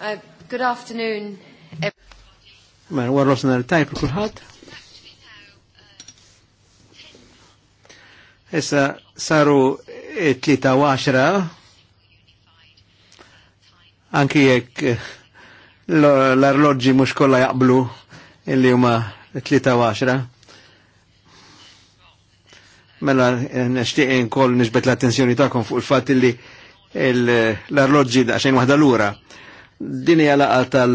Uh, good afternoon. Mela, għarra snar tajb kulħadd. Issa saru 3 anki jek eh, l arloġi mux kolla jaqblu illi huma 3 Mela nixtieq inkoll nixbet l-attenzjoni tagħkom fuq il-fatt illi l-arloġġi daqsxejn waħda lura. ura dini hija tal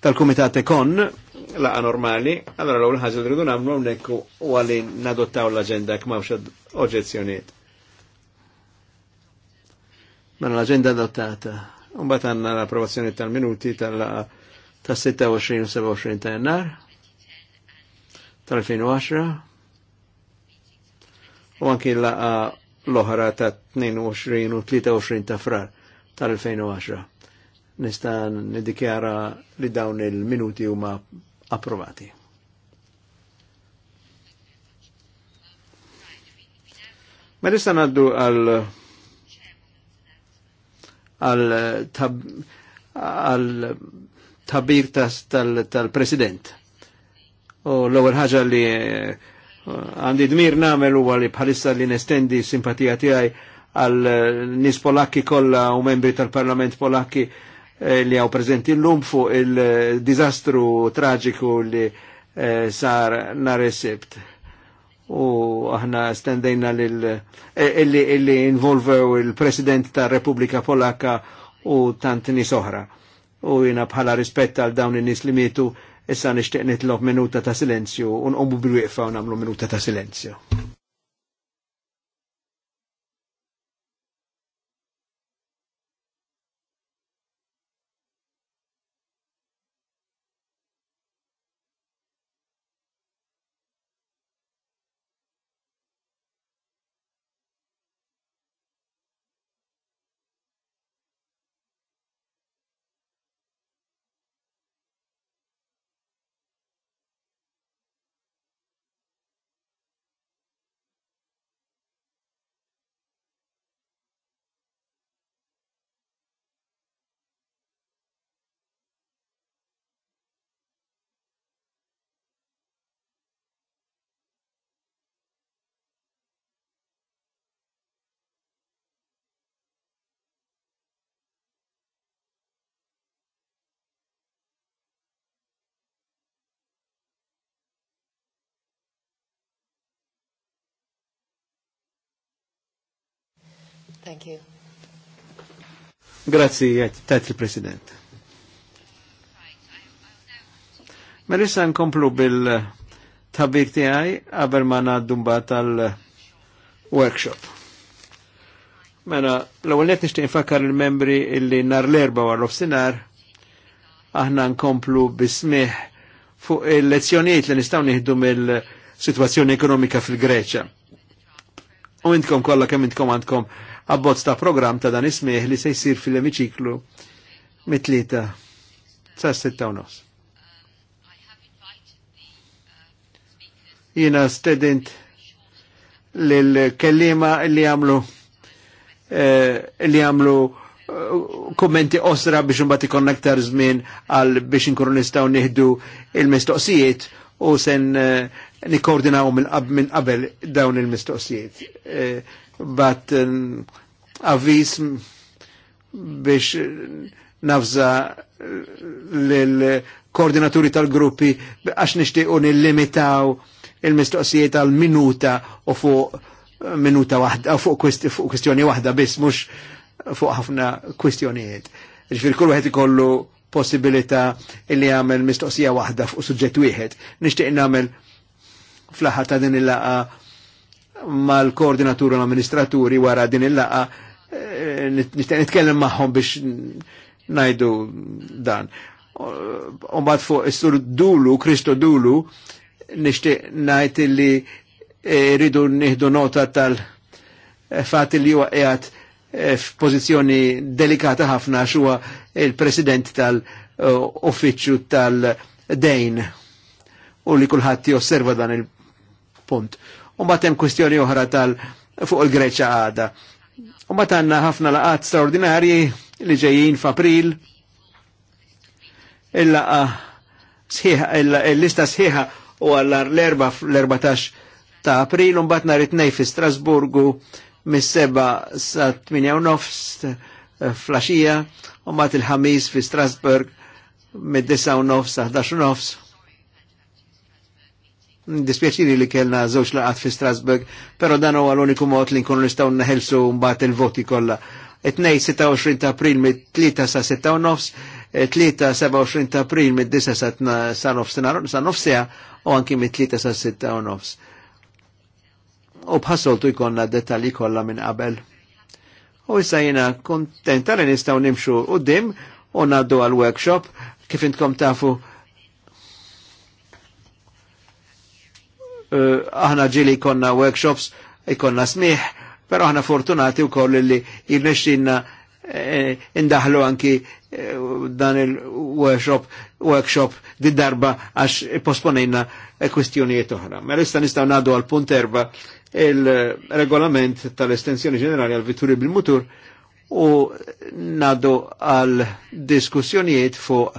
tal komitat Ekon, laqa normali, allora l-ewwel ħaġa li rridu nagħmlu hawnhekk u għalli nadottaw l-aġenda jekk m'hawnx oġġezzjonijiet. Mela l agenda adottata. Mbagħad għandna l-approvazzjoni tal-minuti tal-laqa tas-26 u 27 ta' jannar tal-2010 u anki laqa l-oħra ta' 22 u 23 ta' frar tal-2010. Nista nidikjara li dawn il-minuti huma approvati. Ma nista naddu għal għal għal tabir tal-president. u l-ewwel ħaġa li eh, għandi dmir namel huwa li bħalissa li nestendi simpatija tiegħi għal eh, nis polakki kolla u membri tal-Parlament polakki eh, li għaw prezenti l-lum fuq il-dizastru traġiku li eh, sar nar esibt. U aħna stendejna li involvew il-President tal Repubblika Polakka u tant nis oħra. U jina bħala rispett għal dawn in-nis li mitu, issa nixtieq nitlob minuta ta' silenzju u nqomu bil-wieqfa u nagħmlu minuta ta' silenzju. Thank you. Grazzi, tajt il-President. Marissa mela nkomplu bil-tabik tiegħi qabel ma ngħaddu tal-workshop. Mela, l-ewwel qed nixtieq nfakkar il-membri illi nar l-erba' wara l-ofsinhar aħna nkomplu bismih fuq il-lezzjonijiet li nistgħu nieħdu mill-sitwazzjoni ekonomika fil-Greċja. U intkom kollha kemm intkom għandkom abbozz ta' program ta' dan ismieħ li se jsir fil-emiċiklu mitlita sa' sa' sitta u nofs. Jina stedint l-kellima li għamlu eh, li għamlu eh, kommenti osra biex un bati konnektar żmien għal biex inkunu nistgħu nieħdu il-mistoqsijiet u sen eh, nikordinaw minn qabel dawn il-mistoqsijiet bat avvis biex nafza eh, l-koordinaturi tal-gruppi għax nishtiqu nillimitaw il-mistoqsijiet tal-minuta u fuq eh, minuta waħda, fuq kwestjoni waħda biss, mux fuq ħafna kwestjonijiet. Ġifir kull wieħed ikollu possibilità illi jagħmel mistoqsija waħda fuq suġġett wieħed. Nixtieq nagħmel fl-aħħar ta' din il-laqa' mal-koordinatur u l-amministraturi wara din il-laqa eh, nitkellem magħhom biex najdu dan. Umbat fuq istur Dulu, Kristo Dulu, nixtieq najt li eh, rridu nieħdu nota tal-fat li huwa qiegħed eh, f'pożizzjoni delikata ħafna xuwa il-president tal-uffiċċju tal-dejn u li kulħadd josserva dan il-punt. U mbagħad hemm kwistjoni oħra tal fuq il-Greċja għada. U mbagħad għandna ħafna laqat straordinarji li ġejjin f'April. Il-laqa sħiħa, il-lista sħiħa u għallar l-erba 14 ta' April u mbagħad nhar it fi Strasburgu mis-seba sa 8 eh, flasġija u mbagħad il-ħamis fi Strasburg mid-9 nofs sa 11 nofs dispjaċiri li kellna żewġ laqat fi Strasburg, pero dan huwa l-uniku mod li nkunu nistgħu neħelsu mbagħad il-voti kollha. It-tnej 26 ta' April mit-3 sa' 6 nofs, 3 27 ta' April mit 9 sa' nofs nofsija u anki mit-3 sa' 6 nofs. U bħasoltu jkollna dettalji kollha minn qabel. U issa jiena kontenta li nistgħu nimxu qudiem u ngħaddu għal-workshop kif intkom tafu Eh, aħna ġili konna workshops, ikonna smiħ, pero aħna fortunati u koll li jirnexinna eh, indaħlu anki eh, dan il-workshop workshop di darba għax posponejna kwestjonijiet oħra. Ma mela issa nistaw nadu għal punt erba il-regolament tal-estensjoni ġenerali għal vitturi bil-mutur u nadu għal diskussjonijiet fuq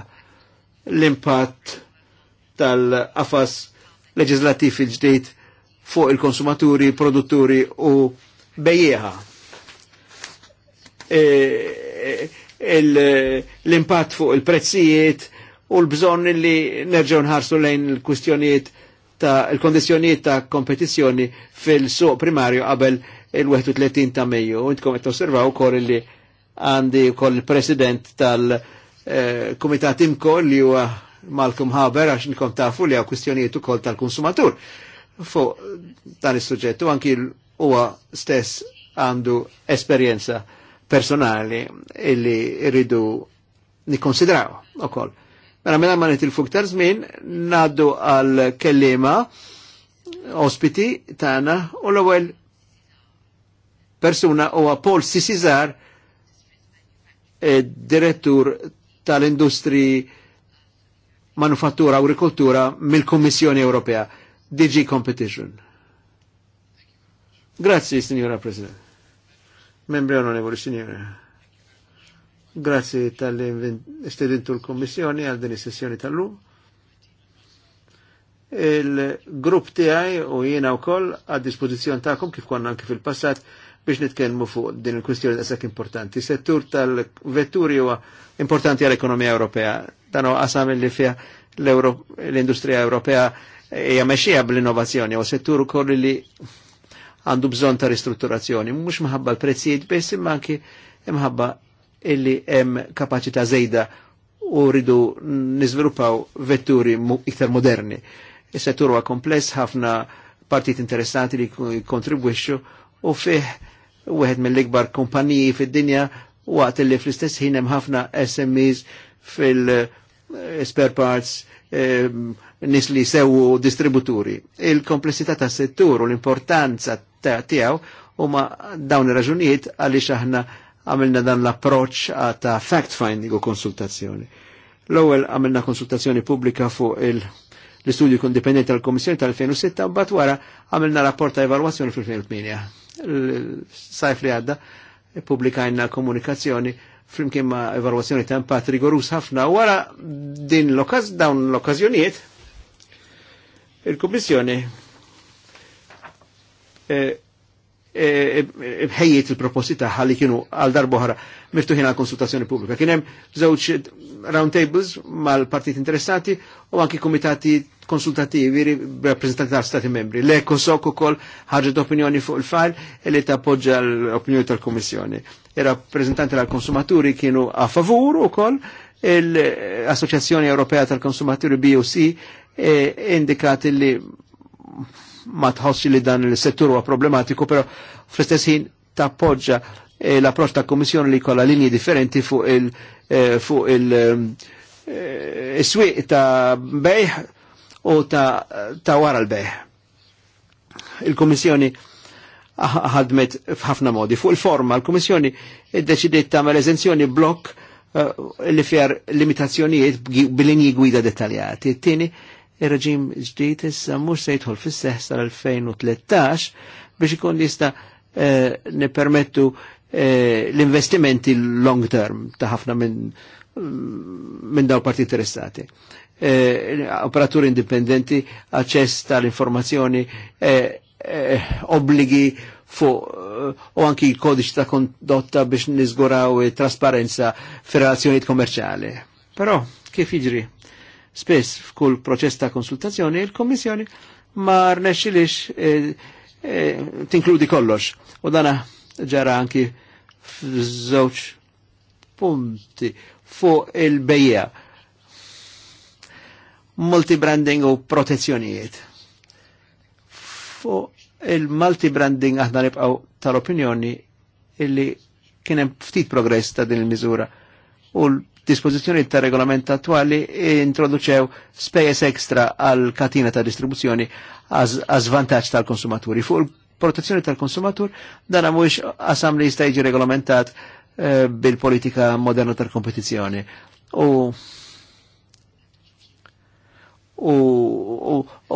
l-impatt tal-afas leġislattiv il-ġdejt fuq il-konsumaturi, produtturi u bejjeħa. E, e L-impatt fuq il-prezzijiet u l-bżon li nerġaw nħarsu lejn il-kustjonijiet ta' il kondizjoniet ta' kompetizjoni fil-suq primarju qabel il-31 ta' Mejju. Intkom qed osservaw ukoll li għandi ukoll il-president tal-Kumitat eh, Imko li huwa Malcolm Haber għax nkom tafu li għaw kustjonijiet u koll tal-konsumatur Fu dan il suġġett u anki huwa stess għandu esperienza personali illi rridu u koll. Mela mela ma nitilfu fuq tarżmin, naddu għal kellima ospiti tana u l-ewwel persuna u Paul Sisizar, eh, direttur tal-industri manufattura u agrikoltura mill-Kommissjoni Ewropea, DG Competition. Grazzi, signora President. Membri onorevoli, signore. Grazzi tal-istedintu l-Kommissjoni għal din is-sessjoni tal-lum. Il-grupp tiegħi u jiena wkoll għad dispożizzjon tagħkom kif konna anke fil-passat biex nitkellmu fuq din il-kwistjoni daqshekk importanti. Settur tal-vetturi huwa importanti għall-ekonomija Ewropea dan u qasam li fija l-industrija Ewropea hija mexxija bl-innovazzjoni u settur ukoll li għandu bżonn ta' ristrutturazzjoni, mhux maħabba l-prezzijiet biss imma anki imħabba illi hemm kapaċità żejda u rridu niżviluppaw vetturi iktar moderni. Is-settur huwa kompless ħafna partit interessanti li kontribwixxu u fih wieħed mill-ikbar kumpaniji fid-dinja waqt li fl-istess ħin hemm ħafna SMEs fil- Eh, spare parts eh, nis li sewu distributuri. Il-komplessità ta' settur u l-importanza tiegħu huma dawn ir-raġunijiet għaliex aħna għamilna dan l-approċ ta' fact-finding u konsultazzjoni. L-ewwel għamilna konsultazzjoni pubblika fuq il- l-istudju kun tal-Komissjoni tal-2006 u bat wara għamilna rapport ta' evalwazzjoni fil-2008. Sajf li għadda, pubblikajna komunikazzjoni flimkien ma' evalwazzjoni ta' impatt rigorus ħafna wara din l-okkaz dawn l-okkażjonijiet il-Kummissjoni eh, E, e, bħejjiet il-proposti ħalli li kienu għal darbohra miftuħin għal konsultazzjoni pubblika. Kien hemm żewġ roundtables mal-partit interessati u anki komitati konsultativi rappresentanti tal stati membri. l u ukoll ħarġet opinjoni fuq il-fajl e li tappoġġa l-opinjoni tal komissjoni Ir-rappreżentanti tal-konsumaturi kienu a favur ukoll l associazzjoni Ewropea tal-Konsumaturi BOC indikati li ma tħossi li dan il-settur huwa problematiku, però fl-istess ħin tappoġġa eh, l-approċċ ta' Kommissjoni li kollha linji differenti fuq il- eh, fuq il eh, swieq ta' bejħ u ta', ta wara l-bejħ. il kummissjoni ah, ah, ħadmet f'ħafna modi. Fuq il-forma, l kummissjoni id-deċidiet tagħmel eżenzjoni blok uh, eh, li fjar limitazzjonijiet bil bil-linji gwida dettaljati. Tini, il reġim ġdijt issa mux se jidħol fis-seħ sal-2013 biex ikun jista' eh, nippermettu eh, l-investimenti long term ta' ħafna minn mm, daw parti interessati. Eh, operaturi indipendenti, aċċess tal-informazzjoni, eh, obbligi fuq u anki il-kodiċ ta' kondotta biex nizguraw trasparenza fir relazzjonijiet kommerċali. Però, kif jiġri? spess f'kull proċess ta' konsultazzjoni il-Kommissjoni ma rnexxilix e, e, tinkludi kollox. U dana ġara anki f'żewġ punti fuq il-bejja. Multi-branding u protezzjonijiet. Fuq il-multi-branding aħna nibqaw tal-opinjoni illi kienem ftit progress ta' din il-miżura u dispożizzjoni ta' regolament attuali introduċew spejes ekstra għal katina ta' distribuzzjoni għaz vantaċ tal-konsumaturi. Fuq il-protezzjoni tal-konsumatur dan mhuwiex għasam li jista' jiġi regolamentat eh, bil-politika moderna tal-kompetizzjoni. U u,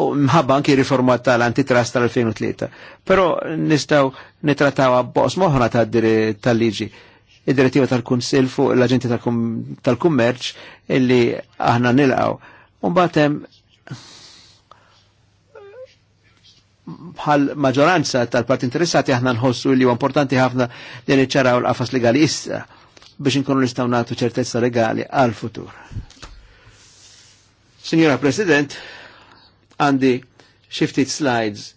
u mħabba anki riformat tal-antitrust tal-2003. Pero nistaw nitrataw abbos moħra tal-liġi. Ta id-direttiva tal-Kunsil fuq l-Aġenti tal-Kummerċ illi aħna nilqaw. Umbatem bħal maġoranza tal-parti interessati aħna nħossu illi importanti ħafna li nċaraw l-qafas legali issa biex nkunu nistaw nagħtu ċertezza legali għal-futur. Signora President, għandi xiftit slides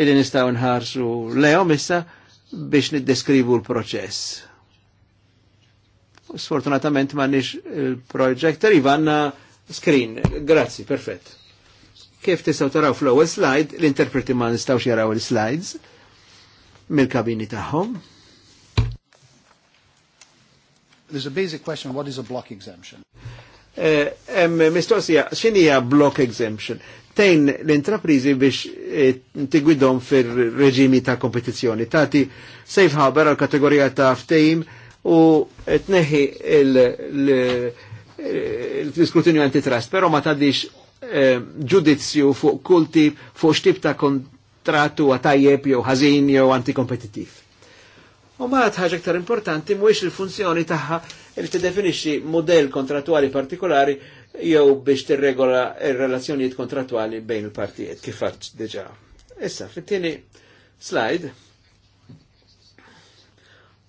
illi nistaw nħarsu lejom issa biex niddeskrivu l-proċess. Sfortunatament ma nix il-projector, Ivanna screen. Grazzi, perfett. Kif tistaw taraw fl-ewwel slide, l-interpreti ma nistawx jaraw il-slides mill-kabini tagħhom. There's a basic question, what is a block exemption? Eh, em eh, mistoqsija x'inhija block exemption tejn l-intraprizi biex eh, tigwidhom fir-reġimi ta' kompetizzjoni. Tati safe harbor għal kategorija ta' ftejim u tneħi eh, l-iskrutinju antitrust, pero ma tadix ġudizzju fuq kulti fuq xtib ta' kontrattu għatajjeb jew ħażin jew antikompetittiv. U maħat ħaġa ktar importanti mwix il-funzjoni taħħa li t-definixi model kontratuali partikolari jew biex t-regola il relazzjoniet kontratuali bejn il-partijiet kifat deġa. Issa, fit-tieni slide,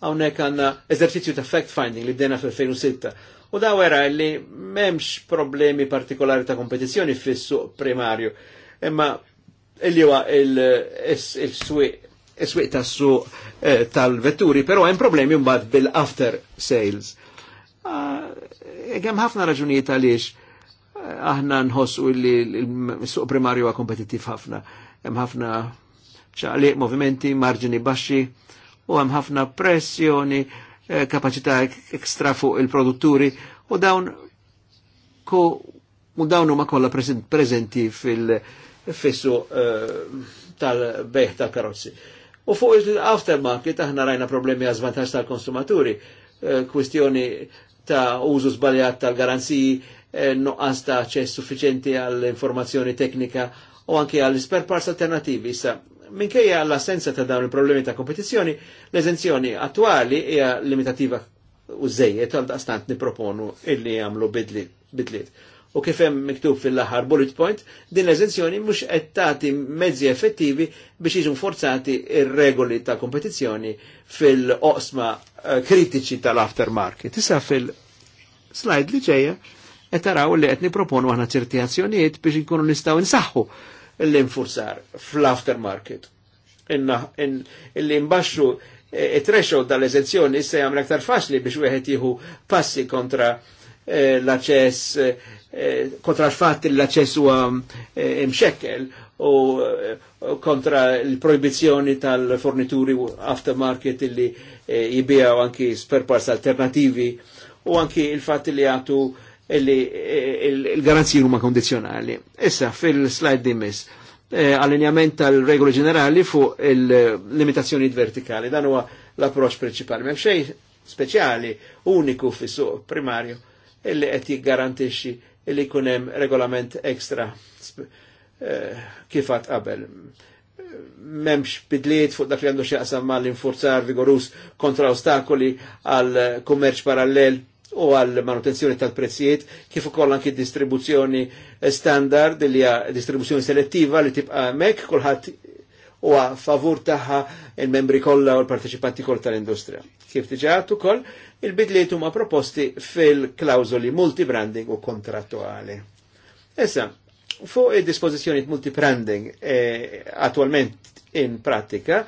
għawnek għanna eżerċizzju ta' fact-finding li d-dena fil-2006 u da għera li memx problemi partikolari ta' kompetizjoni fissu primarju, imma il jua il-swiq iswiq tas tassu eh, tal-vetturi, però hemm problemi mbagħad bil-after sales. Ah, hemm ħafna raġunijiet għaliex eh, aħna nħossu li l-suq primarju huwa kompetittiv ħafna. Hemm ħafna ċaqliq movimenti, marġini baxxi u hemm ħafna pressjoni, eh, kapaċità ekstra fuq il-produtturi u dawn ko u dawn huma kollha prezenti fil-fissu uh, eh, tal-beħ tal-karozzi. U fuq il-aftermarket aħna rajna problemi għazvantax tal-konsumaturi, eh, kwistjoni ta' użu zbaljat tal-garanziji, eh, nuqqas ta' ċess suffiċenti għall-informazzjoni teknika u anke għall-spare parts alternativi. Issa, minkejja l-assenza ta' dawn il-problemi ta' kompetizzjoni, l-eżenzjoni attuali hija limitativa użejjed għal daqstant niproponu illi jagħmlu bidliet u kif hemm miktub fil-aħħar bullet point, din l-eżenzjoni mhux qed tagħti mezzi effettivi biex jiġu forzati ir-regoli ta' kompetizzjoni fil-oqsma eh, kritiċi tal-aftermarket. Issa fil-slide li ġejja qed taraw li qed proponu għana ċerti azzjonijiet biex nkunu nistaw nsaħħu l-infurzar fl-aftermarket. Illi mbaxxu it-threshold eh, tal-eżenzjoni issa jagħmel aktar faċli biex wieħed jieħu passi kontra eh, l-aċess Eh, kontra l fat l-aċċess huwa eh, imxekkel u eh, kontra l-proibizjoni tal-fornituri aftermarket li jibijaw anki spare parts alternativi u anki il fat li għatu il garanzijinu ma kondizjonali. Issa fil-slide dimis allinjament tal-regoli ġenerali fu il-limitazzjoni vertikali. Dan huwa l-approċ principali. M'hemm xejn speċjali, uniku fissu suq primarju, illi għet jiggarantixxi li kunem regolament ekstra eh, kifat qabel. Memx bidliet fuq dak li għandu xieqsam ma l-infurzar vigorus kontra ostakoli għal kummerċ parallel u għal manutenzjoni tal-prezzijiet, kif ukoll anki distribuzzjoni standard li hija distribuzzjoni selettiva li tibqa' hemmhekk kulħadd huwa favur tagħha il-membri kollha u l-parteċipanti kollha tal-industrija. Kif tiġat ukoll il-bidliet huma proposti fil-klawżoli multibranding u kontrattuali. Issa, fuq il dispożizzjoni multibranding eh, attualment in pratika,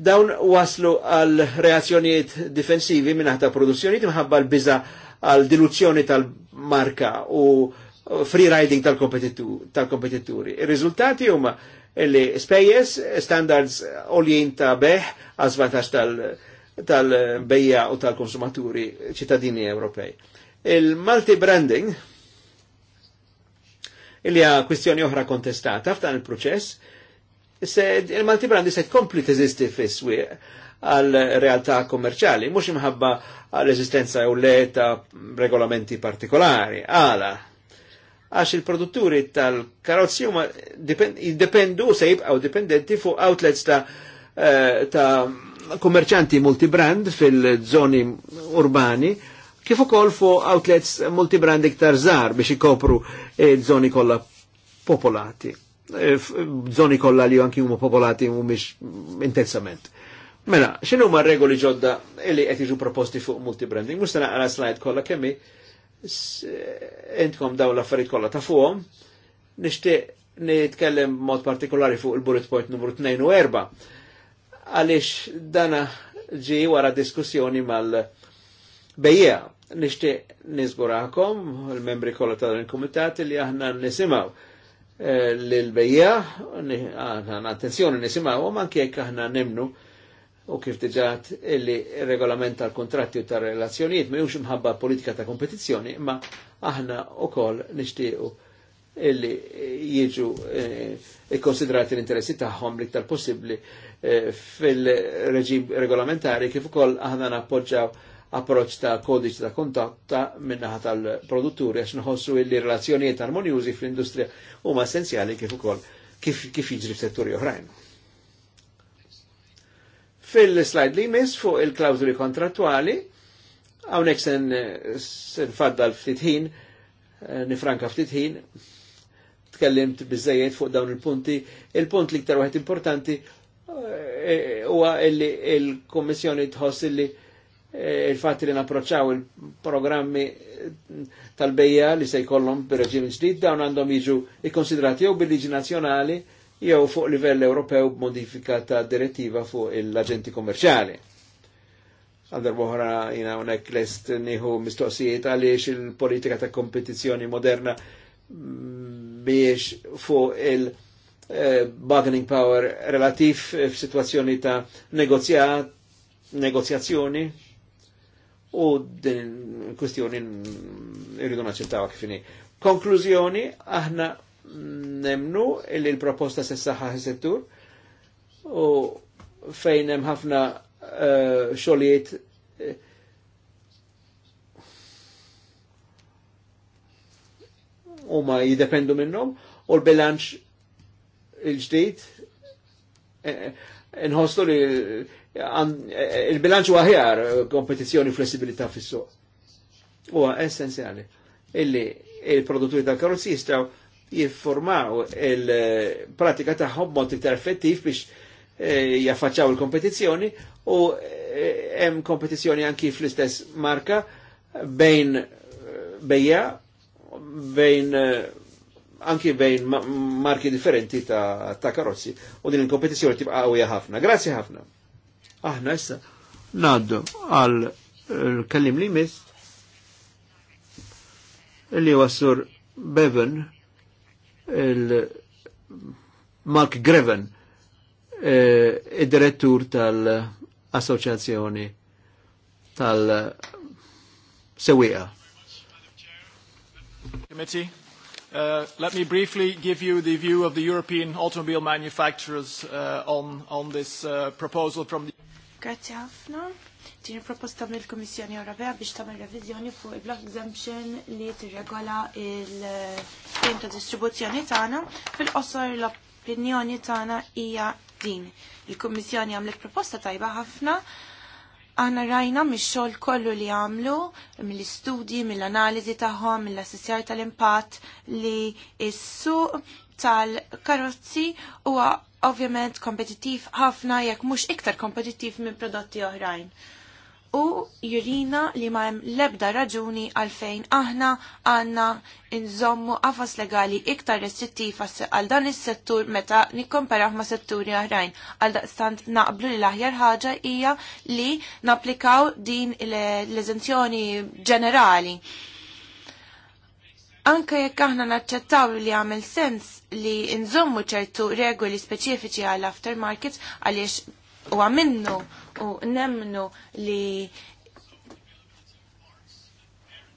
dawn waslu għal reazzjonijiet difensivi minna ta' produzzjonijiet mħabba l biza għal diluzzjoni tal-marka u free riding tal-kompetituri. tal il rizultati huma li spejjes, standards oljien ta' beħ, għazvantax tal-kompetituri, tal-bejja u tal-konsumaturi ċittadini Ewropej. Il-multi branding, il kwistjoni oħra kontestata f'dan il-proċess, il-multi branding se tkompli teżisti fis għal realtà kommerċali, mhux imħabba għal eżistenza u le ta' regolamenti partikolari, għala. Għax il-produtturi tal-karozzi huma dependu se jibqgħu dipendenti fuq outlets ta' eh, ta' kummerċanti multibrand fil-żoni urbani kif ukoll fu outlets multibrand iktar zar biex ikopru eh, zoni kollha popolati. Eh, zoni kollha li anki huma popolati biex intensament. Mela, xinu huma regoli ġodda illi qed proposti fuq multibranding? Musta naqra slide kollha kemm intkom daw l-affarijiet kollha ta' fuqhom. Nixtieq nitkellem mod partikolari fuq il-bullet point numru 2 u għaliex dana ġi wara diskussjoni mal-bejja. Nishtiq nizgurakom, il-membri kollha tal-komitat li aħna nisimaw eh, l-bejja, aħna attenzjoni nisimaw, ma kiek aħna nemnu u kif diġat illi regolament tal-kontratti u tal-relazzjonijiet ma jumx mħabba politika ta' kompetizzjoni, ma aħna u koll nishtiqu illi jieġu eh, ikkonsidrati l-interessi tagħhom l-iktar possibbli Eh, fil-reġim regolamentari kif ukoll aħna nappoġġaw approċċ ta' kodiċ ta' kontatta minnaħa tal-produtturi għax nħossu illi relazzjonijiet armonjużi fl-industrija huma essenzjali kif ukoll kif, kif jiġri f'setturi oħrajn. Fil-slide li jmiss fuq il-klawżuli kontrattuali, hawnhekk se nfaddal ftit ħin, eh, nifranka ftit ħin, tkellimt biżejjed fuq dawn il-punti. Il-punt li iktar waħed importanti huwa illi il kommissjoni tħoss illi eh, il-fatt li napproċaw il-programmi tal-bejja li se jkollhom bir-reġim ġdid dawn għandhom jiġu ikkonsidrati jew bil-liġi nazzjonali jew fuq livell Ewropew b'modifika ta' direttiva fuq l-aġenti kommerċjali. Għaldar boħra jina unek lest nieħu mistoqsijiet għaliex il-politika ta' kompetizjoni moderna mm, biex fuq il- Eh, bargaining power relativ eh, f'sitwazzjoni ta' negozjazzjoni u din kwestjoni irridu naċċettaw għakfini. Konklużjoni, aħna nemnu il l-proposta s-saħħa u fejn hemm ħafna uh, xogħlijiet huma uh, jidependu minnhom u l-bilanċ il-ġdid eh, eh, Nħostu li eh, il-bilanċu għahjar kompetizjoni flessibilità fissu. Huwa essenzjali illi il-produtturi tal-karozzi jistaw jiffurmaw il-pratika tagħhom mod iktar effettiv biex jaffaċċaw il kompetizjoni u hemm kompetizjoni anki fl-istess marka bejn bejja bejn anki bejn marki differenti ta', ta karozzi u din il-kompetizjoni tibqa' qawwija ħafna. Grazie ħafna. Aħna issa naddu għal eh, kellim li mis li wassur Bevan il Mark Greven eh, il direttur tal-assoċjazzjoni tal sewija Committee. Uh, let me briefly give you the view of the European automobile manufacturers uh, on, on this uh, proposal from the... Grazie Afna. Tieni proposta mill-Kummissjoni Ewropea biex tagħmel revizjoni fuq il-block exemption li tirregola il-tim ta' distribuzzjoni tagħna. Fil-qosor l-opinjoni tagħna hija din. Il-Kummissjoni għamlet proposta tajba ħafna Aħna rajna mix-xogħol kollu li għamlu, mill-istudji, mill-analiżi tagħhom, mill-assessjar tal-impatt li s-suq tal-karozzi huwa ovvjament kompetittiv ħafna jekk mhux iktar kompetittiv minn prodotti oħrajn u jirina li ma hemm lebda raġuni għalfejn aħna għanna nżommu għafas legali iktar restrittiv għal dan is-settur meta nikkomparaw ma' setturi oħrajn. Għal stand naqblu li l-aħjar ħaġa hija li napplikaw din l-eżenzjoni ġenerali. Anka jekk aħna naċċettaw li għamil sens li nżommu ċertu regoli speċifiċi għal aftermarkets għaliex u għamennu u nemnu li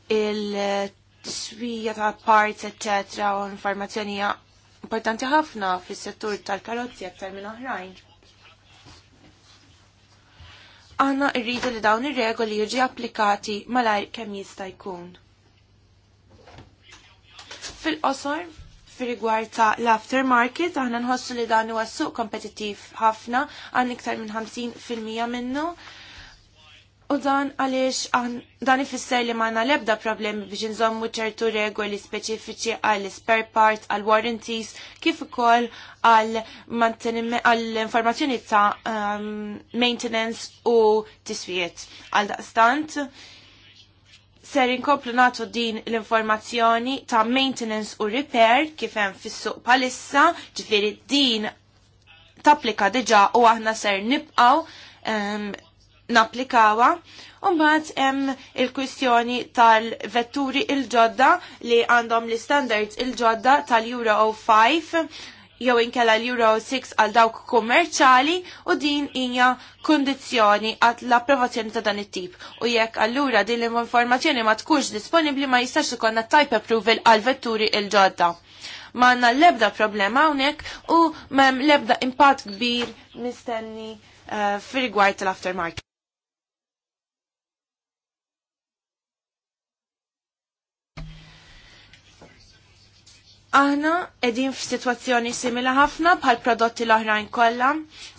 il-swija ta' parts, eccetera, u informazzjoni importanti ħafna fis settur tal-karozzi għattar minn oħrajn. Aħna rridu li dawn ir-regoli jiġi applikati malajr kemm jista' jkun. Fil-qosor, fil rigward ta' l-aftermarket, aħna nħossu li dan huwa suq kompetittiv ħafna, għan iktar minn 50% minnu. U dan għaliex dan ifisser li manna lebda problemi biex nżommu ċertu regoli speċifiċi għall spare part, għall warranties, kif ukoll għall informazzjoni ta' um, maintenance u tiswiet. Għal daqstant, ser inkomplu natu din l-informazzjoni ta' maintenance u repair kif hemm fis-suq palissa, ġifieri din tapplika diġà u aħna ser nibqgħu um, ehm, napplikawa. U mbagħad hemm il-kwistjoni tal-vetturi il-ġodda li għandhom l-standards il-ġodda tal-Euro 5 jew inkella l-Euro 6 għal dawk kummerċali u din hija kundizzjoni għat l-approvazzjoni ta' dan it-tip. U jekk allura din l-informazzjoni ma tkunx disponibbli ma jistax ikonna type approval għal vetturi il-ġodda. Ma għandna l-ebda problema hawnhekk u mem l-ebda impatt kbir mistenni uh, fir-rigward tal-aftermarket. Aħna edin f-situazzjoni simila ħafna bħal prodotti l-oħrajn kollha,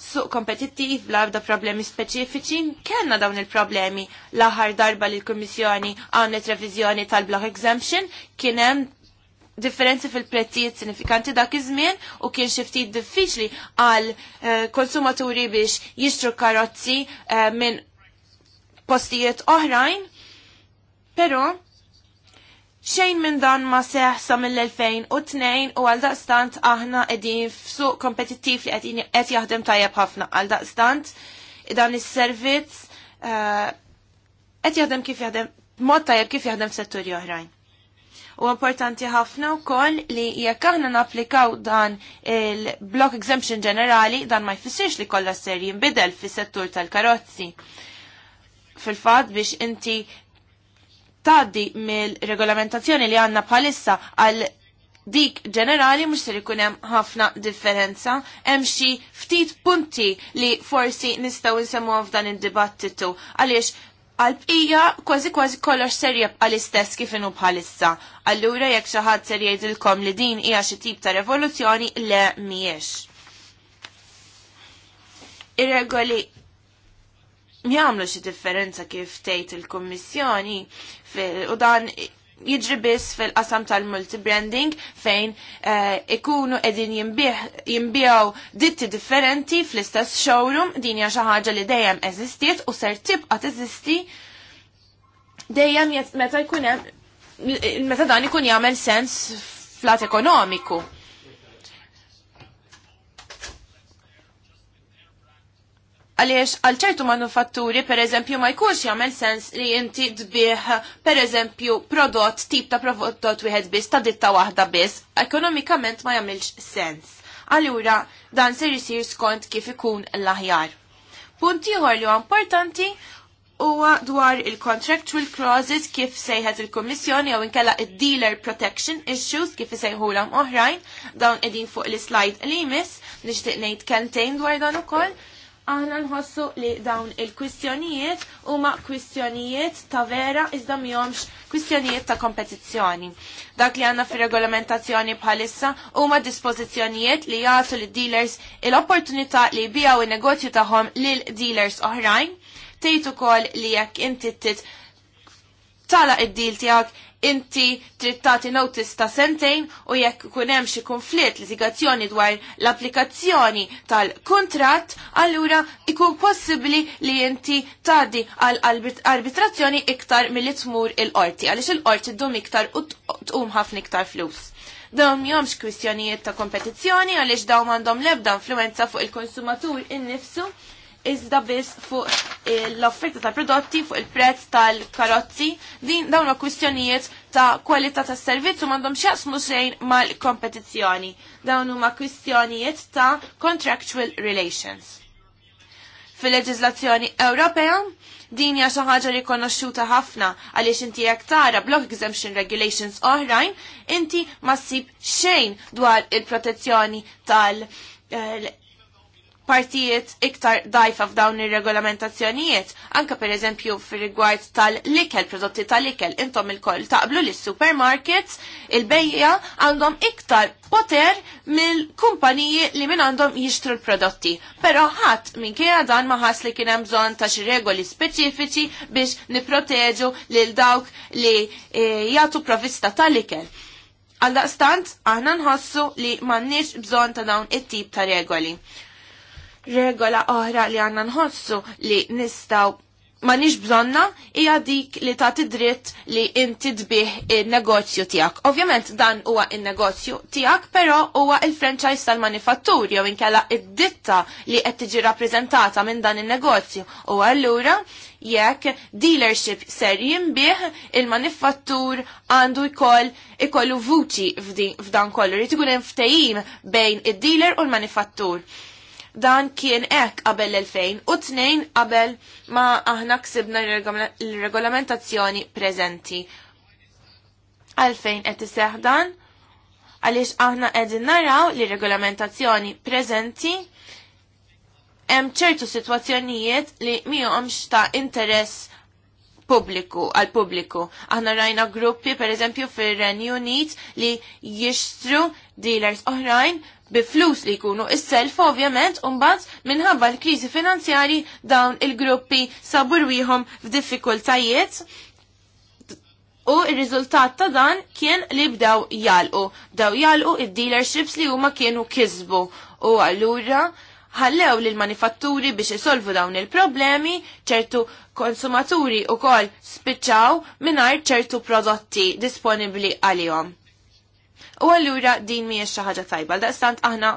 suq kompetittiv, bl problemi speċifiċi, kellna dawn il-problemi l-aħħar darba li l-Kummissjoni għamlet reviżjoni tal-block exemption, kien hemm differenzi fil-prezzijiet sinifikanti dak iż-żmien u kien xi ftit diffiċli għal eh, konsumaturi biex jixtru karozzi eh, minn postijiet oħrajn, però Xejn minn dan ma seħ sa mill-2002 u għal daqstant aħna qegħdin f'suq kompetittiv li qed jaħdem tajjeb ħafna għal daqstant dan is-servizz eh, qed jaħdem kif jaħdem mod tajjeb kif jaħdem f'setturi oħrajn. U importanti ħafna wkoll li jekk aħna napplikaw dan il-block exemption ġenerali dan ma jfissirx li kollha ser jinbidel fis-settur tal-karozzi. Fil-fatt biex inti taddi mill-regolamentazzjoni li għanna bħalissa għal dik ġenerali mux ser ikunem hemm ħafna differenza, hemm xi ftit punti li forsi nistgħu nsemmu f'dan id-dibattitu għaliex għal-bqija kważi kważi kollox ser għal istess kif inhu bħalissa. Allura jekk xi ħadd ser jgħidilkom li din hija xi tip ta' revoluzzjoni le mhijiex. Ir-regoli jagħmlu xi differenza kif tgħid il-Kummissjoni u dan jiġri biss fil-qasam tal-multibranding fejn uh, ikunu edin jimbijaw ditti differenti fl-istess showroom din hija xi ħaġa li dejjem eżistiet u ser tibqa' teżisti dejjem meta jkun hemm meta dan ikun jagħmel sens flat ekonomiku. għaliex għal ċertu manufatturi per eżempju ma jkunx jagħmel sens li inti dbih, per eżempju prodott tip ta' prodott wieħed biss ta' ditta waħda biss, ekonomikament ma jagħmilx sens. Allura dan se jisir skont kif ikun l-aħjar. Punti ieħor li huwa importanti huwa dwar il-contractual clauses kif sejħet il-Kommissjoni jew inkella id-dealer protection issues kif isejħulhom oħrajn dawn qegħdin fuq l-slide li jmiss nixtieq ngħid kentejn dwar dan ukoll aħna nħossu li dawn il-kwistjonijiet huma kwistjonijiet ta' vera iżda miħomx kwistjonijiet ta' kompetizzjoni. Dak li għanna fi regolamentazzjoni bħalissa huma dispożizzjonijiet li jagħtu lid dealers l-opportunità li jbijaw in-negozju tagħhom lil dealers oħrajn, tgħid ukoll li jekk inti tit tala id-deal tiegħek inti trid tagħti notice ta' sentejn u jekk kun hemm xi konflitt litigazzjoni dwar l-applikazzjoni tal-kuntratt, allura ikun possibbli li inti tgħaddi għal arbitrazzjoni iktar milli tmur il-qorti għaliex il-qorti dum iktar u tqum ħafna iktar flus. Dawn jomx kwistjonijiet ta' kompetizzjoni għaliex dawn għandhom l-ebda influenza fuq il-konsumatur innifsu iżda biss fuq l-offerta tal-prodotti fuq il-prezz tal-karozzi din dawn kwistjonijiet ta' kwalità tas servizz u m'għandhomx jaqsmu xejn mal-kompetizzjoni. Dawn huma kwistjonijiet ta' contractual relations. Fil-leġiżlazzjoni Ewropea din hija xi ħaġa rikonoxxuta ħafna għaliex inti jekk tara block exemption regulations oħrajn, inti ma ssib xejn dwar il-protezzjoni tal- eh, partijiet iktar dajfa f'dawn ir-regolamentazzjonijiet, anka per eżempju fir-rigward tal-likel, prodotti tal-likel, intom il-koll taqblu li supermarkets il-bejja għandhom iktar poter mill-kumpaniji li minn għandhom jixtru l-prodotti. Pero ħadd minn kien dan ma ħass li kien hemm bżonn ta' xi regoli speċifiċi biex niproteġu lil dawk li e, jagħtu provista tal ikel Għaldaqstant, aħna nħossu li m'għandniex bżonn ta' dawn it-tip ta' regoli regola oħra li għanna nħossu li nistaw ma nix bżonna hija dik li ta' dritt li inti tbih il-negozju tijak. Ovvjament dan huwa il-negozju tijak, pero huwa il-franchise tal-manifattur jew inkella id-ditta li qed tiġi rappreżentata minn dan il-negozju. U allura jekk dealership ser jimbih il-manifattur għandu jkoll ikollu vuċi f'dan kollu. Jrid ikun hemm bejn id-dealer u l-manifattur. Dan kien hekk qabel l 2002 u tnejn qabel ma aħna ksibna l-regolamentazzjoni preżenti. Għalfejn qed iseħħ dan? Għaliex aħna qegħdin naraw li regolamentazzjoni preżenti hemm ċertu sitwazzjonijiet li mihomx ta' interess pubbliku għal pubbliku. Aħna rajna gruppi per eżempju fir renju Unit li jixtru dealers oħrajn bi flus li jkunu is-self ovvjament mbagħad minħabba l-kriżi finanzjari dawn il-gruppi sabu f'diffikultajiet u r-riżultat ta' dan kien li bdew jalqu. Bdew jalqu id-dealerships li huma kienu kisbu u allura ħallew lil manifatturi biex isolvu dawn il-problemi, ċertu konsumaturi u kol spiċċaw minar ċertu prodotti disponibli għalihom. U allura din mi xi ħaġa tajba, daqstant aħna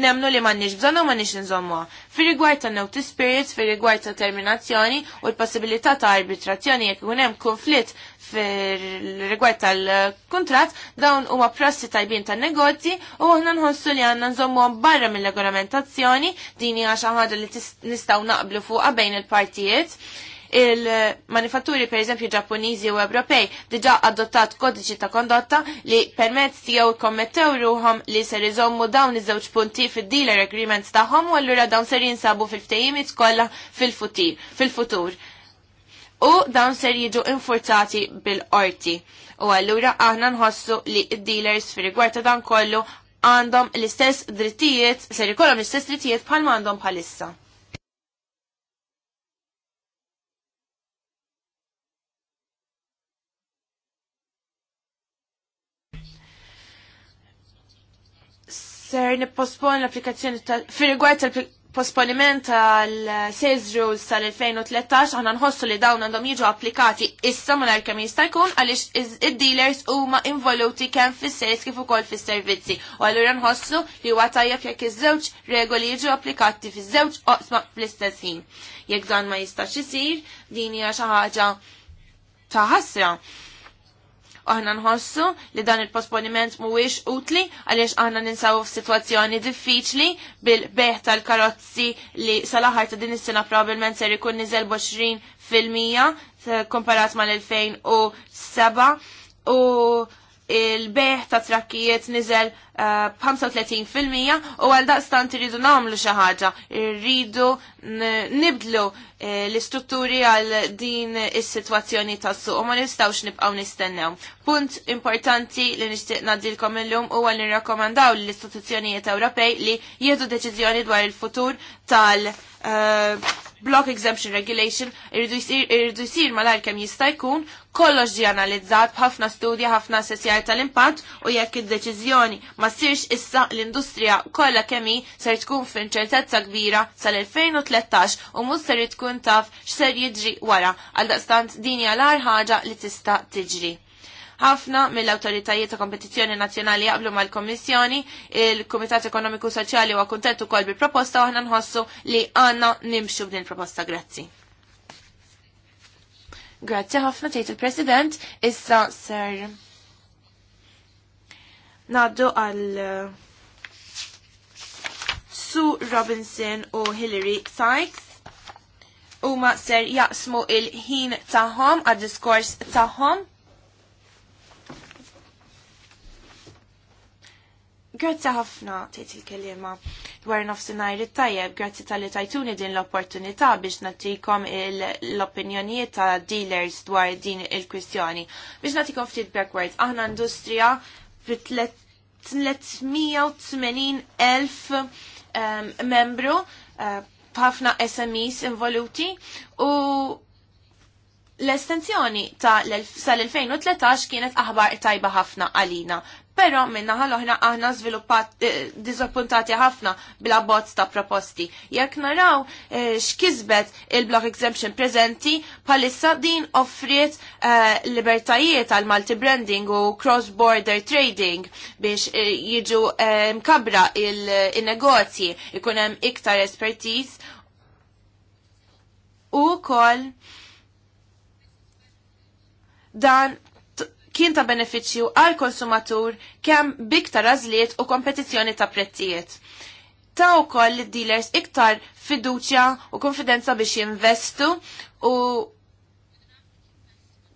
nemnu li nix bżonu u nix nżommu. fir rigward ta' notice periods, fir rigward ta' terminazzjoni u l-possibilità ta' arbitrazzjoni jekk ikun hemm konflitt fir-rigward tal-kontrat, dawn huma prassi tajbin tan-negozji u aħna nħossu li għandna nżommu barra mill-regolamentazzjoni, din hija xi ħaġa li nistgħu naqblu fuqha bejn il-partijiet. Il-manifatturi per eżempju Ġappuniżi u Ewropej diġà adottat kodiċi ta' kondotta li permezz tiegħu kommettew ruhom li ser iżommu dawn iż-żewġ punti fid-dealer agreements tagħhom u allura dawn ser jinsabu fil-ftehimiet kollha fil-futur. Fil u dawn ser jiġu infurzati bil-qorti. U allura aħna nħossu li d-dealers fi rigward ta' dan kollu għandhom l-istess drittijiet, ser ikollhom l-istess drittijiet bħal m'għandhom bħalissa. ser nippospon l-applikazzjoni ta' fir tal-posponiment tal-sales rules tal-2013 aħna nħossu li dawn għandhom jiġu applikati issa ma kemm jista' jkun għaliex id-dealers huma involuti kemm fis-sales kif ukoll fis-servizzi. U allura nħossu li huwa tajjeb jekk iż-żewġ regoli jiġu applikati fiż-żewġ oqsma fl-istess ħin. Jekk dan ma jistax isir, din hija xi ħaġa ta' ħasra. Aħna nħossu li dan il-posponiment mhuwiex utli għaliex aħna ninsaw f'sitwazzjoni diffiċli bil-beħ tal-karozzi li sal-aħħar ta' din is-sena probabbilment ser ikun niżel 20 fil-mija komparat mal-2007 u il-beħ ta' trakkijiet niżel 35% u għal daqstant rridu nagħmlu xi ħaġa, irridu nibdlu eh, l-istrutturi għal din is-sitwazzjoni tas-suq u ma nistgħux nibqgħu nistennew. Punt importanti li nixtieq ngħaddilkom illum huwa li nirrakkomandaw l-istituzzjonijiet Ewropej li jieħdu deċiżjoni dwar il-futur tal- eh, block exemption regulation irridu jisir malar kem jista' jkun kollox ġi analizzat b'ħafna studja, ħafna assessjar tal-impatt u jekk id-deċiżjoni ma sirx issa l-industrija kollha kemi ser tkun f'inċertezza kbira sal-2013 u mhux ser tkun taf x'ser jiġri wara għal daqstant din hija l-ar ħaġa li tista' tiġri ħafna mill-autoritajiet ta' kompetizzjoni nazzjonali jaqblu mal-Komissjoni, il-Kumitat Ekonomiku Soċjali huwa kuntent ukoll bil-proposta u aħna nħossu li għandna nimxu b'din proposta. Grazzi. Grazzi ħafna tgħid il-President, issa ser Naddu għal eh, Sue Robinson u Hillary Sykes huma ser jaqsmu il-ħin tagħhom għad-diskors tagħhom. Grazzi ħafna tgħid il-kelliema dwar nofsinhar it-tajjeb, grazzi tal-li tajtuni din l-opportunità biex nagħtikom l-opinjonijiet ta' dealers dwar din il-kwistjoni. Biex nagħtikom ftit backwards, aħna industrija fit 380.000 elf ehm, membru eh, b'ħafna SMEs involuti u l-estensjoni sal-2013 kienet aħbar tajba ħafna għalina. Pero minna ħal oħra aħna sviluppat eh, dizappuntati ħafna bla bozz ta' proposti. Jekk naraw eh, x'kisbet il-block exemption prezenti, palissa din offriet eh, libertajiet għal multi branding u cross-border trading biex eh, jiġu eh, mkabra il-negozji, ikun hemm iktar espertiz u kol dan kien ta' beneficju għal konsumatur kemm biktar għażliet u kompetizzjoni ta' prezzijiet. Ta' ukoll id-dealers iktar fiduċja u konfidenza biex jinvestu u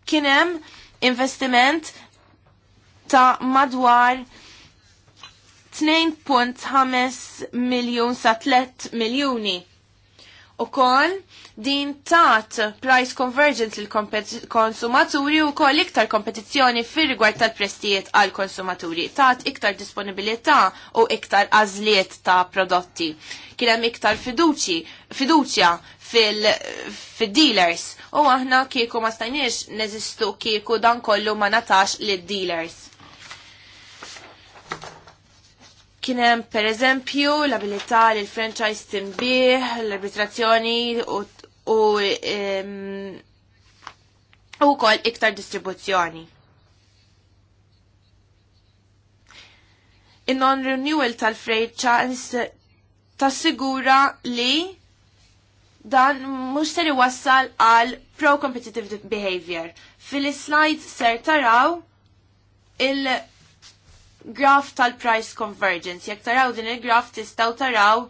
kien hemm investiment ta' madwar 2.5 miljon sa 3 miljoni. U koll din tat price convergence il-konsumaturi u koll iktar kompetizzjoni fir rigward tal-prestijiet għal konsumaturi tat iktar disponibilità u iktar azliet ta' prodotti. Kien hemm iktar fiduċi, fiduċja fil-dealers fil u aħna kieku ma stajniex neżistu kieku dan kollu ma natax lid-dealers. kienem per eżempju l-abilità l franchise timbih, l-arbitrazzjoni u u u kol iktar distribuzzjoni. in non-renewal tal-franchise tassigura li dan mux ser iwassal għal pro-competitive behavior. Fil-slides ser taraw il-graf tal-price convergence. Jek taraw din il-graf tistaw taraw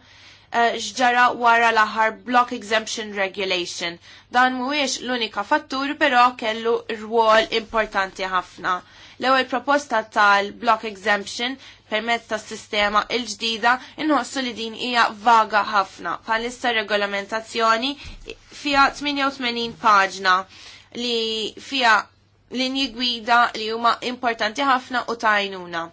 Eh, xġara wara l-aħħar Block Exemption Regulation. Dan mhuwiex l-unika fattur però kellu rwol importanti ħafna. L-ewwel proposta tal-Block Exemption permezz tas sistema il-ġdida inħossu li din hija vaga ħafna. Palissa regolamentazzjoni fija 88 paġna li fija linji gwida li huma importanti ħafna u tajnuna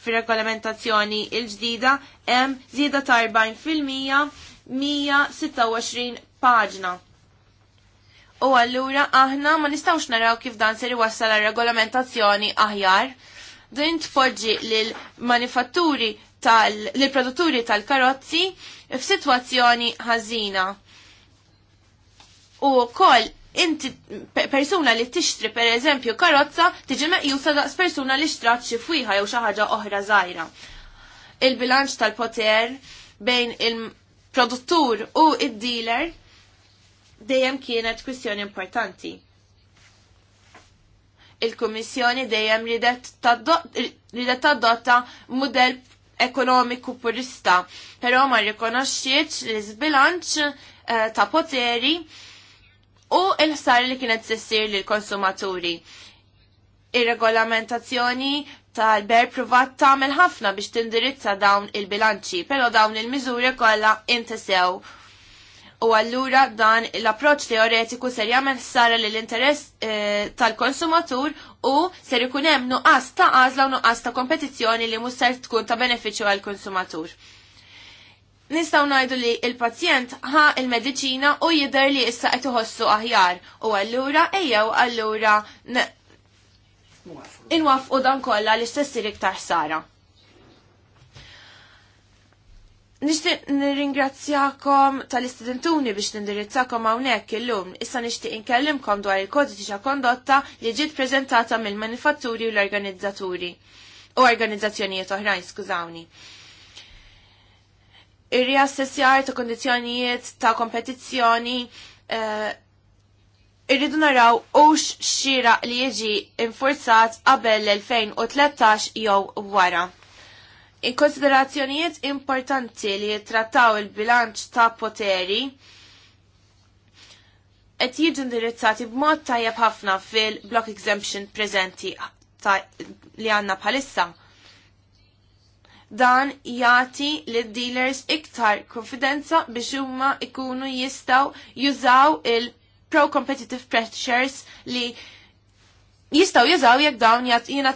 fir-regolamentazzjoni il-ġdida hemm żieda ta' 40% 126 paġna. U allura aħna ma nistawx naraw kif dan ser iwassal regolamentazzjoni aħjar. Din tfoġġi lill manifatturi tal produtturi tal-karozzi f'sitwazzjoni ħażina. U wkoll inti persuna li tixtri per eżempju karozza tiġi meqjusa daqs persuna li xtrat xi fwiħa jew xi ħaġa oħra żgħira. Il-bilanċ tal-poter bejn il-produttur u id-dealer dejjem kienet kwistjoni importanti. Il-Kummissjoni dejjem ridet tadotta mudell ekonomiku purista, però ma rikonoxxietx l bilanċ eh, ta' poteri u il-ħsar li kienet sissir l konsumaturi. Ir-regolamentazzjoni tal-ber privat tagħmel ħafna biex tindirizza dawn il-bilanċi, però dawn il-miżuri kollha intesew. U allura dan l-approċ teoretiku ser jagħmel sara l interess eh, tal-konsumatur u ser ikun hemm nuqqas ta' għażla u nuqqas ta' kompetizzjoni li mhux ser tkun ta' benefiċċju għall-konsumatur. Nistaw najdu li il-pazjent ħa il-medicina u jider li issa qed iħossu aħjar u allura ejjew allura u dan kollha li stessir iktar sara. Nishtiq nirringrazzjakom tal-istudentuni biex nindirizzakom hawnhekk illum. Issa nixtieq inkellimkom dwar il-kodiċi ta' kondotta li ġiet preżentata mill-manifatturi u l-organizzaturi u organizzazzjonijiet oħrajn, skużawni ir-riassessjar ta' kondizjonijiet ta' kompetizzjoni uh, irridu naraw ux xira li jiġi infurzat qabel l-2013 jew wara. Inkonsiderazzjonijiet importanti li jittrattaw il-bilanċ ta' poteri qed jiġu indirizzati b'mod tajjeb ħafna fil-block exemption preżenti li għandna bħalissa dan jati li dealers iktar konfidenza biex huma ikunu jistaw jużaw il-pro-competitive pressures li jistaw jużaw jekk dawn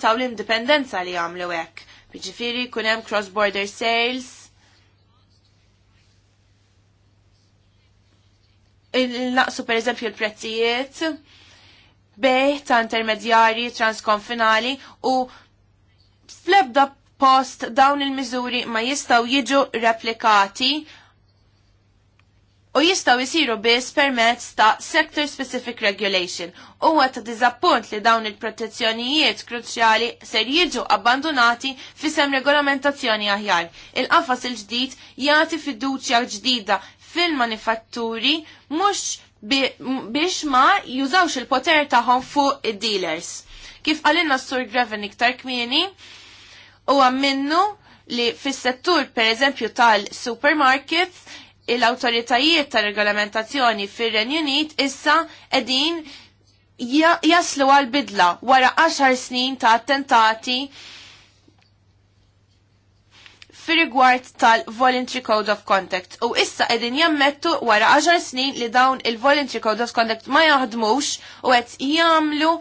taw l-indipendenza li għamlu hekk. Biġifiri jkun hemm cross-border sales, il naqsu per eżempju l-prezzijiet, bej ta' intermedjari transkonfinali u flebda post dawn il-miżuri ma jistaw jiġu replikati u jistaw jisiru biss permezz ta' sector specific regulation. Huwa ta' dizappunt li dawn il-protezzjonijiet kruċjali ser jiġu abbandonati fisem regolamentazzjoni aħjar. Il-qafas il-ġdid jagħti fiduċja ġdida fil-manifatturi mhux biex ma jużawx il-poter taħon fuq id-dealers. Kif għalinna s-sur Greven iktar kmini, U minnu li fis-settur per eżempju tal-supermarkets l-autoritajiet tal-regolamentazzjoni fir-Renju Unit issa edin jaslu għal-bidla wara 10 snin ta' attentati fir rigward tal-Voluntary Code of Conduct. U issa edin jammettu wara 10 snin li dawn il-Voluntary Code of Conduct ma jaħdmux u qed jagħmlu eh,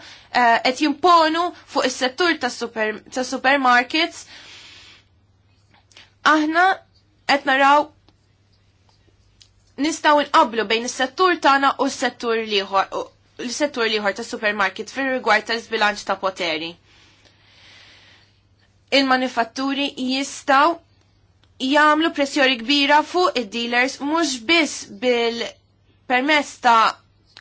qed uh, jimponu fuq is-settur tas-supermarkets. Ta Aħna qed naraw nistgħu nqablu bejn is-settur tagħna u s-settur liħor l-settur liħor tas-supermarket fir rigward tal-bilanċ ta' poteri il-manifatturi jistaw jgħamlu pressjoni kbira fuq id-dealers mhux biss bil-permess ta'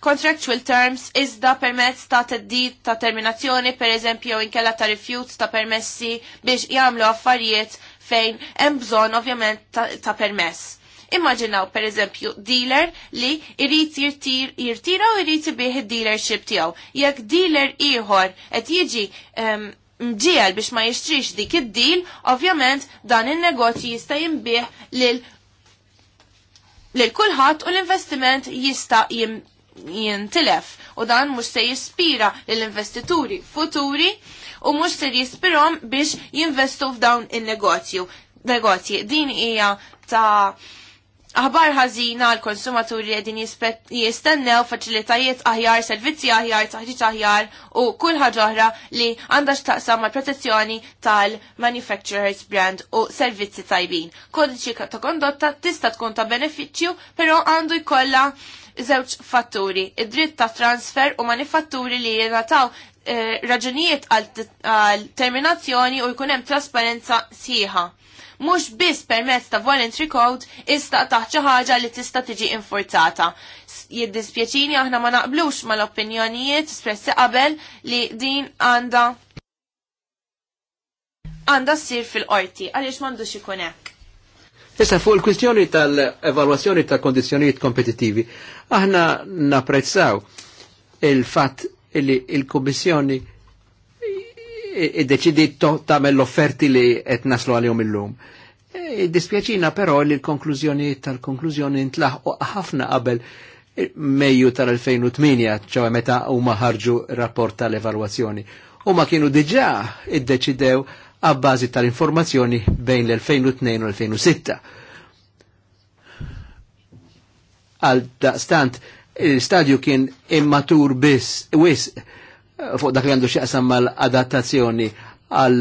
contractual terms iżda permezz ta' teddid ta' terminazzjoni per eżempju jew inkella ta' rifjut ta' permessi biex jagħmlu affarijiet fejn hemm bżonn ovvjament ta', ta permess. Immaġinaw per eżempju dealer li irrit jirtira u irrit bih dealership tiegħu. Jekk dealer ieħor qed jiġi um, mġiel biex ma jixtrix dik id-dil, ovvjament dan il-negozju jista' jinbih lil lil kulħadd u l-investiment jista' jintilef u dan mhux se jispira lill-investituri futuri u mhux se jispirhom biex jinvestu f'dawn in-negozju. Negozji din hija ta' Aħbar ħażina għal konsumaturi qegħdin jistennew faċilitajiet aħjar, servizzi aħjar, taħriġ aħjar u kull ħaġa oħra li għandha x'taqsam mal-protezzjoni tal-manufacturers brand u servizzi tajbin. Kodiċi ta' kondotta tista' tkun ta' benefiċċju, però għandu jkollha żewġ fatturi, id-dritt ta' transfer u manifatturi li jingħataw eh, raġunijiet għal terminazzjoni u jkun hemm trasparenza sieħa mhux biss permezz ta' voluntary code ista taħt xi ħaġa li tista' tiġi infurzata. Jiddispjaċini aħna ma naqblux mal-opinjonijiet espressi qabel li din għandha għandha ssir fil-qorti għaliex m'għandux ikun hekk. Issa fuq il-kwistjoni tal-evalwazzjoni ta' kondizjonijiet kompetitivi, aħna napprezzaw il-fatt li il-Kommissjoni il id-deċidi tamel l-offerti li qed naslu għalihom illum. E, dispjaċina però li l-konklużjoni tal-konklużjoni ntlaħqu ħafna qabel Mejju tal-2008, ċewa meta huma ħarġu rapport tal-evalwazzjoni. Huma kienu diġà iddeċidew għabbażi tal-informazzjoni bejn l-2002 u l-2006. Għal daqstant, il-stadju kien immatur biss, wis, fuq dak li għandu xieqsam mal-adattazzjoni għal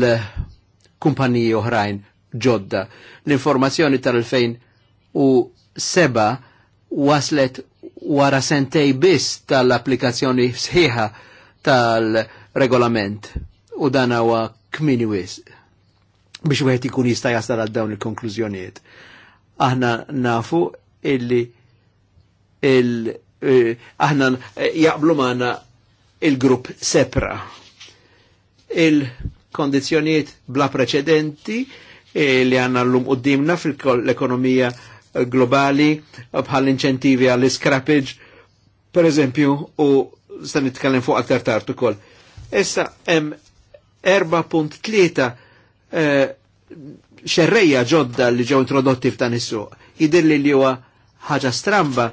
kumpaniji oħrajn ġodda. L-informazzjoni tal-2007 waslet wara sentej biss tal-applikazzjoni sħiħa tal-regolament u dan huwa kmini wis biex wieħed ikun jista' jasal għal dawn il-konklużjonijiet. Aħna nafu illi il, eh, aħna jaqblu magħna il-grupp sepra. Il-kondizjoniet bla preċedenti eh, li għanna l-lum qoddimna fil-ekonomija globali bħal inċentivi għall scrappage per eżempju, u stan nitkellem fuq aktar tard ukoll. Issa hemm 4.3 eh, xerreja ġodda li ġew introdotti f'dan is-suq. Jidilli li huwa ħaġa stramba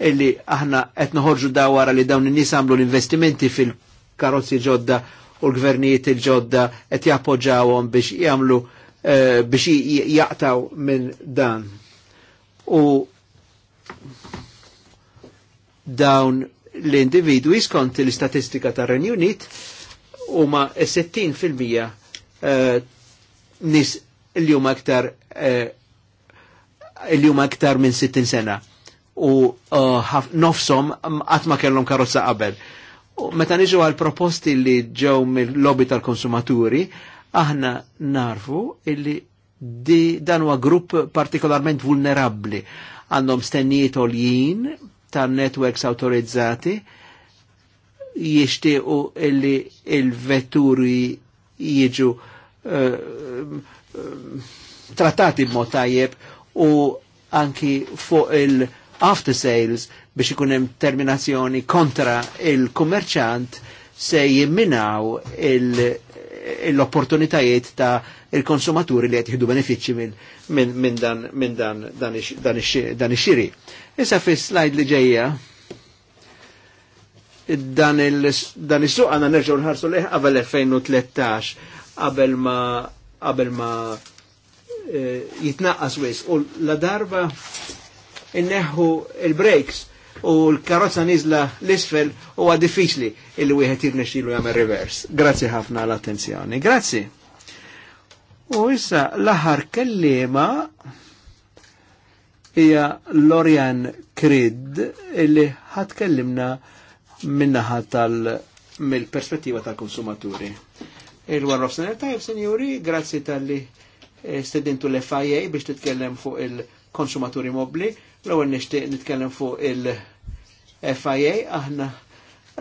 illi aħna qed noħorġu da li dawn in-nies għamlu l-investimenti fil-karozzi ġodda u l-gvernijiet il-ġodda qed jappoġġawhom biex jagħmlu eh, biex jaqtaw minn dan. U dawn l-individwi skont l-istatistika tar renju Unit huma 60 fil-mija eh, nis l-jum aktar eh, l-jum aktar minn 60 sena u uh, nofsom um, għatma kellhom karozza qabel. Meta niġu għal proposti li ġew mill-lobby tal-konsumaturi, aħna narfu illi di dan huwa grupp partikolarment vulnerabbli. Għandhom stennijiet oljien ta' networks autorizzati jishtiqu illi il-vetturi jiġu uh, uh, trattati b'mod tajjeb u anki fuq il- after sales biex ikun hemm terminazzjoni kontra il-kummerċant se jimminaw l-opportunitajiet il ta' il-konsumaturi li qed jieħdu benefiċċji minn min, min dan, min dan, dan ix-xiri. Issa fi slide li ġejja dan is suq għandna nerġgħu nħarsu leħ qabel 2013 qabel ma qabel ma eh, jitnaqqas wis u la darba inneħu il breaks u l-karozza nizla l-isfel u diffiċli illi wieħed jirnexilu jagħmel revers. Grazzi ħafna l-attenzjoni. Grazzi. U issa l-aħħar kellima hija Lorian Krid illi kellimna minnaħa tal mill-perspettiva tal-konsumaturi. Il-War of Senator Tajb, senjuri, grazzi tal-li eh, stedintu l-FIA biex titkellem fuq il-konsumaturi mobli L-ewwel nixtieq nitkellem fuq il-FIA aħna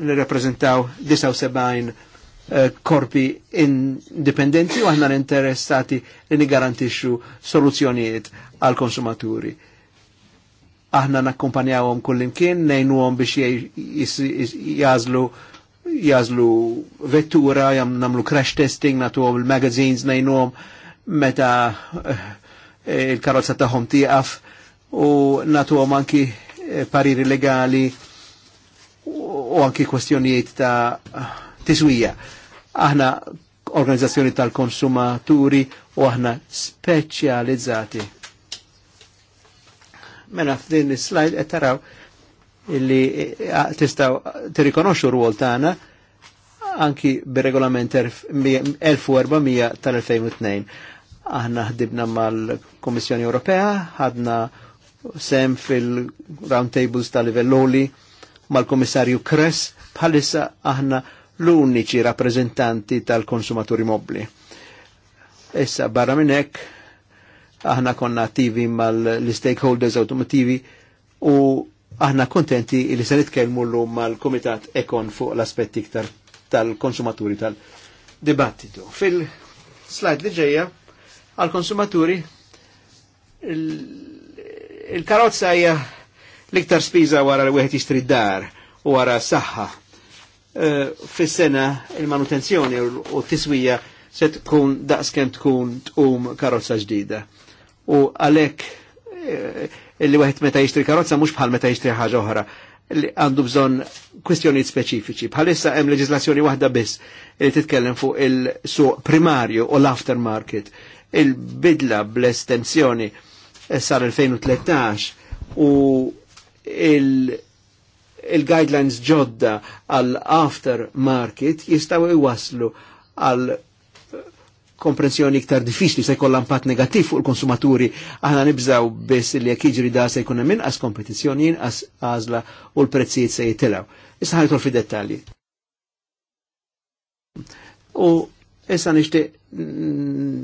nirrepreżentaw 79 eh, korpi indipendenti u aħna interessati li nigarantixxu soluzzjonijiet għal konsumaturi. Aħna nakkumpanjawhom kullimkien, nejnuhom biex jażlu jażlu vettura, jam namlu crash testing, natuhom il-magazines, nejnuhom meta eh, il-karozza tagħhom tieqaf u natu għom anki eh, pariri legali u anki kwestjonijiet ta' tiswija. Aħna organizzazzjoni tal-konsumaturi u aħna speċjalizzati. Mena f'din is-slide qed taraw illi eh, tistgħu tirrikonoxxu r-rwol tagħna anki bir-regolament 1400 tal-2002. Aħna ħdibna mal-Kommissjoni Ewropea, ħadna sem fil-roundtables tal-livelloli mal-komissarju Kress bħalissa aħna l-uniċi rappresentanti tal-konsumaturi mobli. Issa barra minnek aħna konna attivi mal-stakeholders automotivi u aħna kontenti li se nitkellmu llum mal-Kumitat Ekon fuq l-aspetti iktar tal-konsumaturi tal-dibattitu. fil slide li ġejja għal-konsumaturi Il-karozza hija l-iktar spiża wara li wieħed jixtri dar u wara saħħa. Eh, fis-sena il-manutenzjoni u t-tiswija se tkun daqskemm tkun tqum karozza ġdida. U għalhekk eh, li wieħed meta jixtri karozza mhux bħal meta jixtri ħaġa oħra li għandu bżon kwestjoniet speċifiċi. Bħalissa hemm leġislazzjoni waħda biss li titkellem fuq il-suq primarju u l-aftermarket. Il-bidla bl-estensjoni sar-2013 u il-guidelines il ġodda għal-after market jistaw iwaslu għal komprensjoni iktar diffiċli se jkollha impatt negattiv fuq il-konsumaturi aħna nibżaw biss li jekk jiġri da se jkun hemm inqas kompetizzjoni inqas għażla u l-prezzijiet se jitilgħu. Issa ħajtol fid-dettalji. U issa nixtieq mm,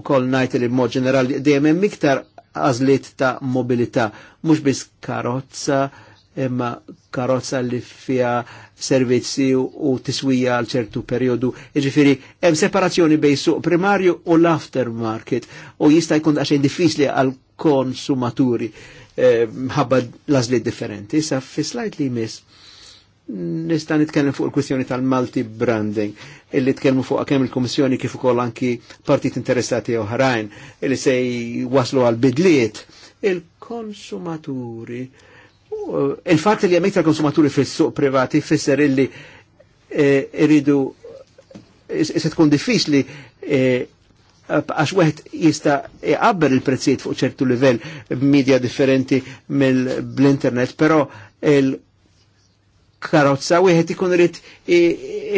ukoll ngħid li b'mod ġenerali dejjem hemm iktar għazliet ta' mobilità, mhux biss karozza, imma karozza li fija servizzi u tiswija għal ċertu periodu. Iġifiri, hemm separazzjoni bej suq primarju u l-aftermarket u jista' jkun għaxejn diffiċli għal konsumaturi eh, mħabba eh, l-azliet differenti. Issa fi slajt li jmiss nista' nitkellem fuq il-kwistjoni tal-multi branding illi tkellmu fuq kemm il-Kummissjoni kif ukoll anki partit interessati oħrajn illi se waslu għal bidliet il-konsumaturi il-fatt li jemmejt tal-konsumaturi fis-suq privati fisser illi e, iridu e, se tkun diffiċli e, għax weħt jista iqabbel il-prezzijiet fuq ċertu livell b'medja differenti mill-internet, però il- karozza u jħet irid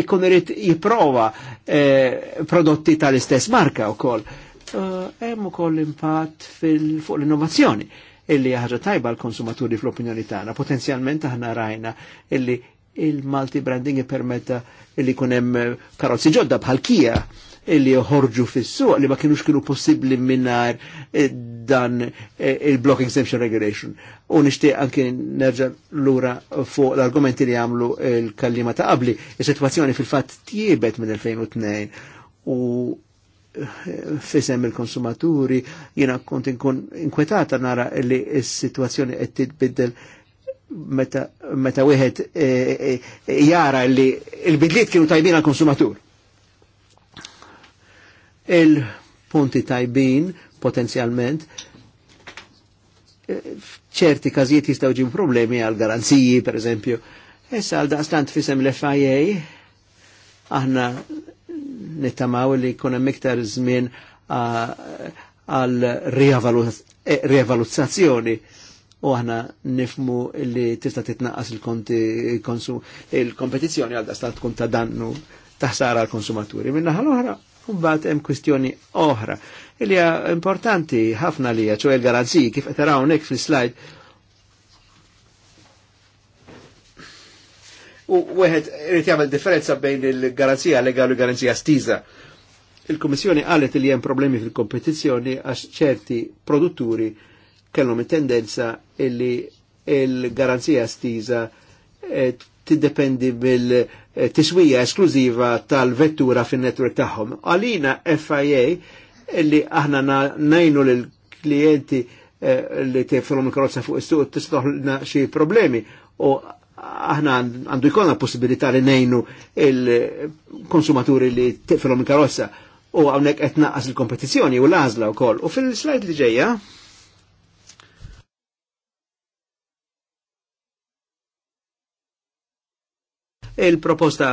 ikun irid jipprova eh, prodotti tal-istess marka wkoll. Eh, hemm uh, ukoll impatt fuq l-innovazzjoni illi ħaġa tajba l-konsumaturi fl-opinjoni tagħna. Potenzjalment aħna rajna illi il-multi branding permetta illi kun hemm eh, karozzi ġodda bħal kija illi joħorġu fis-suq li ma kienux kienu possibbli minnar dan eh, il-Block Exemption Regulation. U nishtiq anki nerġa l-ura fuq l-argumenti li għamlu il-kallima ta' qabli. Il-situazzjoni fil fat tiebet minn 2002 u eh, fisem il-konsumaturi jina kont inkwetata nara li il situazzjoni qed titbiddel meta, meta wieħed e, e, jara li il-bidliet kienu tajbin għal konsumatur. Il-punti tajbin potenzjalment eh, ċerti kazijiet jistgħu ġim problemi għal garanziji, per eżempju. Issa għal daqstant fisem l-FIA, aħna nittamaw li jkun hemm iktar żmien għal rievaluzzazzjoni eh, u aħna nifmu li tista' titnaqqas il-kompetizzjoni għal daqstant tkun ta' dannu taħsara għal konsumaturi. Minna l oħra, mbagħad hemm kwistjoni oħra Ilja importanti ħafna li ċu l-garanziji kif qed nek fl-slide. U għed, rrit jgħamil differenza bejn il-garanzija legali u garanzija stiza. Il-Kummissjoni qalet li hemm problemi fil-kompetizzjoni għax ċerti produtturi kellhom it-tendenza illi il-garanzija stiża eh, tiddependi bil-tiswija esklużiva tal-vettura fin netwerk tagħhom. Għalina FIA Eh, li aħna najnu l-klienti li tefrom il-karozza fuq is-suq tistaħlna xi problemi u aħna għandu jkollna possibilità li nejnu il-konsumaturi li tefrom il-karozza u għawnek qed naqas il-kompetizzjoni u l-għażla wkoll. U fil-slajd li ġejja il-proposta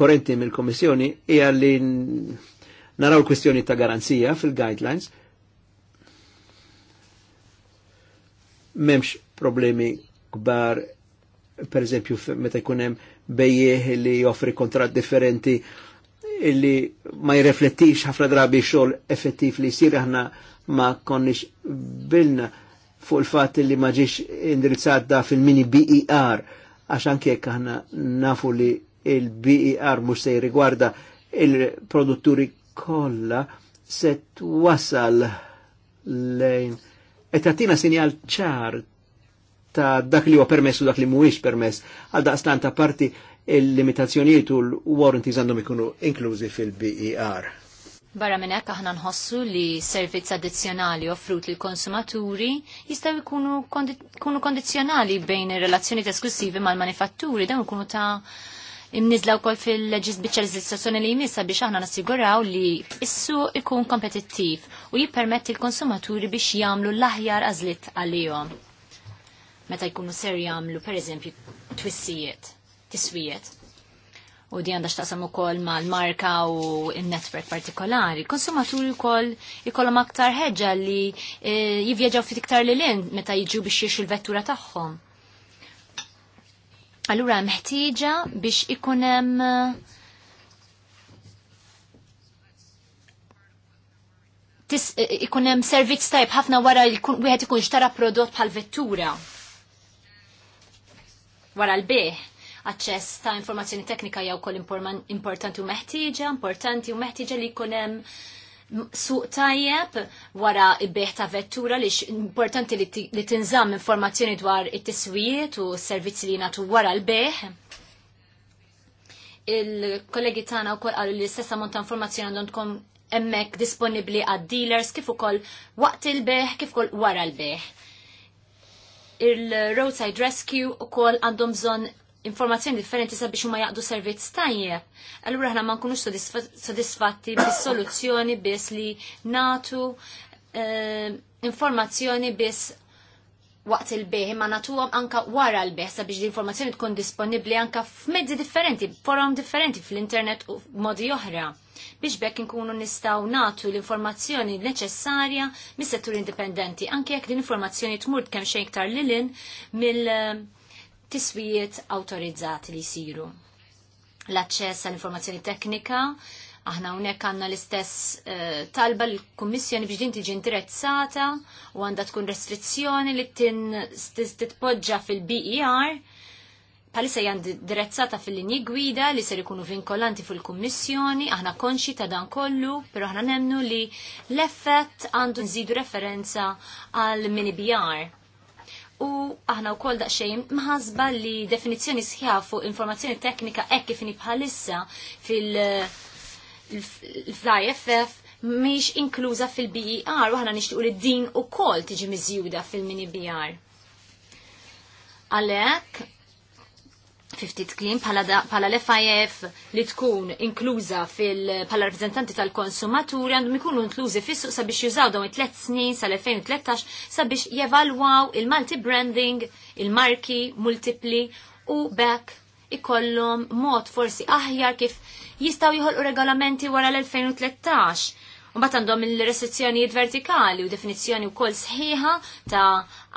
korrenti mill-Komissjoni hija li naraw kwistjoni ta' garanzija fil-guidelines. Memx problemi kbar, per eżempju, meta jkunem bejjeħ li joffri kontrat differenti illi ma jirreflettix ħafna drabi xogħol effettiv li jisir aħna ma konniex bilna fuq il fat li ma ġiex indirizzat da fil-mini BER għax anke aħna nafu li il-BER mhux se jirrigwarda il-produtturi Kolla, se wasal lejn Et tagħtina sinjal ċar ta' dak li huwa permess u dak li mhuwiex permess għal daqstan ta' parti il-limitazzjonijiet u l-warranties għandhom ikunu inklużi fil-BER. Barra minn hekk aħna nħossu li servizz addizzjonali offrut lil konsumaturi jistgħu jkunu kondizzjonali bejn ir-relazzjoni esklusivi mal-manifatturi dawn ikunu ta' imnizlaw wkoll fil l-zistazzjoni li jmissa biex aħna nassiguraw li issu ikun kompetittiv u jippermetti l-konsumaturi biex jagħmlu l-aħjar għażliet għalihom. Meta jkunu ser jagħmlu pereżempju twissijiet, tiswijiet u di għandax taqsam ukoll mal-marka u il-network partikolari. Konsumaturi ukoll ikollhom aktar ħeġġa li eh, jivvjaġaw fit iktar li lin meta jiġu biex jiexu l-vettura tagħhom. Allura meħtieġa biex ikun hemm ikun hemm servizz tajb ħafna wara wieħed ikun xtara prodott bħal vettura. Wara l bih aċċess ta' informazzjoni teknika jew ukoll importanti u meħtieġa, importanti u meħtieġa li jkun hemm suq tajjeb wara ibbeħ ta' vettura li importanti li tinżamm informazzjoni dwar it-tiswijiet u s-servizzi li natu wara l-beħ. Il-kollegi tagħna wkoll qalu li l-istess ammont ta' informazzjoni għandhom hemmhekk disponibbli għad-dealers kif ukoll waqt il-beħ kif ukoll wara l-beħ. Il-roadside rescue ukoll għandhom bżonn informazzjoni differenti sabiex huma jaqdu servizz tajjeb. Allura aħna ma nkunux sodisfatti bis-soluzzjoni biss li natu ehm, informazzjoni biss waqt il-beħ, ma natuhom anka wara l-beħ sabiex l-informazzjoni tkun disponibbli anka f'mezzi differenti, forum differenti fl-internet u modi oħra biex bekk inkunu nistaw natu l-informazzjoni neċessarja mis-settur indipendenti, anke jekk din informazzjoni tmur kemm xejn iktar lilin mill- tiswijiet autorizzati li siru. L-aċċess għall informazzjoni teknika, aħna unek għanna l-istess uh, talba l-Kommissjoni biex din tiġi interessata u għanda tkun restrizzjoni li titpoġġa fil-BER palissa jgħan direzzata fil-linji gwida li ser ikunu vinkolanti fil-Kommissjoni, aħna konxi ta' dan kollu, pero aħna nemnu li l-effett għandu nżidu referenza għal mini BR e u aħna wkoll daqsxejn mħazba li definizzjoni sħiħa fuq informazzjoni teknika hekk kif bħalissa fil-IFF miex inkluża fil-BER u aħna nixtiequ li din ukoll tiġi miżjuda fil-mini BR. E Għalhekk 50 klim pala l-FIF li tkun inkluża fil pala rappresentanti tal-konsumaturi għandhom ikunu inklużi fissu sabiex jużaw dawn it-tlet snin sal-2013 sabiex jevalwaw il-multi-branding, il-marki multipli u back ikollhom mod forsi aħjar kif jistaw jħolqu regolamenti wara l-2013. Mbagħad għandhom il-restrizzjonijiet vertikali u definizzjoni wkoll sħiħa ta'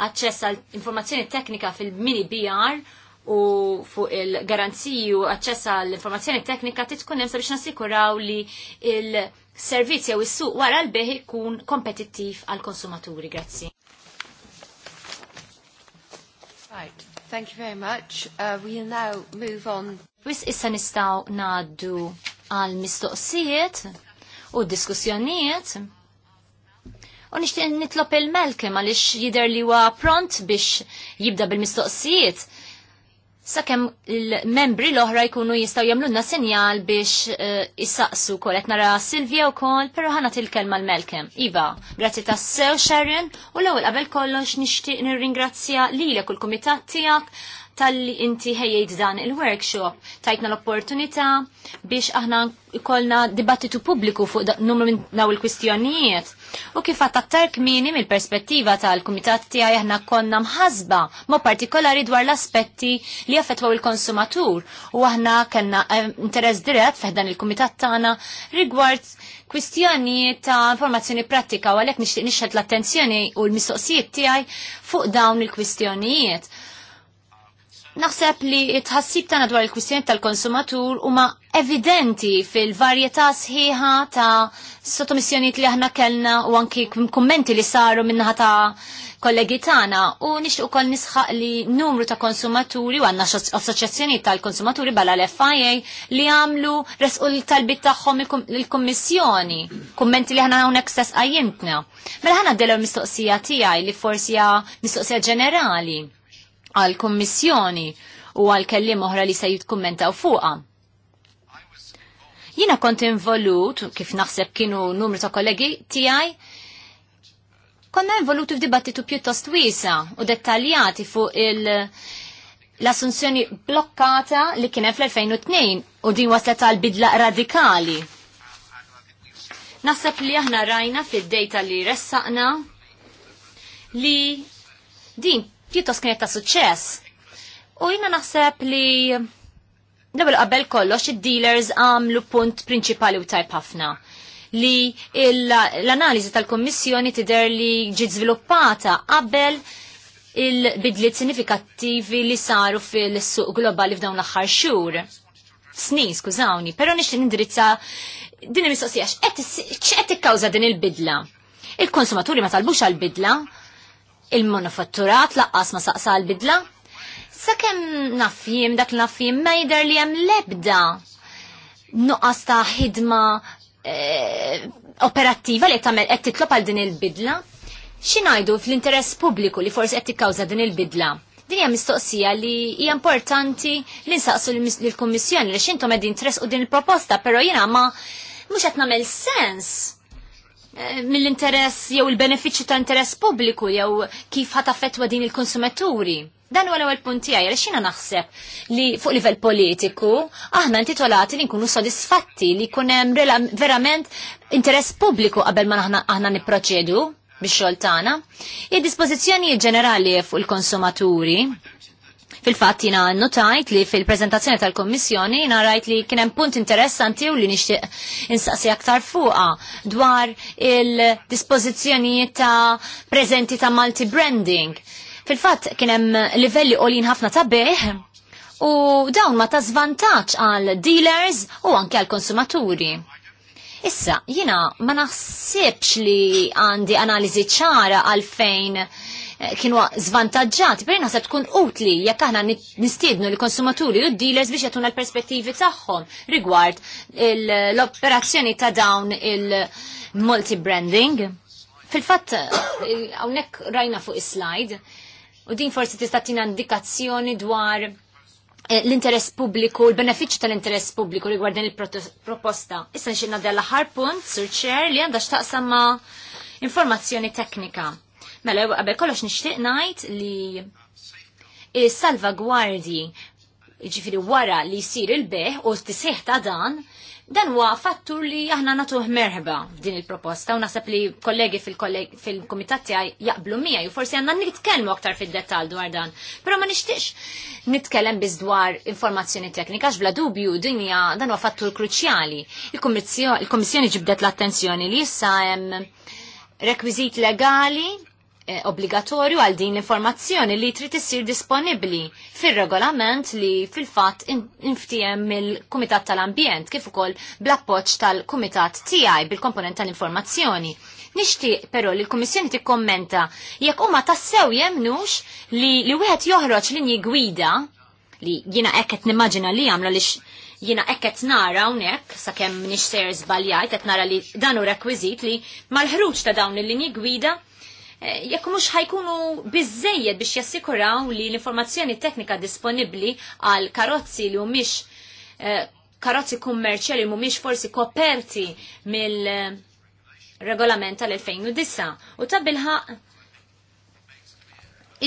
aċċess għall informazzjoni teknika fil-mini BR u fuq il-garanziji u aċċess għall informazzjoni teknika titkun hemm sabiex nassikuraw li il servizzi jew is-suq wara l-beħ ikun kompetittiv għall konsumaturi Grazzi. Right. Thank you very much. Uh, we'll now move on. Wis issa nistaw naddu għal mistoqsijiet u diskussjonijiet. U nishtiq nitlob il-Melkem lix jider li huwa pront biex jibda bil-mistoqsijiet sakemm il-membri l-oħra jkunu jistaw jamlunna sinjal biex jissaqsu eh, kol qed ra Silvia wkoll, però ħana il-kelma l-Melkem. Iva, grazzi sew Sharon u l-ewwel qabel kollox nixtieq nirringrazzja lilek li l-kumitat tiegħek tal-li inti ħejjejt dan il-workshop. Tajtna l-opportunità biex aħna kolna dibattitu pubbliku fuq numru minn daw il-kwistjonijiet U kif għat aktar kmini mill-perspettiva tal-Kumitat tiegħi aħna konna mħasba, mo partikolari dwar l-aspetti li affettwaw il-konsumatur u aħna kellna eh, interess dirett f'dan il-Kumitat tagħna rigward kwistjoni ta' informazzjoni pratika u għalhekk nixtieq l-attenzjoni u l-mistoqsijiet tiegħi fuq dawn il-kwistjonijiet Naħseb li tħassib tagħna dwar il-kwistjoni tal-konsumatur huma evidenti fil-varjetà sħiħa ta' sottomissjonijiet li aħna kellna u anki kummenti li saru minnaħa ta' kollegi tagħna u nixtieq ukoll nisħaq li numru ta' konsumaturi u għandna assoċjazzjonijiet tal-konsumaturi bala l-FIA li għamlu resqu l-talbit tagħhom il-kummissjoni, kummenti li aħna hawnhekk stess qajjimtna. Mela ħana d mistoqsija tiegħi li forsi hija mistoqsija ġenerali għal kommissjoni u għal kellim oħra li se jitkummentaw fuqa. Jina kont involut, kif naħseb kienu numru ta' kollegi tiegħi, konna involuti f'dibattitu pjuttost wiesa u dettaljati fuq il- l-assunzjoni blokkata li kien fl-2002 u din waslet għal bidla radikali. Naħseb li aħna rajna fid-dejta li ressaqna li din pjuttost kienet ta' suċċess. U jina naħseb li nabil qabel kollox id-dealers għamlu punt prinċipali u tajb ħafna li l-analiżi tal-Kommissjoni tidher li ġiet żviluppata qabel il-bidliet sinifikattivi li saru fil-suq globali f'dawn l-aħħar xhur. Snin, skużawni, però nixtieq nindirizza din il mistoqsijax, x'qed tikkawża din il-bidla. Il-konsumaturi ma talbux għal-bidla, il-manufatturat laqqas ma saqsa l-bidla. Sakemm naffjim dak naffjim ma li hemm lebda nuqqas ta' ħidma eh, operattiva li tagħmel qed titlob għal din il-bidla. X'ingħidu fl-interess pubbliku li forsi qed tikkawża din il-bidla? Din hija mistoqsija li hija importanti li nsaqsu lill-Kummissjoni li x'intom qegħdin tresqu din il-proposta, però jiena ma mhux qed nagħmel sens Eh, mill-interess jew il-benefiċċju ta' interess pubbliku jew kif ħadd affettwa din il-konsumaturi. Dan huwa l-ewwel punt tiegħi għaliex jiena naħseb li fuq livell politiku aħna intitolati li nkunu sodisfatti li jkun hemm verament interess pubbliku qabel ma aħna nipproċedu bix-xogħol tagħna. Id-dispożizzjonijiet ġenerali fuq il-konsumaturi Fil-fatt jina notajt li fil-prezentazzjoni tal-Kommissjoni jina rajt li kienem punt interessanti u li nixtieq insaqsi aktar fuqa dwar il-dispożizzjonijiet ta' prezenti ta' multi-branding. Fil-fatt kienem livelli olin ħafna ta' beħ u dawn ma ta' zvantaċ għal dealers u anke għal konsumaturi. Issa, jina ma naħsibx li għandi analizi ċara għal fejn Eh, kienu zvantagġat, per naħseb tkun utli jekk aħna nistiednu l-konsumaturi u d-dealers biex jatuna l-perspettivi tagħhom rigward l-operazzjoni ta' dawn il-multi-branding. Fil-fatt, eh, hawnhekk rajna fuq is-slide, u din forsi tista' indikazzjoni dwar eh, l-interess pubbliku, l-benefiċ tal-interess pubbliku rigward din il-proposta. Issa nxinna della ħar punt, sur ċer, li għandha xtaqsam ma' informazzjoni teknika Mela, għabel kollox nixtieq ngħid li il-salvagwardji ġifiri wara li jisir il-beħ u t ta' dan, dan huwa fattur li aħna natuħ merħba din il-proposta u nasab li kollegi fil-komitat tiegħi jaqblu miegħi u forsi għandna nitkellmu aktar fid-dettall dwar dan. Però ma nixtiex nitkellem biss dwar informazzjoni teknika x'bla bla dubju dinja dan huwa fattur kruċjali. Il-Kummissjoni ġibdet l-attenzjoni li issa hemm rekwiżit legali Eh, obbligatorju għal din l-informazzjoni li trid issir disponibbli fir-regolament li fil-fatt inftiem mill-Kumitat tal-Ambjent kif ukoll bl-appoġġ tal-Kumitat tiegħi bil-komponent tal-informazzjoni. Nixtieq però li l-Kummissjoni tikkommenta jekk huma tassew jemnux li li wieħed joħroġ linji gwida li jiena hekk qed nimmaġina li jagħmlu lix jina qed nara unek, sa kem nix ser żbaljajt et nara li danu rekwizit li mal-ħruċ ta' dawn il-linji gwida Eh, jekk mhux ħajkunu biżejjed biex jassikuraw li l-informazzjoni teknika disponibbli għal karozzi li mhumiex eh, karozzi kummerċjali mhumiex forsi koperti mill-regolament tal-2009 u ta' bilħaq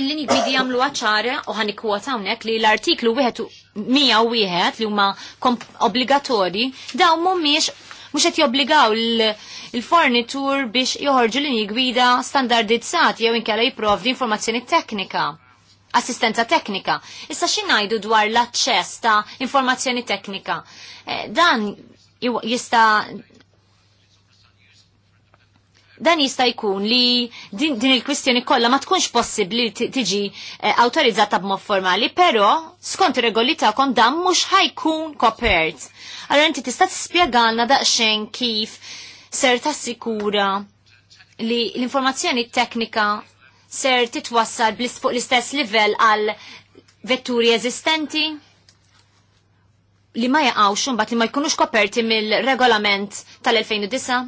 il-linji gbidi għamlu għacċara u ħani kwota hawnhekk li l-artiklu 101 li huma obbligatorji dawn mhumiex mhux qed jobbligaw il-fornitur biex joħorġu l-inji gwida standardizzati jew inkella jipprovdi informazzjoni teknika assistenza teknika. Issa xi ngħidu dwar l-aċċess ta' informazzjoni teknika. Eh, dan jista' dan jista' jkun li din, din il-kwistjoni kollha ma tkunx possibbli tiġi eh, awtorizzata b'mod formali, però skont ir-regoli tagħkom dan mhux ħajkun kopert. Allora inti tista' tispjegalna daqsxejn kif ser tassikura li l-informazzjoni teknika ser titwassal fuq l-istess livell għal vetturi eżistenti li ma jaqgħux imbagħad li ma jkunux koperti mill-regolament tal-2009.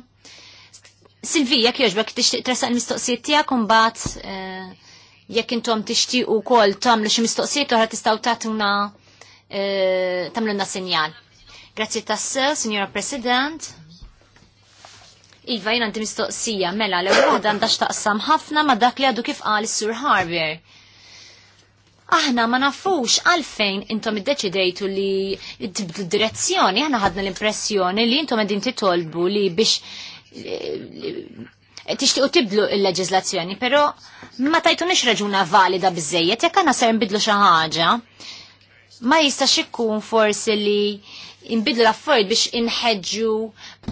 Silvija kjoġbek tixtieq tresaq il-mistoqsijiet tiegħek imbagħad eh, jekk intom tixtiequ wkoll tagħmlu xi mistoqsijiet oħra tistgħu tagħtuna eh, tamlunna sinjal. Grazzi tassew, Signora President. Iva, jina għanti mistoqsija, mela, l għada għandax taqsam ħafna ma dak li għadu kif għal sur Harbour. Aħna ma nafux għalfejn intom id-deċidejtu li tibdu direzzjoni, aħna ħadna l-impressjoni li intom għedin titolbu li biex eh, u tibdlu il-leġizlazzjoni, pero ma nix raġuna valida bizzejiet, jekk għana ser nbidlu xaħġa, ma jistax ikkun forsi li inbidlu l-affarijiet biex inħeġġu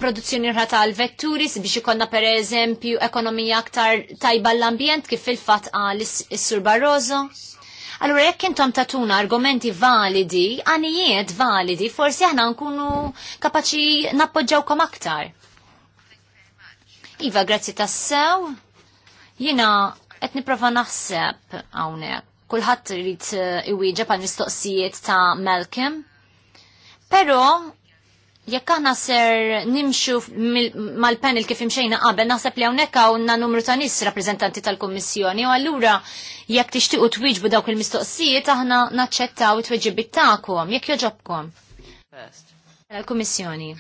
produzzjoni rħa tal-vetturi biex ikonna per eżempju ekonomija aktar tajba l-ambjent kif il fatt għal is-Sur Barroso. Allura jekk intom tatuna argumenti validi, għanijiet validi, forsi aħna nkunu kapaċi nappoġġawkom aktar. Iva, grazzi tassew. Jina qed niprofa naħseb hawnhekk. Kulħadd irid eh, iwieġeb għal mistoqsijiet ta' Malcolm. Pero, jekk aħna ser nimxu mal-panel kif imxejna qabel, naħseb li hawnhekk hawnna numru ta' nies rappreżentanti tal-Kummissjoni u allura jekk tixtiequ twiġbu dawk il-mistoqsijiet aħna naċċettaw it-tweġibit tagħkom jekk joġobkom. Mela, L-Kummissjoni.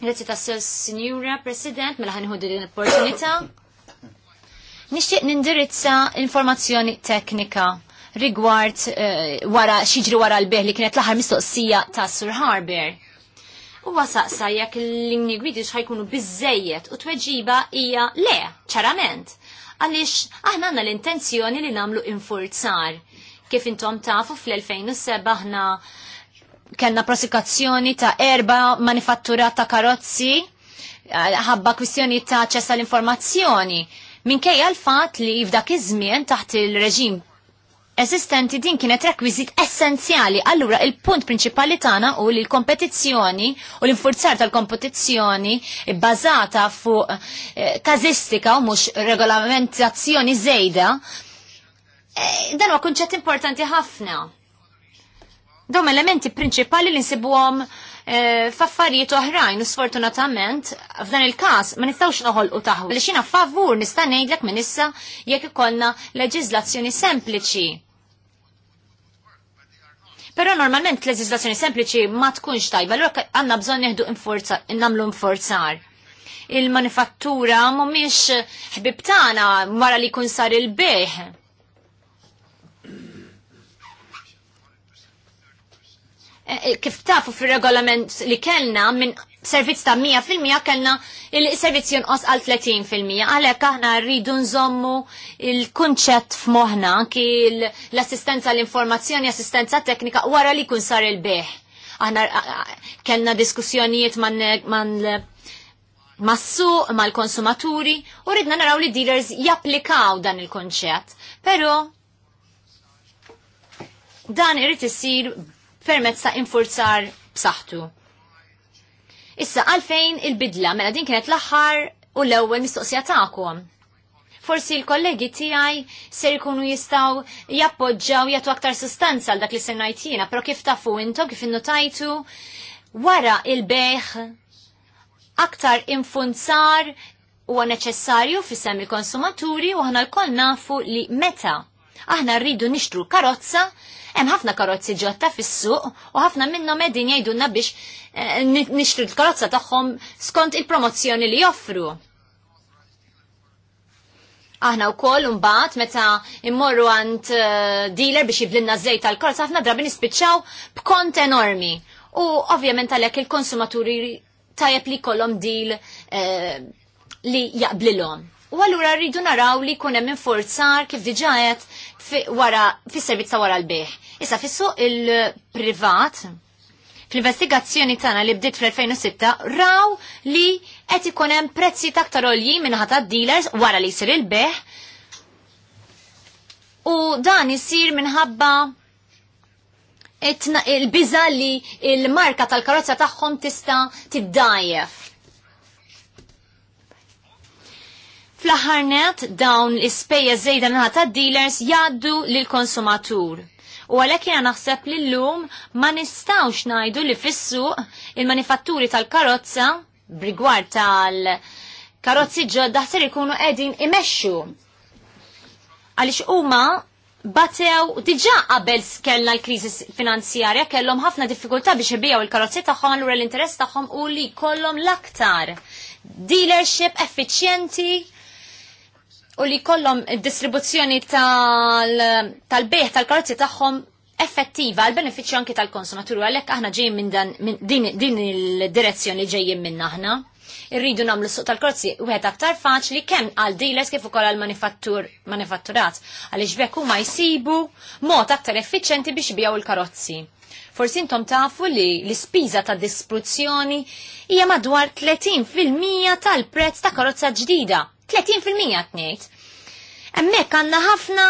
Grazzi tas Signora President mela ħanħu din l-opportunità. Nixtieq nindirizza informazzjoni teknika rigward uh, wara xiġri wara l-beħ li kienet l-aħħar mistoqsija ta' Sur Harber. U wasaqsa jekk l-ingwidi xħajkunu bizzejiet u tweġiba hija le, ċarament. Għaliex aħna għandna l-intenzjoni li namlu infurzar. Kif intom tafu fl-2007 aħna kellna prosekazzjoni ta' erba manifattura ta' karozzi eh, ħabba kwistjoni ta' ċessa l-informazzjoni minkejja l-fat li f'dak iż-żmien taħt il-reġim eżistenti din kienet rekwiżit essenzjali. Allura il-punt prinċipali tagħna u li l-kompetizzjoni u l-infurzar tal-kompetizzjoni bbażata fuq eh, kazistika u mhux regolamentazzjoni żejda eh, dan huwa kunċett importanti ħafna. Dom elementi prinċipali li nsibuhom eh, faffarijiet oħrajn u sfortunatament f'dan il-każ ma nistgħux u taħu. li xina favur nista' ngħidlek minn issa jekk ikollna leġiżlazzjoni sempliċi. Però normalment leġislazzjoni sempliċi ma tkunx tajba, l għanna bżon neħdu namlu nforzar. Il-manifattura mumiex ħbibtana mara li kun sar il-beħ. Eh, eh, kif tafu fil-regolament li kellna minn servizz ta' 100% kellna il-servizz jonqos għal 30% għalhekk aħna rridu nżommu il-kunċett f'moħħna anki l-assistenza l-informazzjoni, assistenza teknika wara li kun sar il-beħ. Aħna kellna diskussjonijiet man, massu mal-konsumaturi u ridna naraw li dealers japplikaw dan il-konċett. Pero dan irrid isir permezz ta' infurzar b'saħħtu. Issa għalfejn il-bidla, mela din kienet l-aħħar u l-ewwel mistoqsija tagħkom. Forsi l-kollegi tiegħi ser jkunu jistgħu jappoġġaw jagħtu aktar sustanza għal dak li ser ngħid jiena, però kif tafu intok kif innotajtu wara il-beħ aktar infunzar huwa neċessarju fisem il-konsumaturi u aħna lkoll nafu li meta aħna rridu nixtru karozza Hemm ħafna karozzi ġotta fis-suq u ħafna minnhom qegħdin jgħidulna biex eh, nixtru l-karozza tagħhom skont il-promozzjoni li joffru. Aħna wkoll mbagħad meta immorru għand eh, dealer biex jiblinna żejt tal-karozza ħafna drabi nispiċċaw b'kont enormi. U ovvjament għalhekk il-konsumaturi tajjeb li kollhom deal eh, li jaqblilhom. U allura rridu naraw li kunem minn forzar kif diġajet wara fis servizza wara l bih Issa fissu il-privat, fl-investigazzjoni tagħna li bdiet fl-2006 raw li qed ikun hemm prezzi taktar olji tad dealers wara li jsir il-beħ u dan isir minħabba il-biża li il-marka tal-karozza tagħhom tista' tiddajjef. Fl-aħħar net dawn l-ispejja żejda tad dealers jgħaddu lill-konsumatur U għalhekk jiena naħseb li llum ma nistgħux ngħidu li fis-suq il-manifatturi tal-karozza brigwar tal-karozzi ġodda ħser ikunu qegħdin imexxu. Għaliex huma batew diġa qabel kellna l-kriżi finanzjarja kellhom ħafna diffikultà biex ibijaw il-karozzi tagħhom allura l-interess tagħhom u li kollhom l-aktar dealership effiċjenti u li kollom distribuzzjoni tal-beħ tal-karozzi tagħhom effettiva għal benefiċċju anki tal konsumaturu għalhekk aħna ġejjin minn dan din il-direzzjoni li ġejjin minn aħna. Irridu nagħmlu suq tal-korzi wieħed aktar faċli kemm għal dealers kif ukoll għal manifatturat għaliex bekk huma jsibu mod aktar effiċjenti biex bijaw il-karozzi. Forsi intom tafu li l-ispiża ta' distruzzjoni hija madwar 30% tal-prezz ta' karozza ġdida 30% tnejt. Emmek għanna ħafna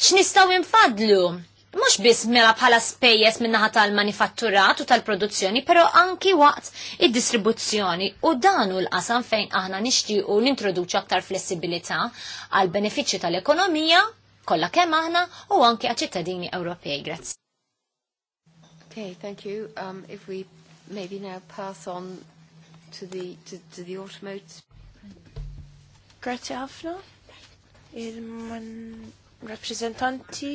x'nistgħu infadlu. Mhux biss mela bħala spejjeż min-naħa tal-manifatturat u tal-produzzjoni, però anki waqt id-distribuzzjoni u danu l-qasam fejn aħna nixtiequ nintroduċu aktar flessibilità għal benefiċċju tal-ekonomija kollha kemm aħna u anki għaċ-ċittadini Ewropej. Grazzi. Okay, thank you. Um, if we maybe now pass on to the to, to the automotive Grazzi ħafna. Il-rappresentanti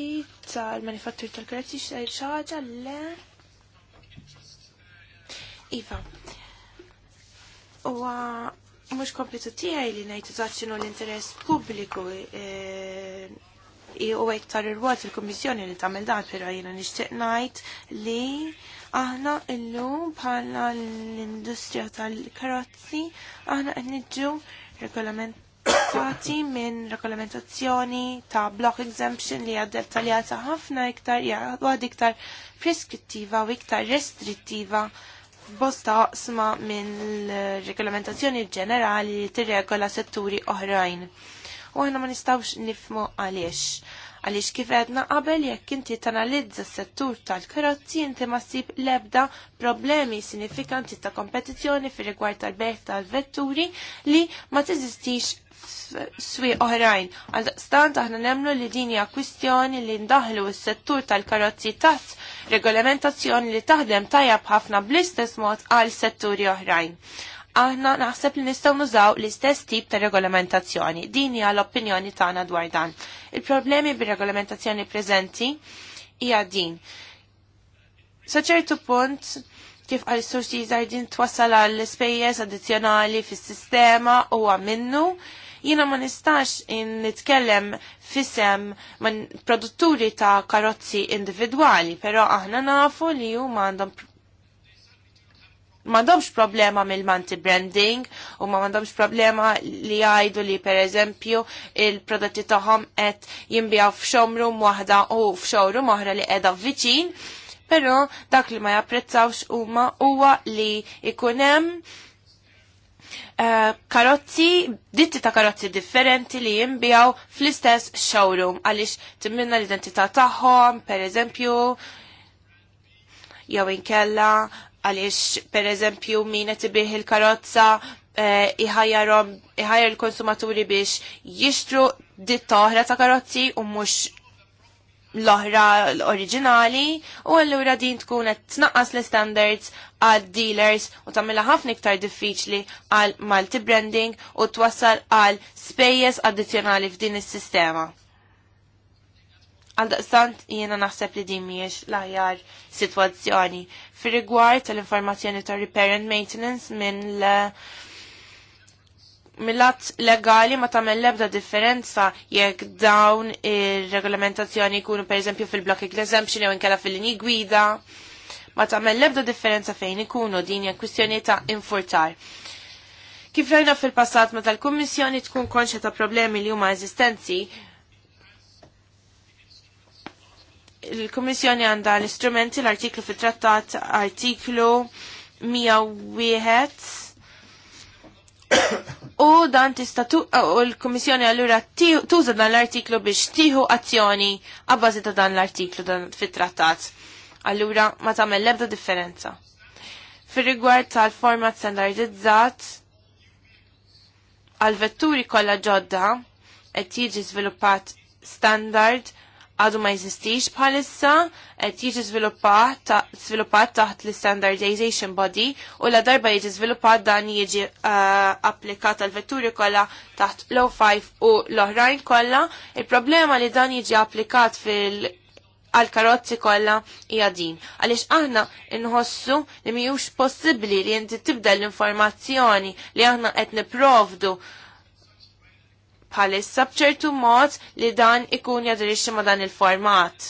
tal-manifattur tal-kreti xaġa le. Iva. Uwa mux komplitu tijaj li najtu taċċinu l-interess publiku eh, u iktar ir-rwot il-Kommissjoni li tagħmel dan però jiena nixtieq ngħid li aħna illum bħala l-industrija tal-karozzi aħna qed niġġu regolament adottati minn regolamentazzjoni ta' block exemption li għad dettaljata ħafna iktar, għad iktar preskrittiva u iktar restrittiva bosta sma minn regolamentazzjoni ġenerali li tirregola setturi oħrajn. U ħana ma nistawx nifmu għaliex għaliex kif edna qabel jekk inti tanalizza s-settur tal-karozzi inti ma ssib lebda problemi sinifikanti ta' kompetizzjoni fir rigward tal-beħ tal-vetturi li ma teżistix swi oħrajn. Għal-stant aħna nemlu li din hija kwistjoni li ndaħlu s-settur tal-karozzi taħt regolamentazzjoni li taħdem tajab ħafna bl-istess mod għal setturi oħrajn aħna naħseb li nistgħu nużaw l-istess tip ta' regolamentazzjoni. Din hija l-opinjoni tagħna dwar dan. Il-problemi bir-regolamentazzjoni preżenti hija din. Sa ċertu punt kif għal sursi din twassal għall spejjeż addizzjonali fis-sistema huwa minnu jiena ma nistax nitkellem fisem man produtturi ta' karozzi individwali, però aħna nafu li huma għandhom mandomx problema mill-manti branding u ma mandomx problema li għajdu li per eżempju il-prodotti taħom et jimbijaw f'xomrum waħda u f'showroom oħra li edha viċin, pero dak li ma japprezzawx huma huwa li ikunem uh, eh, karozzi, ditti ta' karozzi differenti li jimbijaw fl-istess showroom għalix timminna l-identità tagħhom, per eżempju, jew inkella għaliex per eżempju min qed ibih il-karozza eh, iħajjarhom iħajjar il-konsumaturi biex jixtru dit oħra ta' karozzi u mhux l-oħra l-oriġinali u allura din tkun qed tnaqqas l-standards għal dealers u tagħmilha ħafna iktar diffiċli għal multi branding u twassal għal spejjeż addizzjonali f'din is-sistema. Għaldaqstant jiena naħseb li din mhijiex l-aħjar sitwazzjoni. Fir-rigward tal-informazzjoni ta' repair and maintenance minn l- Millat legali ma tagħmel l-ebda differenza jekk dawn ir-regolamentazzjoni jkunu pereżempju fil-blocking exemption jew inkella fil-linji gwida ma tagħmel l-ebda differenza fejn ikunu din hija kwistjoni ta' infurtar. Kif rajna fil-passat meta tal kummissjoni tkun konxja ta' problemi li huma eżistenzi? il-Kommissjoni għandha l-istrumenti l-artiklu fit-trattat artiklu 101 U dan tista u l-Komissjoni allura tuża dan l-artiklu biex tieħu azzjoni għabbażi ta' dan l-artiklu dan fit-trattat. Allura ma tagħmel l-ebda differenza. Fir-rigward tal-format standardizzat għal vetturi kollha ġodda qed jiġi żviluppat standard għadu ma jizistix bħalissa qed jiġi sviluppat taħt l-standardization body u la darba jiġi żviluppat dan jiġi uh, applikat għal vetturi kollha taħt low 5 u l-oħrajn kollha. Il-problema li dan jiġi applikat fil- għal karozzi kollha hija din. Għaliex aħna inħossu li mhijiex possibbli li inti tibda l-informazzjoni li aħna qed niprovdu bħalissa bċertu mod li dan ikun jadirixxi ma dan il-format.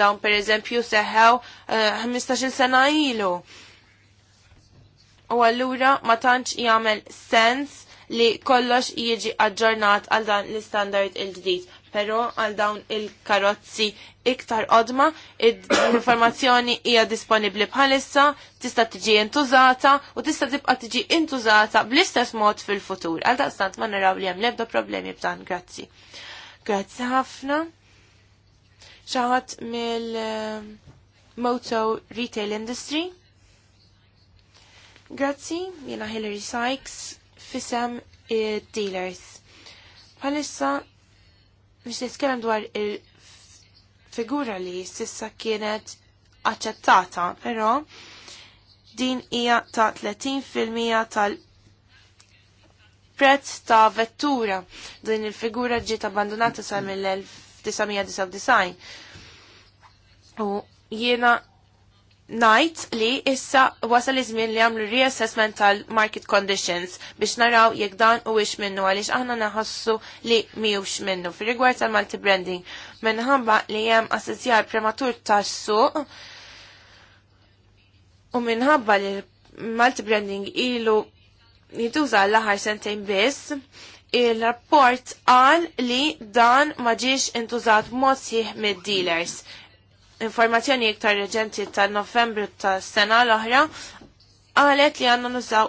Dawn per eżempju seħew 15 eh, sena ilu. U allura ma tantx jagħmel sens li kollox jiġi aġġornat għal dan l-istandard il-ġdid però għal dawn il-karozzi iktar qodma, l-informazzjoni hija disponibbli bħalissa, tista' tiġi intużata u tista' tibqa' tiġi intużata bl-istess mod fil-futur. Għal daqstant ma naraw li hemm l-ebda problemi b'dan, grazzi. Grazzi ħafna. Xaħat mill-Moto eh, Retail Industry. Grazzi, jena Hillary Sykes, fisem eh, dealers. Palissa biex nitkellem dwar il-figura li sissa kienet aċċettata, però din hija ta' 30% tal- prezz ta' vettura. Din il-figura ġiet abbandonata sa' mill-1999. U jiena najt li issa wasal iż-żmien li għamlu reassessment tal-market conditions biex naraw jekk dan u ix minnu għaliex aħna naħassu li miux minnu. Fi rigward tal-multi branding, minħabba li hemm assizjar prematur tas-suq u minħabba li multi branding ilu jituża l-aħħar sentejn biss, il-rapport għal li dan maġiex intużat mod sieħ mid-dealers informazzjoni iktar reġenti ta' novembru ta' sena l-oħra għalet li għannu nużaw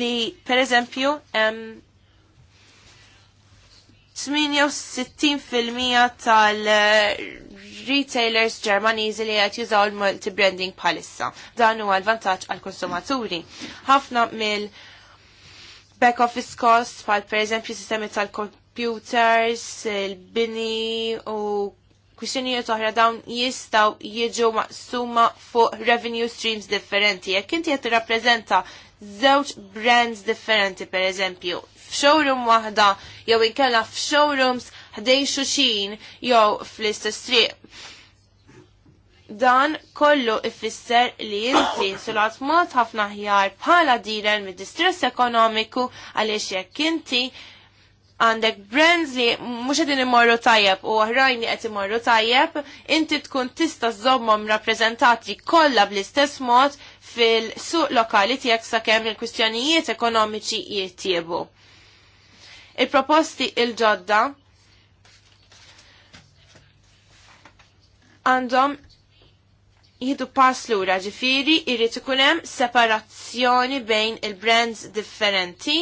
li per eżempju 68% tal-retailers ġermaniżi li għet jużaw il-multi-branding palissa. Dan huwa l-vantaġġ għal-konsumaturi. Ħafna mill back office costs, pal per eżempju sistemi tal-computers, il-bini u kwistjonijiet oħra dawn jistaw jiġu maqsuma fuq revenue streams differenti. Jekk inti qed tirrappreżenta żewġ brands differenti pereżempju, f'showroom waħda jew inkella f'showrooms ħdej xuxin jew fl-istess triq. Dan kollu ifisser li inti sulat mod ħafna ħjar bħala direl mid-distress ekonomiku għaliex jekk inti għandek brands li mux għedin imorru tajjeb u għahrajni li għed imorru tajjeb, inti tkun tista zommom rappresentati kolla bl-istess mod fil-suq lokali tijek sa' kem il-kustjonijiet ekonomiċi jittiebu. Il-proposti il-ġodda għandhom jihdu pass lura ġifiri irrit ikunem separazzjoni bejn il-brands differenti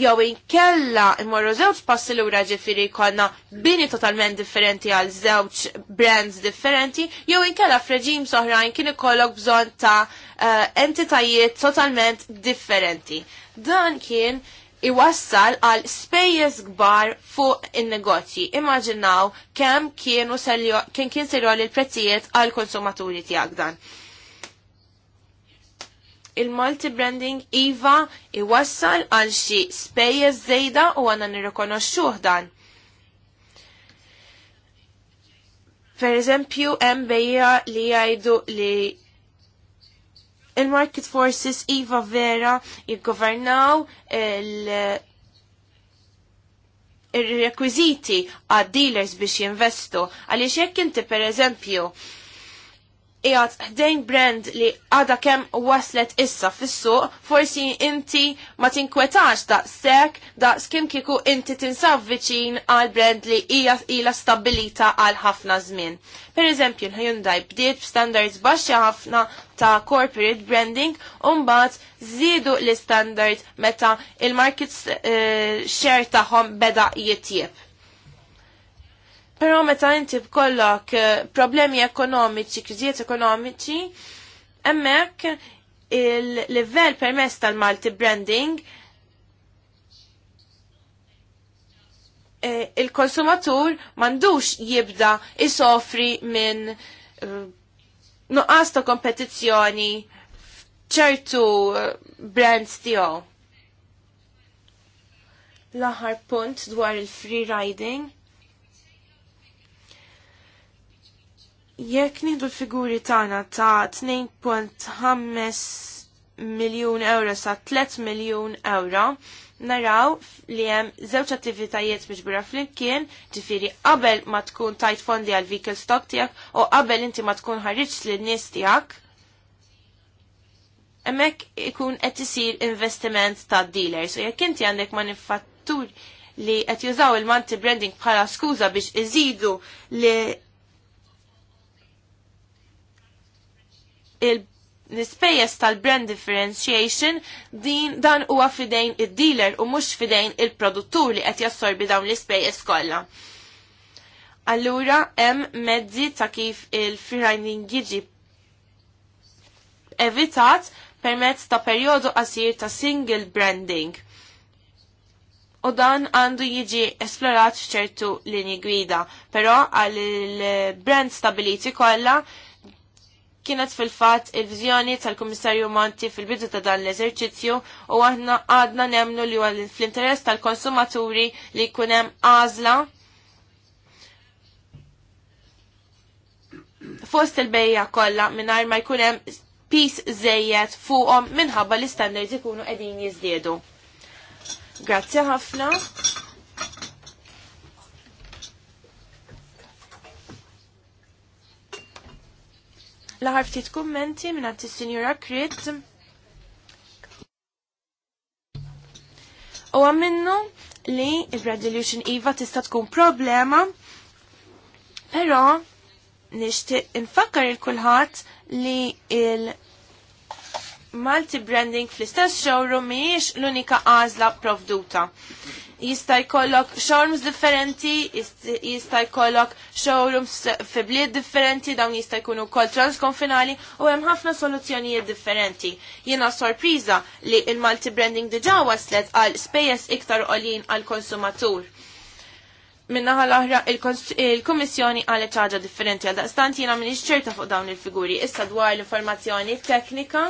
jew inkella immorru żewġ passi lura ġifiri konna bini totalment differenti għal żewġ brands differenti, jew inkella f'reġim soħrajn kien ikollok bżonn ta' uh, entitajiet totalment differenti. Dan kien iwassal għal spejjeż kbar fuq in-negozji. Immaġinaw kemm kienu kien kien li l-prezzijiet għal konsumaturi tiegħek dan il-multi branding iva iwassal għal xi spejjeż żejda u għandna nirrikonoxxuh dan. Per eżempju, hemm bejja li jgħidu li il-market forces iva vera jiggovernaw il- il-rekwiziti għad dealers biex jinvestu. Għaliex jekk inti per eżempju iqat ħdejn brand li għada kem waslet issa fissu, forsi inti ma tinkwetax da sek, da skim kiku inti tinsab viċin għal brand li ija ila stabilita għal ħafna żmien. Per eżempju, l-Hyundai bdiet standards baxxa ħafna ta' corporate branding, un-bat zidu l-standard meta il-market uh, share taħom beda jitjieb Pero meta inti kollok eh, problemi ekonomiċi, kriżijiet ekonomiċi, emmek il-level permess tal-multi branding eh, il-konsumatur mandux jibda isofri minn eh, nuqqas ta' kompetizzjoni ċertu brands tiegħu. L-aħħar punt dwar il-free riding Jekk nieħdu l-figuri tagħna ta' 2.5 miljun euro sa' 3 miljun euro, naraw li hemm żewġ attivitajiet miġbura flimkien, ġifieri qabel ma tkun tajt fondi għal vehicle stock tiegħek u qabel inti ma tkun ħarriġ lin-nies tiegħek. Hemmhekk ikun qed isir investiment ta' dealers u jekk inti għandek manifattur li qed jużaw il-manti branding bħala skuża biex iżidu li l-ispejjeż tal-brand differentiation din dan huwa fidejn id-dealer u mhux fidejn il-produttur li qed jassorbi dawn l-ispejjeż kollha. Allura hemm mezzi ta' kif il-freeriding jiġi evitat permezz ta' perjodu qasir ta' single branding. U dan għandu jiġi esplorat f'ċertu linji gwida, però għal il-brand stabiliti kollha kienet fil-fat il-vizjoni tal-Komissarju Monti fil-bidu ta' dan l-eżerċizzju u għadna għadna nemnu li għal fl-interess tal-konsumaturi li kunem għazla fost il-bejja kollha mingħajr ma jkunem pis zejjet fuqhom minħabba li standards ikunu qegħdin jiżdiedu. Grazzi ħafna. Laħar ftit kummenti minn għatti Sinjura Krit. U għamminnu li il bradilution IVA tista tkun problema, pero nishtiq infakkar il-kulħat li il- multi-branding fl-istess showroom miex l-unika għazla provduta jista' jkollok showrooms differenti, jista' jkollok showrooms fi bliet differenti, dawn jista' jkunu kol transkonfinali u hemm ħafna soluzzjonijiet differenti. Jiena sorpriża li il-multi branding diġà waslet għal spejjeż iktar qolin għal konsumatur. Minnaħa l-oħra il-Kummissjoni għal ċaġa differenti għal daqstant jiena minix ċerta fuq dawn il-figuri issa dwar l-informazzjoni teknika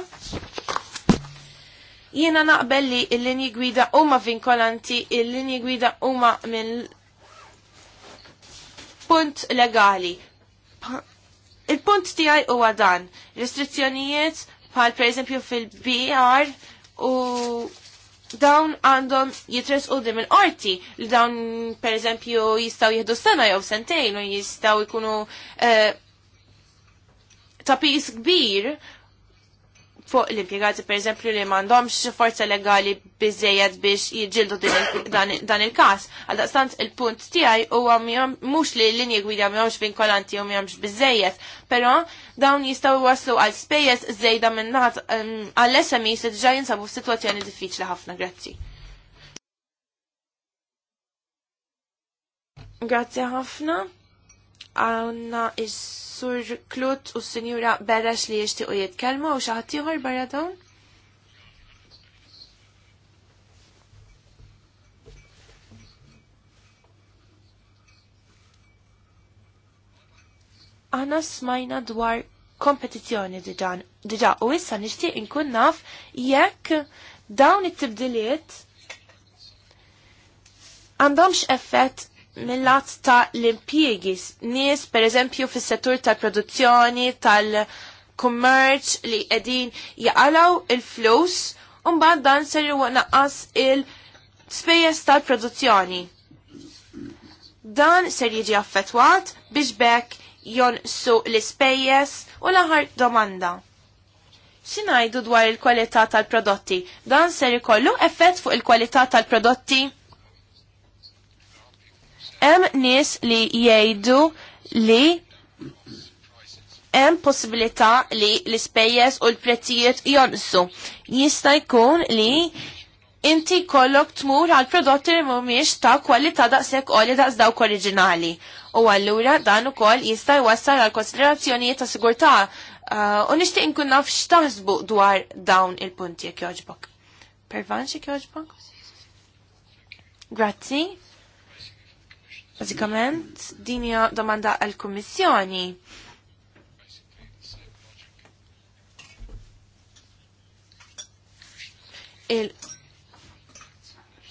Jiena naqbel li l-linji gwida huma vinkolanti, il-linji gwida huma minn punt legali. Il-punt tiegħi huwa dan, restrizzjonijiet bħal pereżempju fil-BR u dawn għandhom jitres u dim il-qorti li dawn per eżempju jistaw jihdu sena jew sentejn u jistaw jkunu eh, tapis kbir fuq l-impjegati per eżempju li mandomx forza legali bizzejed biex jġildu dan il-kas. Għaldaqstant il-punt tijaj u mux li l-linji gwida mjomx vinkolanti u mjomx bizzejed, pero dawn jistaw waslu għal spejjes zejda minnat għall smi se ġa jinsabu situazzjoni diffiċli ħafna, grazzi. Grazzi ħafna għanna is-sur Klut u s-sinjura Beresh li u jitkelmu u xaħtiħor barra dawn? Aħna smajna dwar kompetizjoni diġan. Diġa, u issa nishtiq inkun naf jekk dawn it-tibdiliet għandhomx effett mill-lat ta' l-impjiegi. Nies, per eżempju, fis-settur tal-produzzjoni, tal-kummerċ li qegħdin jaqalaw il-flus u mbagħad dan ser naqas il-spejjeż tal-produzzjoni. Dan ser jiġi affettwat biex bekk su l-ispejjeż u l-aħar domanda. Xinajdu dwar il-kwalità tal-prodotti? Dan ser ikollu effett fuq il-kwalità tal-prodotti? Hemm nies li jgħidu li hemm possibilità li l-ispejjeż u l-prezzijiet jonsu. Jista' jkun li inti kollok tmur għal prodotti li mhumiex ta' kwalità daqshekk għoli daqs dawk oriġinali. U allura dan ukoll jista' jwassal għal konsiderazzjonijiet ta' sigurtà uh, u nixtieq inkun naf x'taħsbu dwar dawn il-punti jekk jogħġbok. Pervanx jekk jogħġbok? Grazzi. Bażikament, din hija domanda għall kummissjoni il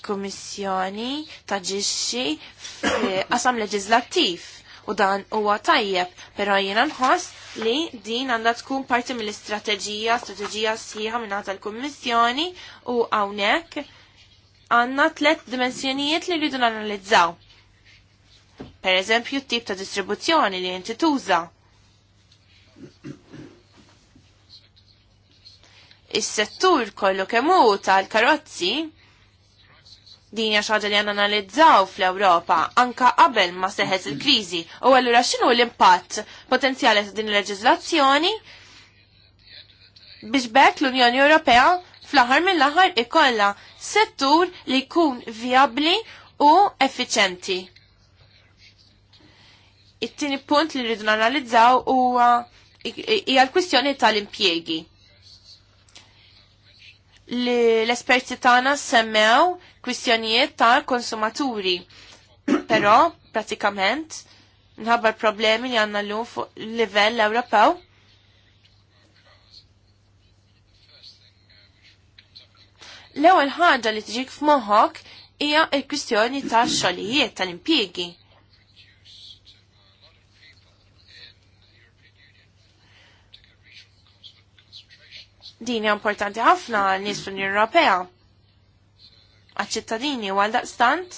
kummissjoni taġixxi f'qasam leġislattiv u dan huwa tajjeb, però jiena nħoss li din għandha tkun parti mill-istrateġija, strateġija sħiħa minn l kummissjoni u hawnhekk għandna tliet dimensjonijiet li rridu nanalizzaw. Per eżempju, t-tip ta' distribuzzjoni li inti tuża. Is-settur kollu kemmu tal-karozzi din hija xaġa li għandna analizzaw fl-Ewropa anka qabel ma seħet il-kriżi u allura x'inhu l-impatt potenzjali ta' din il-leġiżlazzjoni biex bekk l-Unjoni Ewropea fl-aħħar mill-aħħar ikollha settur li jkun viabli u effiċenti it-tieni punt li rridu analizzaw huwa hija l-kwistjoni tal impjegi L-esperti tagħna semmew kwistjonijiet ta' konsumaturi, però pratikament nħabba problemi li għanna l-lum fuq livell Ewropew. L-ewwel ħaġa li tiġik f'moħħok hija l-kwistjoni tax xogħlijiet tal-impjiegi. Din hija importanti ħafna għal nies fl-Unjoni Ewropea. Għaċ-ċittadini u għal daqstant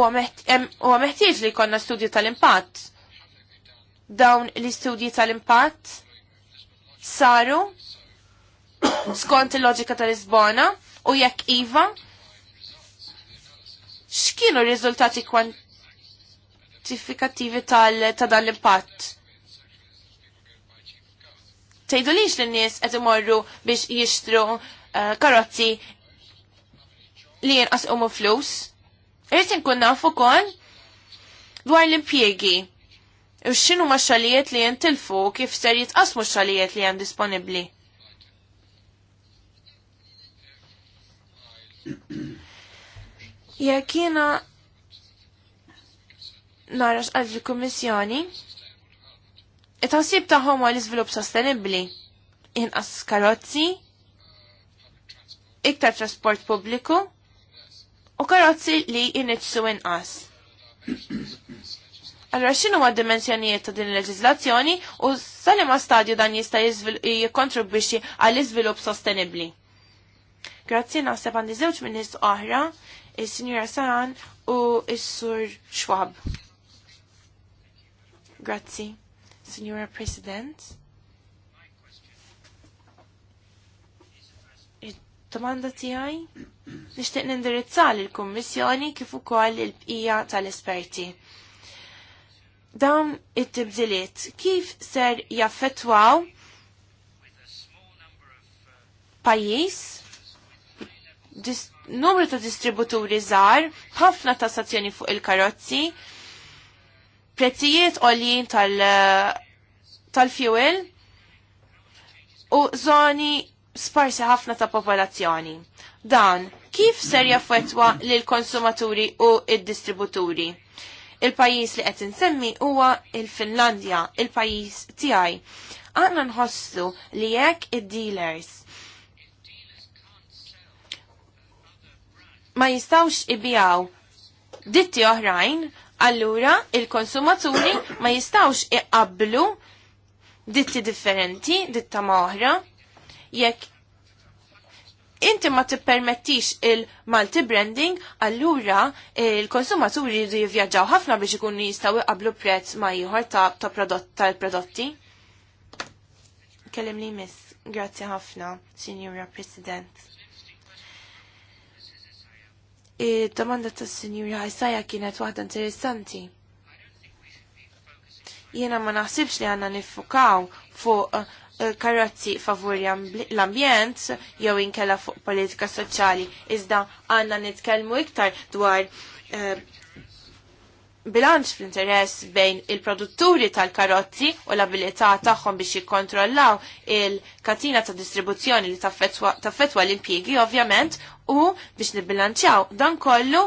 huwa meħtieġ li jkollna studju tal-impatt. Dawn l-istudji tal-impatt saru skont il-loġika tal-Lisbona u jekk iva x'kienu r-riżultati kwantifikattivi tal ta' dan l-impatt? tejdu liġ l-nies għet imorru biex jishtru eh, karozzi li jenqas umu flus. Irrit nkun nafu kon dwar l-impiegi. U xinu ma xalijiet li jentilfu kif ser jitqasmu xalijiet li jen disponibli. Jekina narax għadri kummissjoni, it-tansib taħħom għal iżvilupp sostenibli. Inqas karozzi, iktar trasport pubbliku u karozzi li jinniċsu inqas. Allora x'inhu għad dimensjonijiet ta' din il-leġiżlazzjoni u salima stadju dan jista' jikkontribwixxi għal iżvilupp sostenibbli. Grazzi naħseb għandi żewġ minnis oħra, il sinjura Saran u il sur Schwab. Grazzi. Signora President, domanda tiegħi nixtieq nindirizzar lill-Kummissjoni kif ukoll il-bqija tal-esperti. Dawn it-tibdiliet kif ser jaffettwaw pajjiż numru ta' distributuri żgħar, ħafna tassazzjoni fuq il-karozzi, prezzijiet għoljien eh, tal-fuel u zoni sparsi ħafna ta' popolazzjoni. Dan, kif ser jaffetwa l konsumaturi u il distributuri Il pajis li qed insemmi huwa il-Finlandja, il-pajis tiegħi. Aħna nħossu li jekk id-dealers ma jistawx ibijaw ditti oħrajn, Allura, il-konsumaturi ma jistawx iqablu ditti differenti, ditta ma oħra, jekk inti ma tippermettix il-multi branding, allura il-konsumaturi jridu jivvjaġġaw ħafna biex ikunu jistgħu iqablu prezz ma ieħor ta', ta tal-prodotti. Kellim li miss, grazzi ħafna, Signora President il domanda tas sinjur ħajsaja kienet waħda interessanti. Jiena ma naħsibx li għanna nifukaw fuq eh, karozzi favuri l-ambjent jew inkella fuq politika soċjali iżda għanna nitkellmu iktar dwar eh, bilanċ fl-interess bejn il-produtturi tal-karozzi u l-abilità tagħhom biex jikkontrollaw il-katina ta' distribuzzjoni li taffetwa l-impjiegi ovvjament u biex nibbilanċjaw dan kollu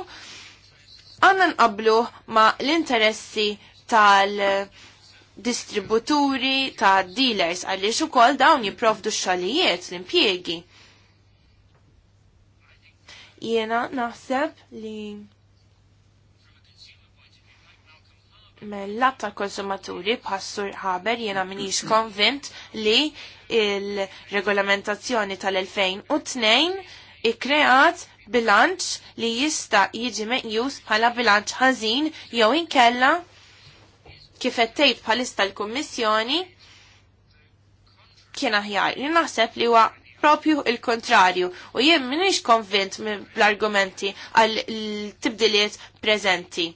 għanna nqablu ma' l-interessi tal- distributuri ta' dealers għaliex ukoll dawn jipprovdu xogħlijiet l-impjiegi. Jiena naħseb li mill tal-konsumaturi passur ħaber jena minix konvint li il-regolamentazzjoni tal-2002 ikkreat bilanċ li jista' jiġi meqjus bħala bilanċ ħażin jew inkella kif qed bħalista l-Kummissjoni kien aħjar. li naħseb li huwa propju il-kontrarju u jien m'iniex konvint bl-argumenti għal tibdiliet preżenti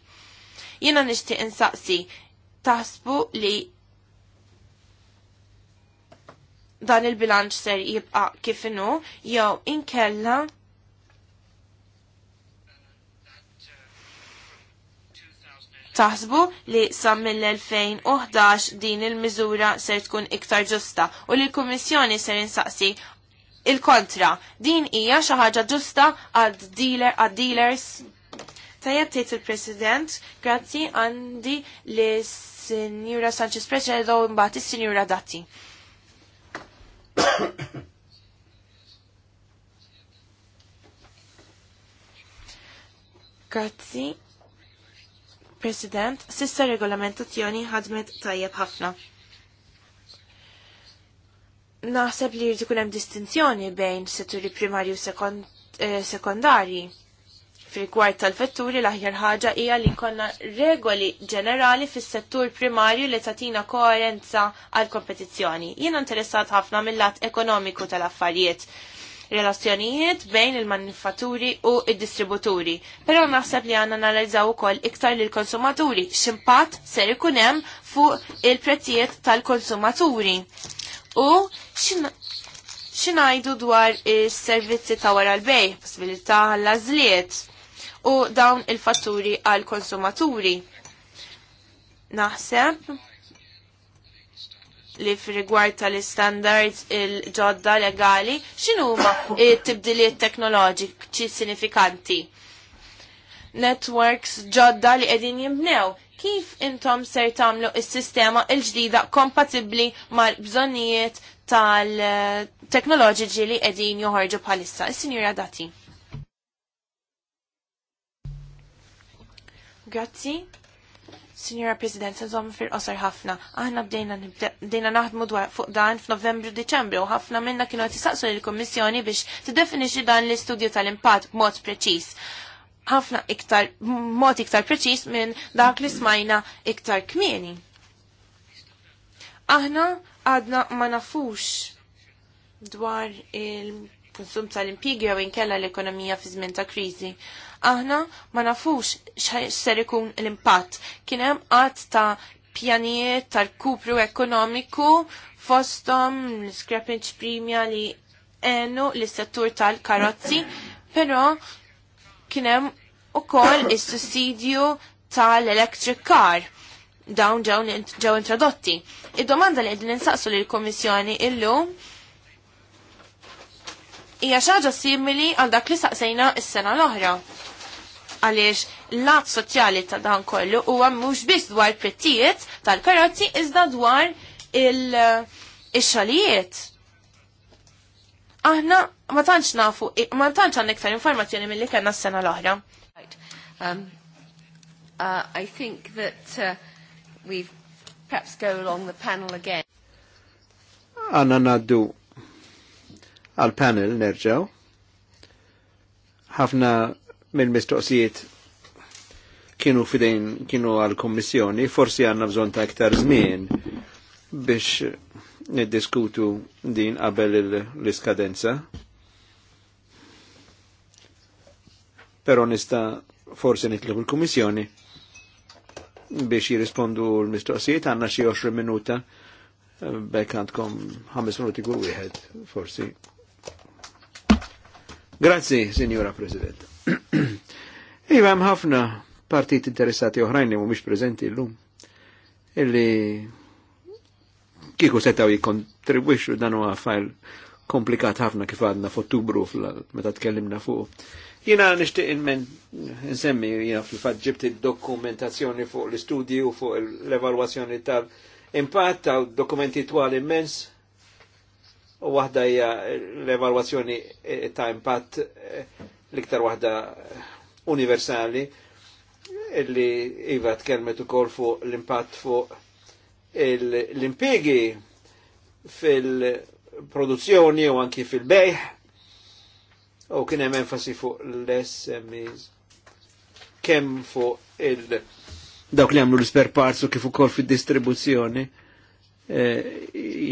Jiena nixtieq insaqsi taħsbu li dan il-bilanċ ser jibqa' kif inhu jew inkella taħsbu li sam mill-2011 din il-miżura ser tkun iktar ġusta u li l-Kummissjoni ser insaqsi il-kontra. Din hija xi ħaġa ġusta għad dealer għad dealers Tajab tejt il-President, grazzi għandi li Signora Sanchez President, mbagħad is-Signora Datti. grazzi. President, sissa regolamentazzjoni ħadmet tajjeb ħafna. Naħseb li jrid ikun hemm distinzjoni bejn setturi primarji u sekond, eh, fil tal-vetturi l-aħjar ħaġa hija li konna regoli ġenerali fis-settur primarju li tatina koerenza għal kompetizzjoni. Jiena interessat ħafna mill-lat ekonomiku tal-affarijiet relazzjonijiet bejn il-manifatturi u id-distributuri. Però naħseb li għanna analizzaw ukoll iktar lil konsumaturi x'impatt ser ikun hemm fuq il-prezzijiet tal-konsumaturi. U x'ingħidu dwar is-servizzi ta' wara l-bej, possibilità għall-għażliet u dawn il-fatturi għal konsumaturi. Naħseb li f'rigward tal-standards il-ġodda legali, x'inhuma t-tibdiliet teknoloġiċi sinifikanti? Networks ġodda li qegħdin jimbnew, kif intom ser tagħmlu s sistema l-ġdida kompatibbli mal-bżonnijiet tal-teknoloġiċi li qegħdin joħorġu bħalissa? Is-Sinjura Dati. Grazzi. Signora President, nżomm fir osar ħafna. Aħna bdejna naħdmu dwar fuq dan f'Novembru Deċembru u ħafna minna kienu tisaqsu lill-Kummissjoni biex tiddefinixxi dan l-istudju tal-impatt b'mod preċiż. Ħafna iktar mod iktar preċiż minn dak li smajna iktar kmieni. Aħna għadna ma nafux dwar il-konsum tal impigja jew inkella l-ekonomija fi żmien ta' kriżi aħna ma nafux x'ser ikun l-impatt. Kien hemm qatt ta' pjanijiet ta' kupru ekonomiku fostom l-scrappage premia li enu l-settur tal-karozzi, però kien hemm ukoll is-sussidju tal-electric car dawn ġew introdotti. Id-domanda li qegħdin insaqsu lill-Kummissjoni illum hija xaġa simili għal dak li saqsejna s-sena l-oħra għaliex l lat soċjali ta' dan kollu huwa mhux biss dwar prettijiet tal-karozzi iżda dwar il-xalijiet. Aħna ma tantx nafu, ma tantx għandek iktar informazzjoni milli kena s-sena l-oħra. Um, uh, I think that uh, we've perhaps go along the panel again. Għanna naddu għal-panel nerġaw. ħafna mill-mistoqsijiet kienu fidejn kienu għal-Kommissjoni, forsi għanna bżon ta' iktar żmien biex niddiskutu din qabel l-iskadenza. Pero nista forsi nitlu l-Kommissjoni biex jirrispondu l-mistoqsijiet għanna xi 20 minuta bekk għandkom 5 minuti kull wieħed forsi. Grazzi, Signora President. iva hemm ħafna partit interessati oħrajn li mhumiex preżenti llum illi kieku setaw jikkontribwixxu dan huwa fajl komplikat ħafna kif għadna f'Ottubru meta tkellimna fuq. Jiena nixtieq inmen insemmi jiena fil-fatt ġibt id-dokumentazzjoni fuq l-istudji u fuq l-evalwazzjoni tal-impatt ta' dokumenti twal immens u waħda hija l-evalwazzjoni ta' impatt eh, l-iktar waħda universali illi iva tkelmet ukoll fuq l-impatt fuq l-impiegi fil-produzzjoni u anki fil-bejħ u kien hemm enfasi fuq l-SMEs kemm fuq il- dawk li għamlu l-spare parts u kif ukoll fil distribuzzjoni eh,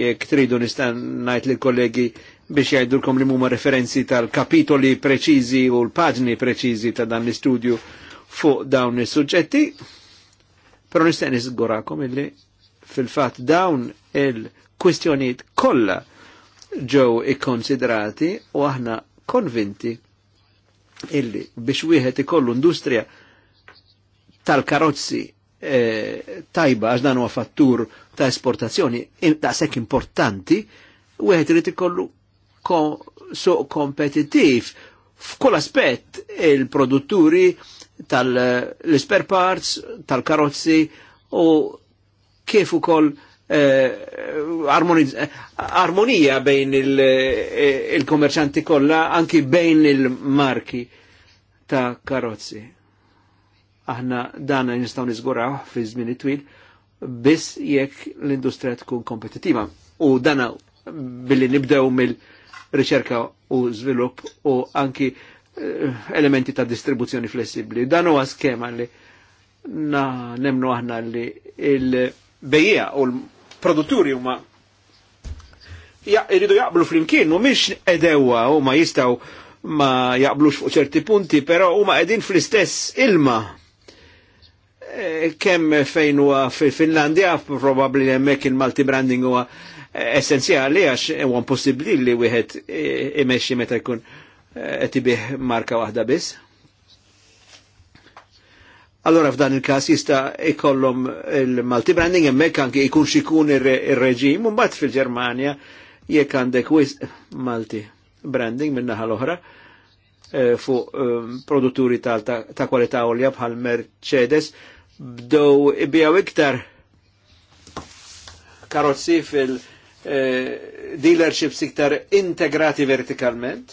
jek tridu nistan ngħid li kollegi biex jgħidulkom li mumma referenzi tal-kapitoli preċizi u l-paġni preċizi ta' dan l-istudju fuq dawn is-suġġetti. Pero nistenni zgurakom illi fil-fat dawn il-kwistjoniet kollha ġew ikkonsidrati u aħna konvinti illi biex wieħed ikollu industrija tal-karozzi e, tajba għax dan huwa fattur ta' esportazzjoni ta' sekk importanti, wieħed irid ikollu ko suq kompetittiv f'kull aspett il-produtturi tal-spare parts, tal-karozzi u kif ukoll eh, armonija bejn il-kommerċanti il kollha anki bejn il-marki ta' karozzi. Aħna dan nistgħu niżguraw fi żmien twil biss jekk l-industrija tkun kompetittiva. U dana billi nibdew mill- riċerka u żvilupp u anki eh, elementi ta' distribuzzjoni flessibli. Dan huwa skema li na nemnu aħna li il-bejja u l-produtturi huma jridu ja, jaqblu flimkien u miex edewa u ma jistgħu ma jaqblux fuq ċerti punti, però huma qegħdin fl-istess ilma. Eh, kemm fejn huwa fil finlandia probabbli hemmhekk il-multi branding huwa essenzjali għax għan impossibbli li wieħed imexxi meta jkun qed eh, ibih marka waħda biss. Allora f'dan il-kas jista' ikollhom il-multi branding hemmhekk anke jkun xikun ir-reġim u mbagħad fil-Ġermanja jekk għandek wis multi branding minn naħa l-oħra eh, fuq eh, produtturi ta' kwalità olja bħal Mercedes bdew ibjaw iktar karozzi fil- Eh, dealerships iktar integrati vertikalment,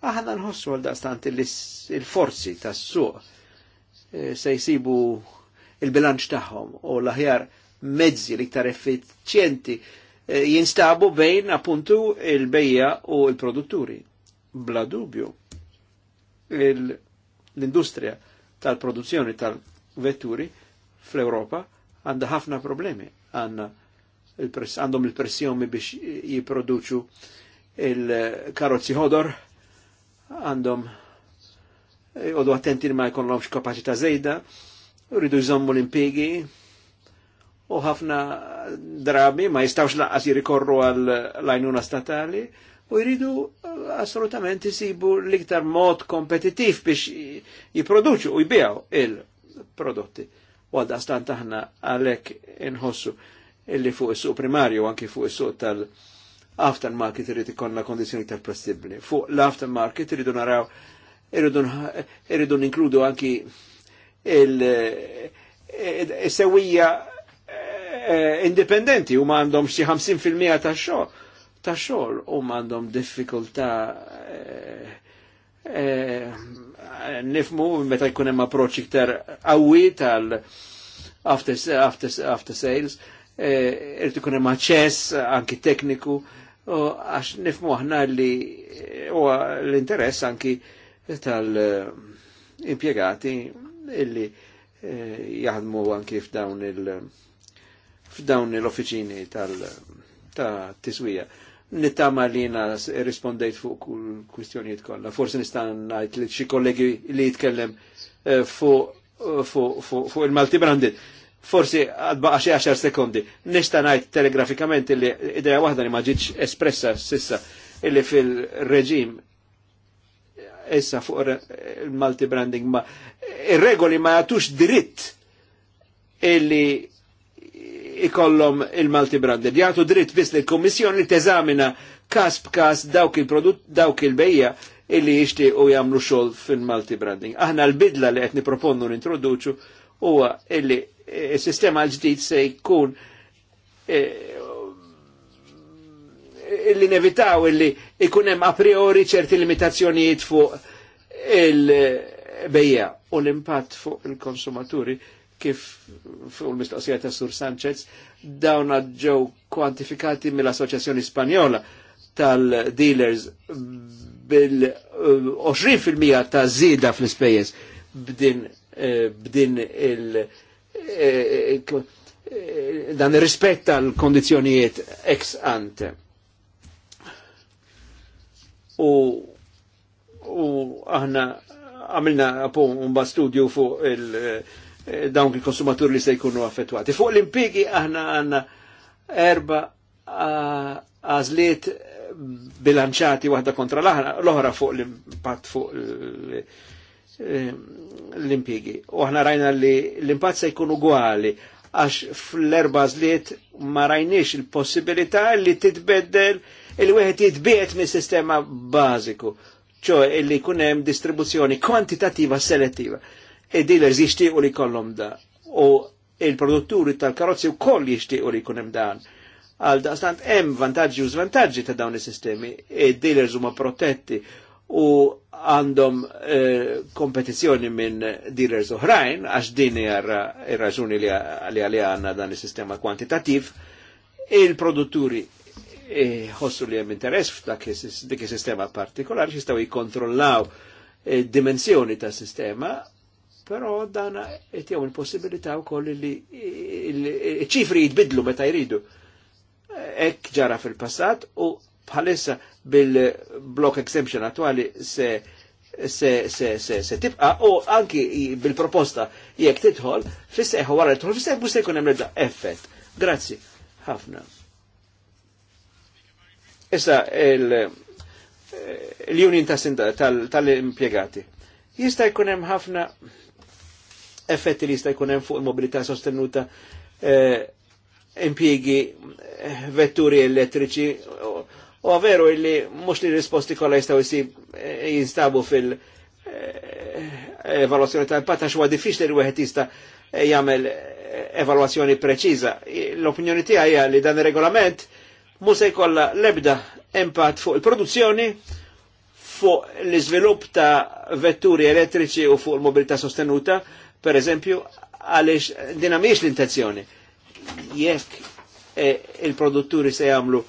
aħna nħossu għal daqstant il forsi ta' s suq eh, se jisibu il-bilanċ tagħhom u l-aħjar mezzi l-iktar effiċjenti eh, jinstabu bejn appuntu il-bejja u il-produtturi. Bla dubju, l-industrija tal-produzzjoni tal-vetturi fl-Europa għandha ħafna problemi. Għanna għandhom il-pressjoni biex jiproduċu il-karozzi ħodor, għandhom għodu eh, attenti ma jkollhomx kapacità zejda, rridu jżommu l impiegi u ħafna drabi ma jistawx laqqas jirikorru għal lajnuna statali u jridu eh, assolutament jisibu l-iktar mod kompetitiv biex jiproduċu u jibijaw il-prodotti. U għadda stant aħna għalek inħossu illi fuq is-suq primarju anki fuq is-suq tal-aftermarket irid ikollna kondizzjoni tal possibbli. Fuq l-aftermarket iridu naraw irridu ninkludu anki il-sewija eh, indipendenti u għandhom xi 50% ta' xogħol ta' xogħol u għandhom diffikultà eh, eh, nifmu meta jkun hemm approċċ iktar qawwi tal after sales Eh, irrid ikun hemm aċċess anki tekniku għax nifmu aħna li eh, huwa l-interess anki tal-impjegati illi eh, jaħdmu anki f'dawn il- f'dawn l-offiċini tal-tiswija. Nittama li jina rispondejt fuq kull kwistjonijiet kollha. Forsi nista' ngħid li xi kollegi li jitkellem fuq il-Malti Brandit forsi għadbaqa xie 10 sekundi. nishta najt telegrafikament illi ideja wahda li ma ġietx espressa sissa illi fil-reġim issa fuq il-multi branding ma il-regoli ma jatux dritt illi ikollom il-multi branded. Jgħatu dritt biss li l-Kommissjoni teżamina kas b'kas dawk il-prodott, dawk il-bejja illi jishti u jamlu xol fil-multi branding. Aħna l-bidla li għetni proponu nintroduċu huwa illi il-sistema ġdid se jkun eh, illi nevitaw illi ikunem a priori ċerti limitazzjonijiet fuq il-bejja u l-impatt fuq il-konsumaturi kif fuq l-mistoqsijiet ta' Sur Sanchez dawn ġew kwantifikati mill-Assoċjazzjoni Spanjola tal-dealers bil-20% ta' zida fl-ispejjeż b'din eh, b'din il- Eh, dan rispetta l-kondizjonijiet ex ante. U, u aħna għamilna appu un studju fuq il- eh, dawn il konsumatur li se jkunu affettwati. Fuq l-impiegi aħna għanna erba għazliet bilanċati waħda kontra l-oħra fuq l-impatt fuq Eh, l-impiegi. U aħna rajna li l impazza se jkun ugwali għax fl-erba zliet ma rajniex il-possibilità li titbeddel il-wieħed jitbiet mis sistema bażiku, ċo li jkun hemm distribuzzjoni kwantitativa selettiva. e dealers jixtiequ li kollom da u il-produtturi tal-karozzi wkoll jixtiequ li jkun hemm dan. Għal daqstant hemm vantaġġi u zvantaġġi ta' dawn is-sistemi, E dealers huma protetti u għandhom eh, kompetizjoni minn dealers oħrajn, għax din hija ir-raġuni li għalija għanna dan is-sistema kwantitativ, il-produtturi eh, ħossu li hemm interess f'dak dik is-sistema partikolari jistgħu jikontrollaw eh, dimensjoni ta' sistema, però dan jtjaw il il-possibilità wkoll li ċifri jitbidlu meta jridu. Ek ġara fil-passat u bħalissa bil-block exemption attuali se se, se, se, se tibqa u anki bil-proposta jekk tidħol fisseħ wara tidħol fisseħ bus jkun hemm effett. Grazzi. Ħafna. Issa eh, l-union tal-impjegati. Jista' jkun hemm ħafna effetti li jista' jkun hemm fuq il-mobilità sostenuta eh, impjiegi eh, vetturi elettriċi U għaveru illi mux li risposti kolla jistaw jistabu eh, fil-evaluazzjoni eh, ta' impatt għax huwa diffiċli li wieħed jista' jgħamil eh, evaluazzjoni preċiza. L-opinjoni ti hija li dan il regolament mhux se lebda l-ebda impatt fuq il-produzzjoni, fuq l izvilup ta' vetturi elettriċi u fuq il-mobilità sostenuta, per eżempju, għaliex dinamiex l-intenzjoni. Jekk il-produtturi se jgħamlu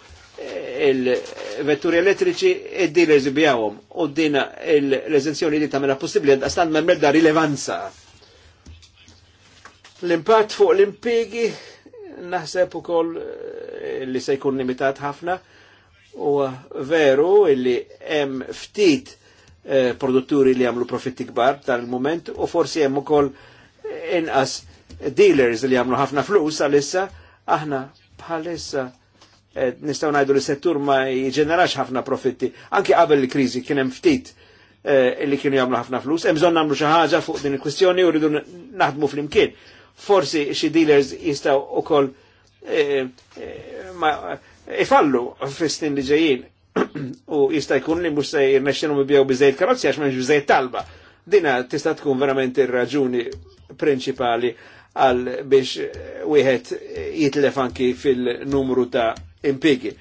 il-vetturi elettriċi id-dealers e bijawom u din l-eżenzjoni li tamela possibli għastan ma' melda rilevanza. L-impatt fuq l impigi naħseb u koll eh, li se jkun limitat ħafna u veru li hemm ftit eh, produtturi li għamlu profitti kbar tal-moment u forsi hemm ukoll eh, inqas dealers li għamlu ħafna flus għalissa aħna bħalissa Eh, nistaw najdu li settur ma jġenerax ħafna profitti. Anki qabel il-krizi kien hemm ftit eh, li kienu jagħmlu ħafna flus, hemm bżonn nagħmlu xi ħaġa fuq din il-kwistjoni u rridu naħdmu flimkien. Forsi xi dealers jistgħu ukoll eh, ifallu fis-snin li ġejjin u jista' jkun li mhux se jirnexxenu ibiegħu biżejjed karozzi għax m'hemmx biżejjed talba. Dina tista' tkun verament ir-raġuni prinċipali għal biex wieħed jitlef anki fil-numru ta' impiegi.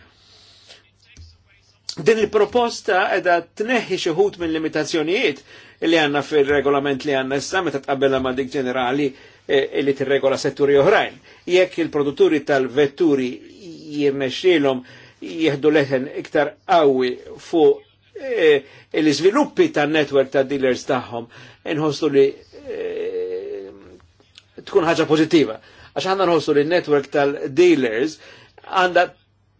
Din il-proposta edha tneħħi xeħut minn limitazzjonijiet li għanna fil-regolament li għanna issa meta tqabbella ma' dik ġenerali eh, li t-regola setturi oħrajn. Jekk il-produtturi tal-vetturi jirnexxielhom jieħdu leħen iktar qawwi fuq il eh, l-iżviluppi tan-netwerk ta' dealers tagħhom inħossu li eh, tkun ħaġa pożittiva. Għax ħanna nħossu li n-netwerk tal-dealers għandha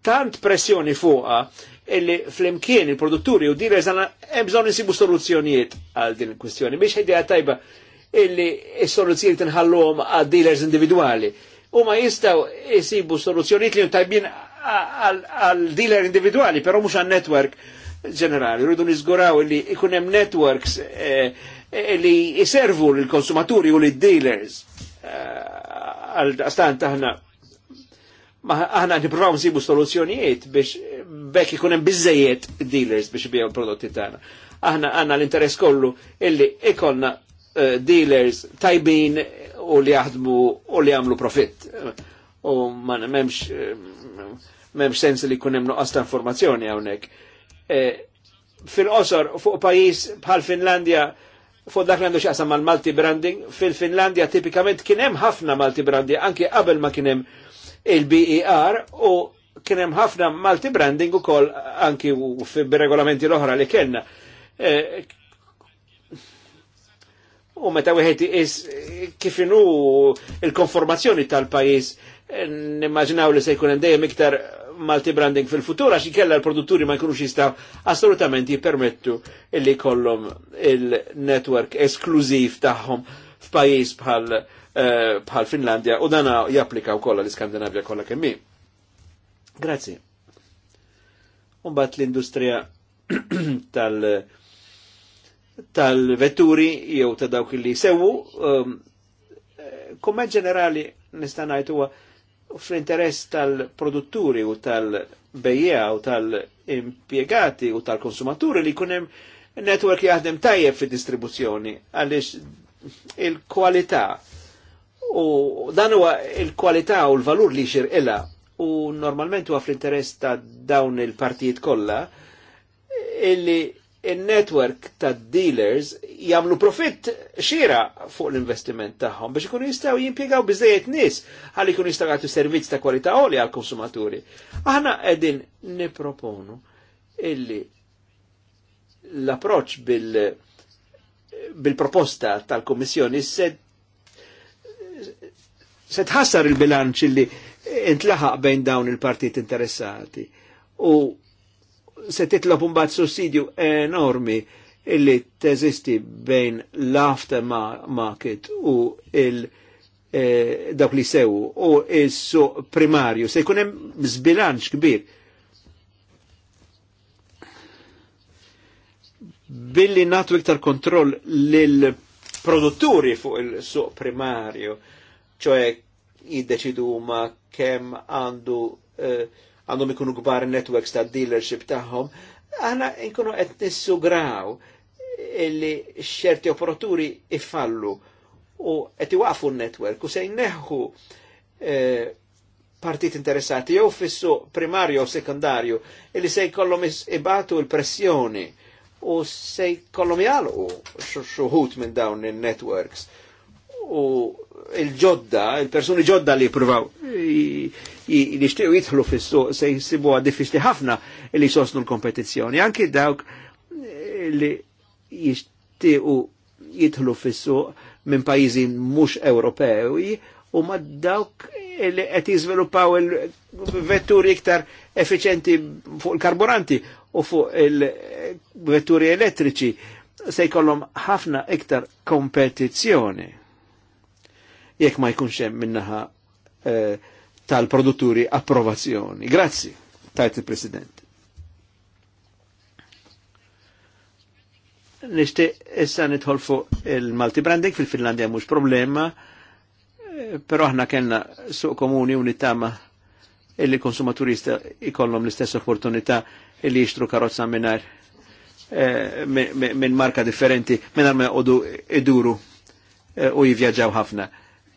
tant pressjoni fuqa illi fl-imkien il-produtturi u dire zana jemżon nisibu soluzzjonijiet għal din il-kwistjoni. Biex ħidija tajba illi il-soluzzjonijiet nħallom għal dealers individuali. U ma jistaw jisibu soluzzjonijiet li tajbin għal dealer individuali, pero mux għal network ġenerali. Rridu nizguraw illi ikunem networks eh, illi jiservu l-konsumaturi u l-dealers. Eh, Għal-dastan taħna ma aħna nipruvaw nsibu soluzzjonijiet biex bekk ikun hemm biżejjed dealers biex jbiegħu l-prodotti tagħna. Aħna għandna l-interess kollu illi ikollna uh, dealers tajbin u li jaħdmu u li jagħmlu profitt. U ma memx eh, memx sens li jkun hemm nuqqas ta' informazzjoni hawnhekk. E, Fil-qosor fuq pajjiż bħal Finlandja fuq dak għandu xaqsam mal-multi branding, fil-Finlandja tipikament kien hemm ħafna multi branding anke qabel ma kien hemm il-BER u kien hemm ħafna multi-branding ukoll anki fir-regolamenti l-oħra li kena. Eh, u meta wieħed kif inhu il-konformazzjoni tal-pajjiż eh, nimmaġinaw li se jkun hemm dejjem iktar multi-branding fil-futur għax ikella l-produtturi ma jkunux jistaw assolutament jipermettu illi kollhom il-network esklużiv tagħhom f'pajjiż bħal Eh, bħal Finlandja u dana japplika u kolla l-Iskandinavja kolla kemmi. Grazzi. Umbat l-industrija tal- tal-vetturi jew ta' dawk li sewu, ehm, komment ġenerali nistanajtu huwa fl-interess tal-produtturi u tal-bejja u tal-impiegati u tal-konsumaturi li kunem network jaħdem tajjeb fi distribuzzjoni għaliex il-kwalità U dan huwa il-kwalità u l-valur li xir illa u normalment huwa fl-interess ta' dawn il-partijiet kollha illi il-network ta' dealers jamlu profitt xira fuq l-investiment tagħhom biex ikunu jistgħu jimpjegaw biżejjed nies għal ikunu jistgħu jagħtu servizz ta' kwalità għoli għall konsumaturi. Aħna qegħdin niproponu illi l-approċċ bil- proposta tal s-sed se tħassar il-bilanċ li intlaħaq bejn dawn il-partit interessati u se titlob mbagħad sussidju enormi illi teżisti bejn l-aftermarket u il- eh, dawk li sewu u issu su primarju se jkun hemm żbilanċ kbir. Billi natu iktar kontroll lill produtturi fuq il-suq primarju ċoħe jiddeċidu ma kem għandu eh, għandhom ikunu gbar networks ta' dealership taħħom, għana nkunu qed nissugraw illi xerti operaturi iffallu u qed iwaqfu n-network u se jneħħu eh, partit interessati jew fissu primarju u sekundarju illi se jkollhom ibatu l-pressjoni u se jkollhom jgħalqu xuħut minn dawn il networks u il-ġodda, il-persuni ġodda li jipruvaw li xtiqu jitħlu fis se jisibu diffiċli ħafna li sosnu l kompetizjoni Anki dawk li jixtiqu jitħlu fis minn pajizi mhux Ewropewi u ma dawk li qed jizvilupaw il-vetturi iktar efficienti fuq il-karburanti u fuq il-vetturi elettriċi se jkollhom ħafna iktar kompetizjoni jekk ma jkunx hemm minnaħa eh, tal-produtturi approvazzjoni. Grazzi, tajt il-President. Nishti issa nidħol fuq il-Malti Branding fil-Finlandja mhux problema, eh, però aħna kellna suq komuni u ma illi konsumaturista ikollhom l-istess opportunità illi jixtru karozza minar eh, minn marka differenti minn ma jgħodu iduru u jivvjaġġaw ħafna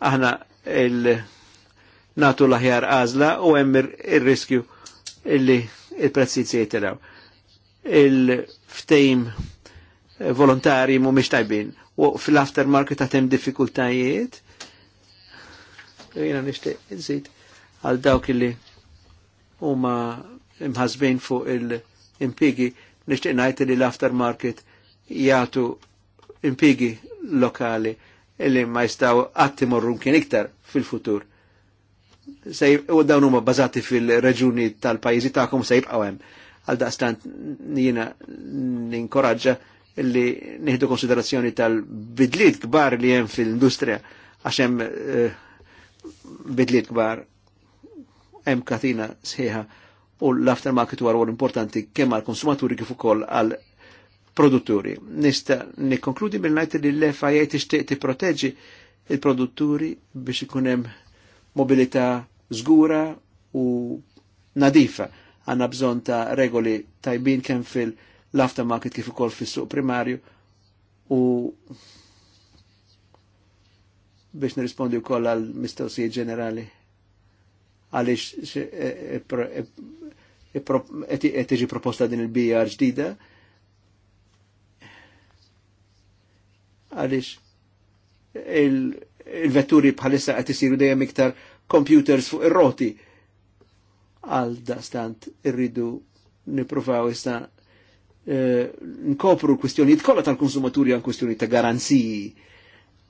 aħna il-natu laħjar għazla u hemm il-riskju illi il prezzi t jitiraw. Il-ftejm eh, volontari mu miex tajbin u fil-aftermarket għatem diffikultajiet. Jena nishtiq nżid għal dawk illi huma imħazbin fuq il-impigi nishtiq najt li l-aftermarket jgħatu impigi lokali illi ma jistaw għatti morru kien iktar fil-futur. Sej, u dawn huma bazati fil-reġuni tal-pajizi ta'kom se għawem. Għal daqstant jiena ninkoraġġa illi nieħdu konsiderazzjoni tal-bidliet kbar li hemm fil-industrija għax hemm uh, bidliet kbar hemm katina sħiħa u l-aftermarket huwa rwol importanti kemm għal konsumaturi kif ukoll għal produtturi. Nista nikkonkludi bil ngħid li l-FIA tixtieq tipproteġi il-produtturi biex ikun hemm mobilità żgura u nadifa. għanna bżonn ta' regoli tajbin kemm fil-aftermarket kif ukoll fis-suq primarju u biex nirrispondi wkoll għal mistoqsijiet ġenerali għaliex qed tiġi proposta din il-bija ġdida għalix il-vetturi bħalissa qed isiru dejjem iktar computers fuq ir-roti. Għal da stant irridu nippruvaw issa eh, nkopru kwistjonijiet kollha tal-konsumaturi għan kwistjoni ta' garanziji.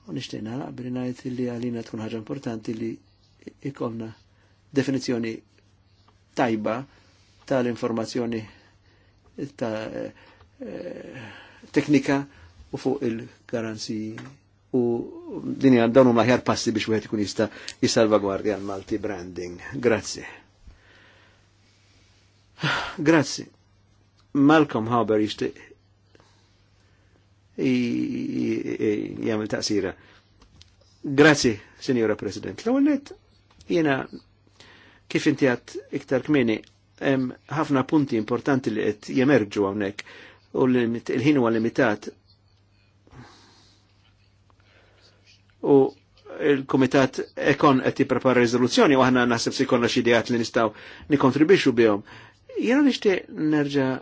U nixtieq nagħlaq billi ngħid li għalina tkun ħaġa importanti li ikolna definizzjoni tajba tal-informazzjoni ta' eh, eh, teknika u fuq il-garanziji u dini dawn huma passi biex wieħed ikun jista' jissalvagwardja l-Malti branding. Grazzi. Grazzi. Malcolm Haber jixtieq jagħmel taqsira. Grazzi, Signora President. L-ewwel jiena kif inti għat iktar kmini, hemm ħafna punti importanti li qed jemerġu hawnhekk u il-ħin għal limitat u il-Komitat Ekon qed jipprepara riżoluzzjoni u aħna naħseb se jkollna xi li nistgħu nikontribixxu bihom. Jiena nixtieq nerġa'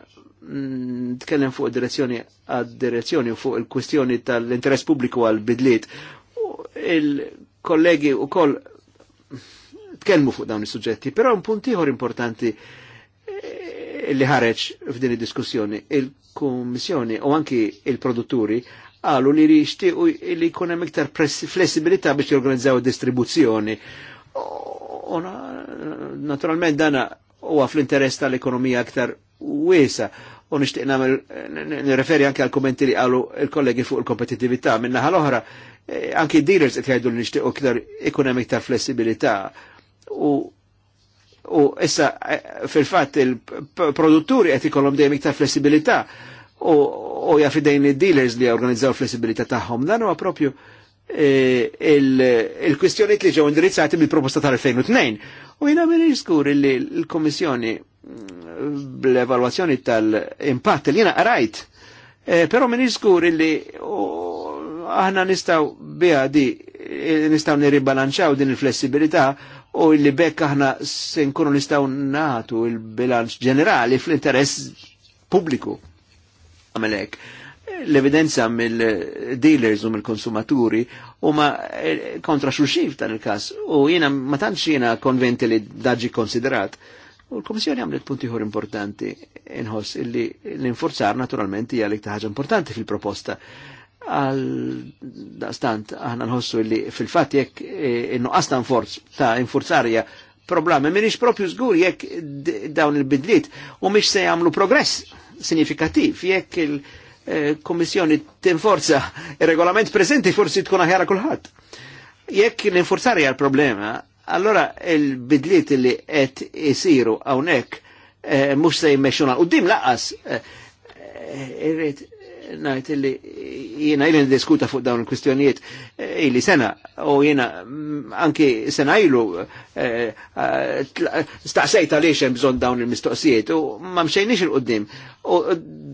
nitkellem fuq direzzjoni għad direzzjoni u fuq il-kwistjoni tal-interess pubbliku għal bidliet. Il-kollegi u koll tkellmu fuq dawn is-suġġetti, però un punt ieħor importanti eh, li ħareġ f'din id-diskussjoni, il-Kummissjoni u anki il-produtturi għalu li u li kunem iktar flessibilità biex jorganizzaw distribuzzjoni. Naturalment dana huwa fl-interess tal-ekonomija aktar wiesa u nishtiq namel nireferi anke għal kommenti li għalu il-kollegi fuq il-kompetitività minna għal oħra e, anke dealers qed jgħidu li u iktar ikunem iktar flessibilità u u issa e, fil-fatt il-produtturi qed ikollhom dejjem iktar flessibilità u jafidejn id-dealers li organizzaw flessibilità tagħhom. Dan huwa propju eh, il-kwistjoniet li ġew indirizzati mill-proposta tal-2002. U jina minni skur li l-Komissjoni mm, bl-evaluazzjoni tal-impatt li jina rajt, eh, pero minni skur li aħna nistaw biha di eh, nistaw nirribalanċaw din il-flessibilità u li bekk aħna se nkunu nistaw natu il-bilanċ ġenerali fl-interess pubbliku għamelek. L-evidenza mill-dealers u mill-konsumaturi huma eh, kontra xuxif dan il-każ u jiena ma tantx jiena konventi li daġi konsiderat. U l-Komissjoni għamlet punti ħor importanti inħoss illi l inforzar naturalment hija l-iktar ħaġa importanti fil-proposta. Għal stant għana nħossu illi fil fat jekk eh, innu ta' nforz ta' infurzarja problemi minix propju żgur jekk dawn il bidlit u mix se jagħmlu progress sinifikativ jekk il-Kommissjoni tinforza il-regolament preżenti forsi tkun aħjara kulħadd. Jekk hija l problema, allora il-bidliet li qed isiru hawnhekk eh, mhux se jmexxuna. Qudiem laqas eh, irrid najt illi jena illi diskuta fuq dawn il-kwistjonijiet eh, illi sena u jena mm, anki sena ilu eh, eh, staqsejta għaliex hemm bżonn dawn il-mistoqsijiet u ma mxejnix il-qoddim u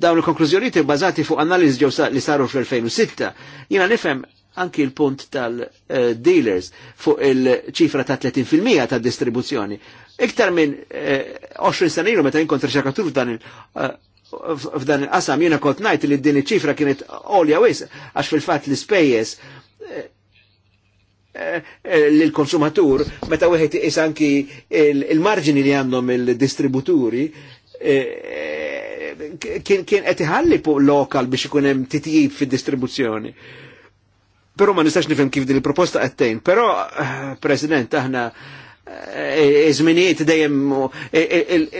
dawn il-konklużjonijiet bazati fuq analiz ġew li saru fl-2006 jena nifhem anki il-punt tal-dealers fuq il-ċifra ta' 30% ta' distribuzzjoni. Iktar minn 20 sena ilu meta jinkontra xakatur f'dan f'dan il-qasam jiena kont ngħid li din iċifra ċifra kienet għolja wis għax fil-fatt l-ispejjeż eh, eh, eh, l-konsumatur meta wieħed is anki il-marġini li għandhom il-distributuri kien qed iħalli lokal biex ikun hemm titjib fid-distribuzzjoni. Però ma nistax nifhem kif din il-proposta qed tgħin, però President aħna iżminijiet dejjem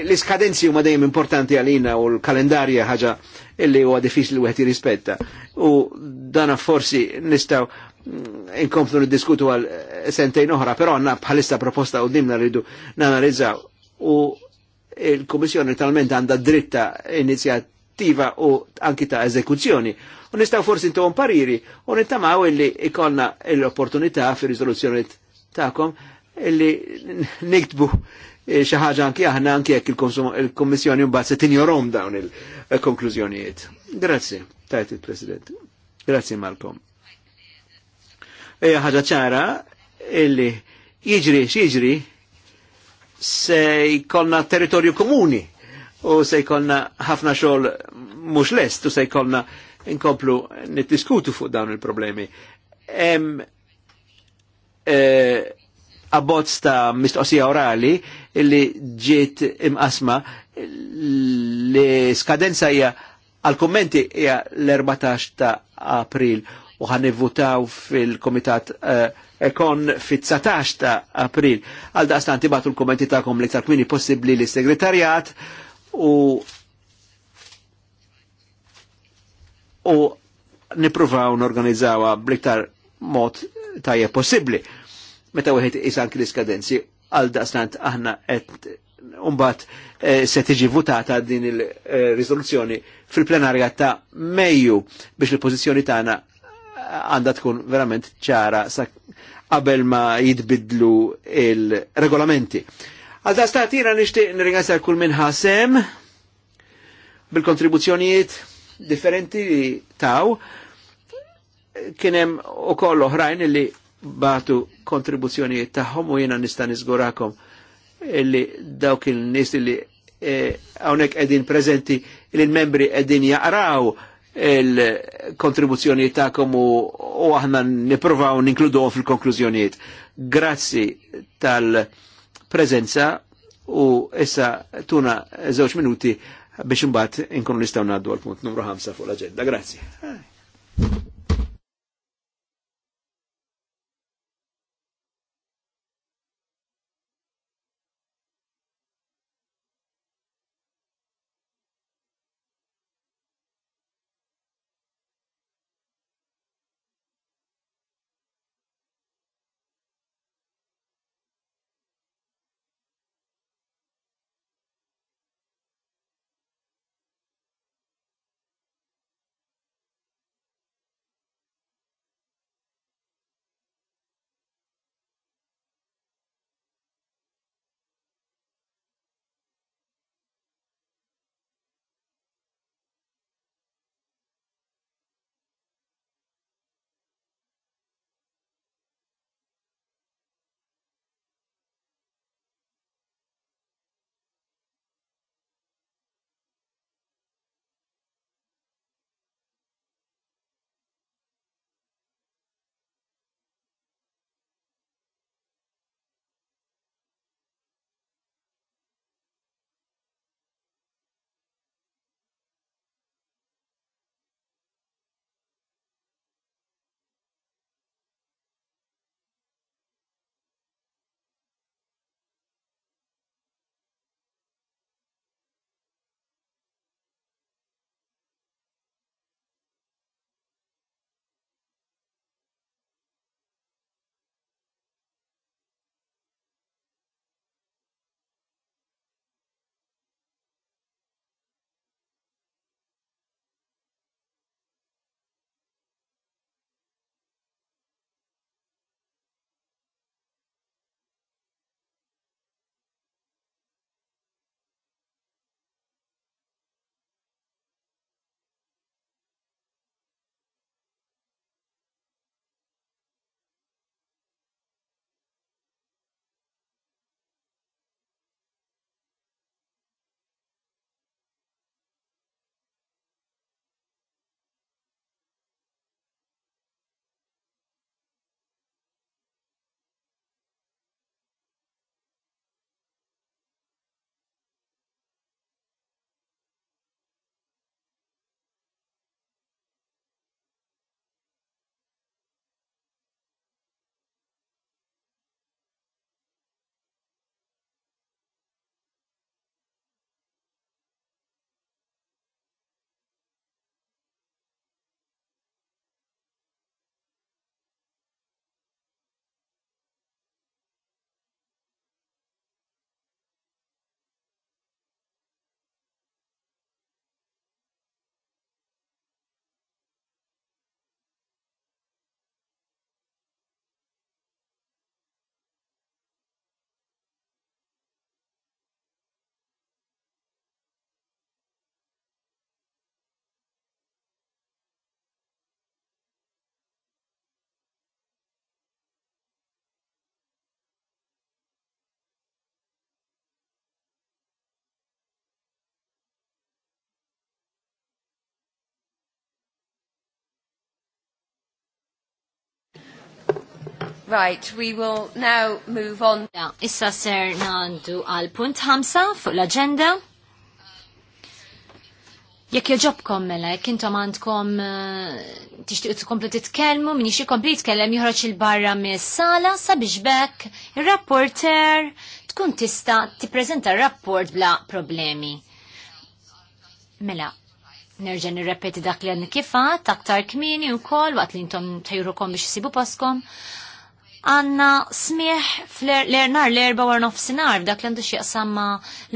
l-iskadenzi huma dejjem importanti għalina u l-kalendarja ħaġa illi huwa diffiċli wieħed jirrispetta. U dana forsi nistgħu mm, inkomplu niddiskutu għal sentejn oħra, però għandna bħalissa proposta u dimna rridu nanalizzaw u il-Kummissjoni talment għandha dritta inizjattiva u anki ta' eżekuzzjoni. U nistgħu forsi intom pariri u nittamaw illi ikolna l-opportunità fir riżoluzzjoni ta'kom li niktbu eh, xi ħaġa anki aħna anki jekk il-Kommissjoni mbagħad se tinjorom dawn il-konklużjonijiet. Grazzi, tajt il-President. Grazzi Malcolm. Eja ħaġa ċara illi jiġri x'jiġri se jkollna territorju komuni u se jkollna ħafna xogħol mhux lest u se jkollna inkomplu niddiskutu fuq dawn il-problemi. Eh, abbozz ta' mistoqsija orali li ġiet imqasma li skadenza hija għal-kommenti hija l-14 ta' april u ħanivvutaw fil-komitat eh, ekon fit-19 ta' april. Għal daqstan tibatu l-kommenti ta'kom li kmini possibli li segretarjat u u nipruvaw n-organizzawa bliktar mod tajje possibli meta wieħed isan l-iskadenzi għal daqstant aħna qed Umbat eh, se tiġi votata din il-rizoluzzjoni eh, fil-plenarja ta' Mejju biex il-pożizzjoni tagħna eh, għandha tkun verament ċara sa qabel ma jitbidlu il-regolamenti. Għadda jiena nishtiq nirringrazzja kull minn ħasem bil-kontribuzzjonijiet differenti taw kienem u koll oħrajn li batu kontribuzzjoni taħħom u jiena nistan izgurakom illi dawk il nis illi e, hawnhekk e, edin prezenti li l-membri edin jaqraw il-kontribuzzjoni taħkom u aħna niprovaw ninkludu fil-konklużjonijiet. Grazzi tal-prezenza u issa tuna żewġ minuti biex imbagħad inkunu nistgħu ngħaddu għal punt numru 5 fuq l-aġenda. Grazzi. Right, we will now move on. issa ser nandu għal punt ħamsa fuq l-agenda. Jekk joġobkom mela, jekk intom għandkom eh, tixtiq tkomplu titkellmu, minni xie kompli jitkellem joħroġ il-barra mis-sala sabiex bekk ir-rapporter tkun tista' tippreżenta r-rapport bla problemi. Mela, Nerġa nirrepeti dak li għadni kifat, aktar kmini u kol, waqt li intom kom biex sibu paskom, għanna smieħ l-ernar l-erba war nofsinar dak l-għandu xieqsamma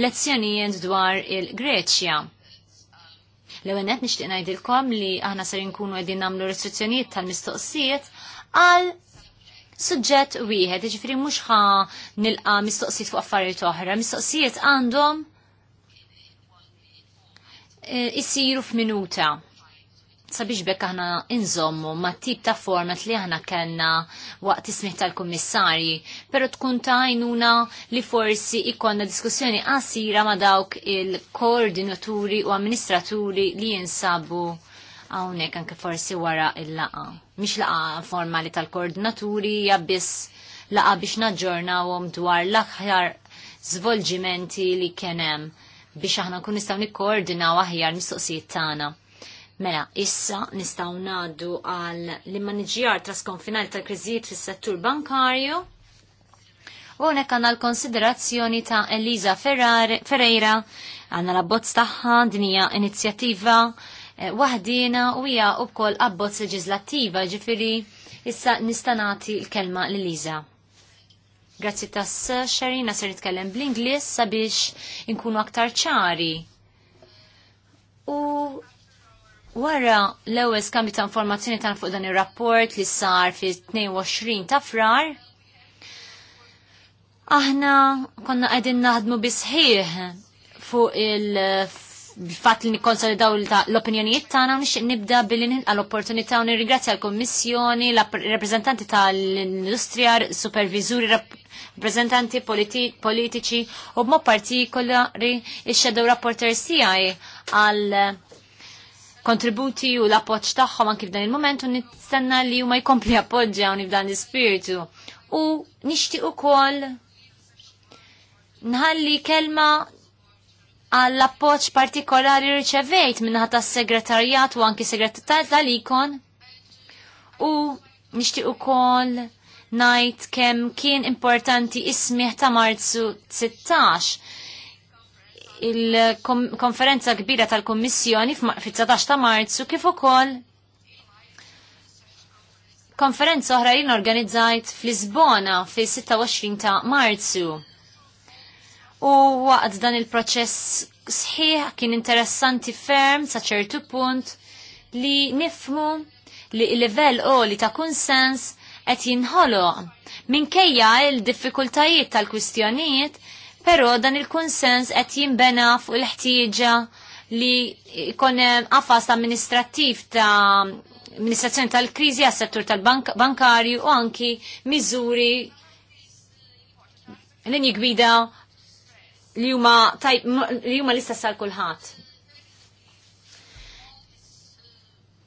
lezzjonijiet dwar il-Greċja. L-għennet nishtiq najdilkom li aħna sarin nkunu għedin namlu restrizzjonijiet tal-mistoqsijiet għal suġġett wieħed, ġifri mhux ħa nilqa mistoqsijiet fuq affarijiet oħra, mistoqsijiet għandhom eh, isiru f'minuta sabiex bekk aħna inżommu ma tip ta' format li aħna kellna waqt ismiħ tal-kummissarji, pero tkun tajnuna li forsi ikonna diskussjoni qasira ma dawk il-koordinaturi u amministraturi li jinsabu hawnhekk anke forsi wara il-laqa. Mhix laqa formali tal-koordinaturi jabbis laqa biex naġġornawhom dwar l-aħjar zvolġimenti li kien hemm biex aħna kun nistgħu nikkoordinaw aħjar mistoqsijiet tagħna Mela, issa nistaw naddu għal l-immaniġjar trasconfinal tal-kriżijiet fis-settur bankarju. U għonek għanna l-konsiderazzjoni ta' Elisa Ferreira, għanna l-abbozz taħħa, dinija inizjattiva eh, wahdina u hija wkoll abbozz leġislattiva ġifiri issa nistanati l-kelma l-Liza. Grazzi tas xerina ser nitkellem bl-Inglis sabiex inkunu aktar ċari. U Wara l-ewwel skambju ta' informazzjoni tan fuq dan ir-rapport li sar fi 22 ta' frar, aħna konna qegħdin naħdmu bisħieħ fuq il-fatt li nikkonsolidaw l-opinjonijiet tagħna nixtieq nibda billi nilqa' l-opportunità u nirringrazzja l-Kummissjoni, l-rappreżentanti tal-Industrija, superviżuri, rappreżentanti politiċi u b'mod partikolari ix-shadow rapporters tiegħi għal kontributi u l-appoċ tagħhom anki f'dan il-moment u nistenna li huma jkompli appoġġjawni f'dan l-ispirtu. U nixtieq ukoll nħalli kelma għall appoġġ partikolari riċevejt minnaħa tas-segretarjat u anki segretarjat tal-ikon. U nixtieq ukoll najt kem kien importanti ismiħ ta' marzu 16 il-konferenza kbira tal-Kommissjoni fit-19 ta' Marzu kif ukoll konferenza oħra jien organizzajt fl-Lisbona fis-26 ta' Marzu. U waqt dan il-proċess sħiħ kien interessanti ferm sa' ċertu punt li nifmu li il-livell li ta' kunsens qed jinħoloq minkejja il-diffikultajiet tal-kwistjonijiet Pero dan il-konsens qed jinbena fuq il-ħtieġa li jkonem qafas amministrattiv ta' amministrazzjoni tal-kriżi għas-settur tal-bankarju u anki miżuri linji gbida li huma tajb li huma l-istess għal kulħadd.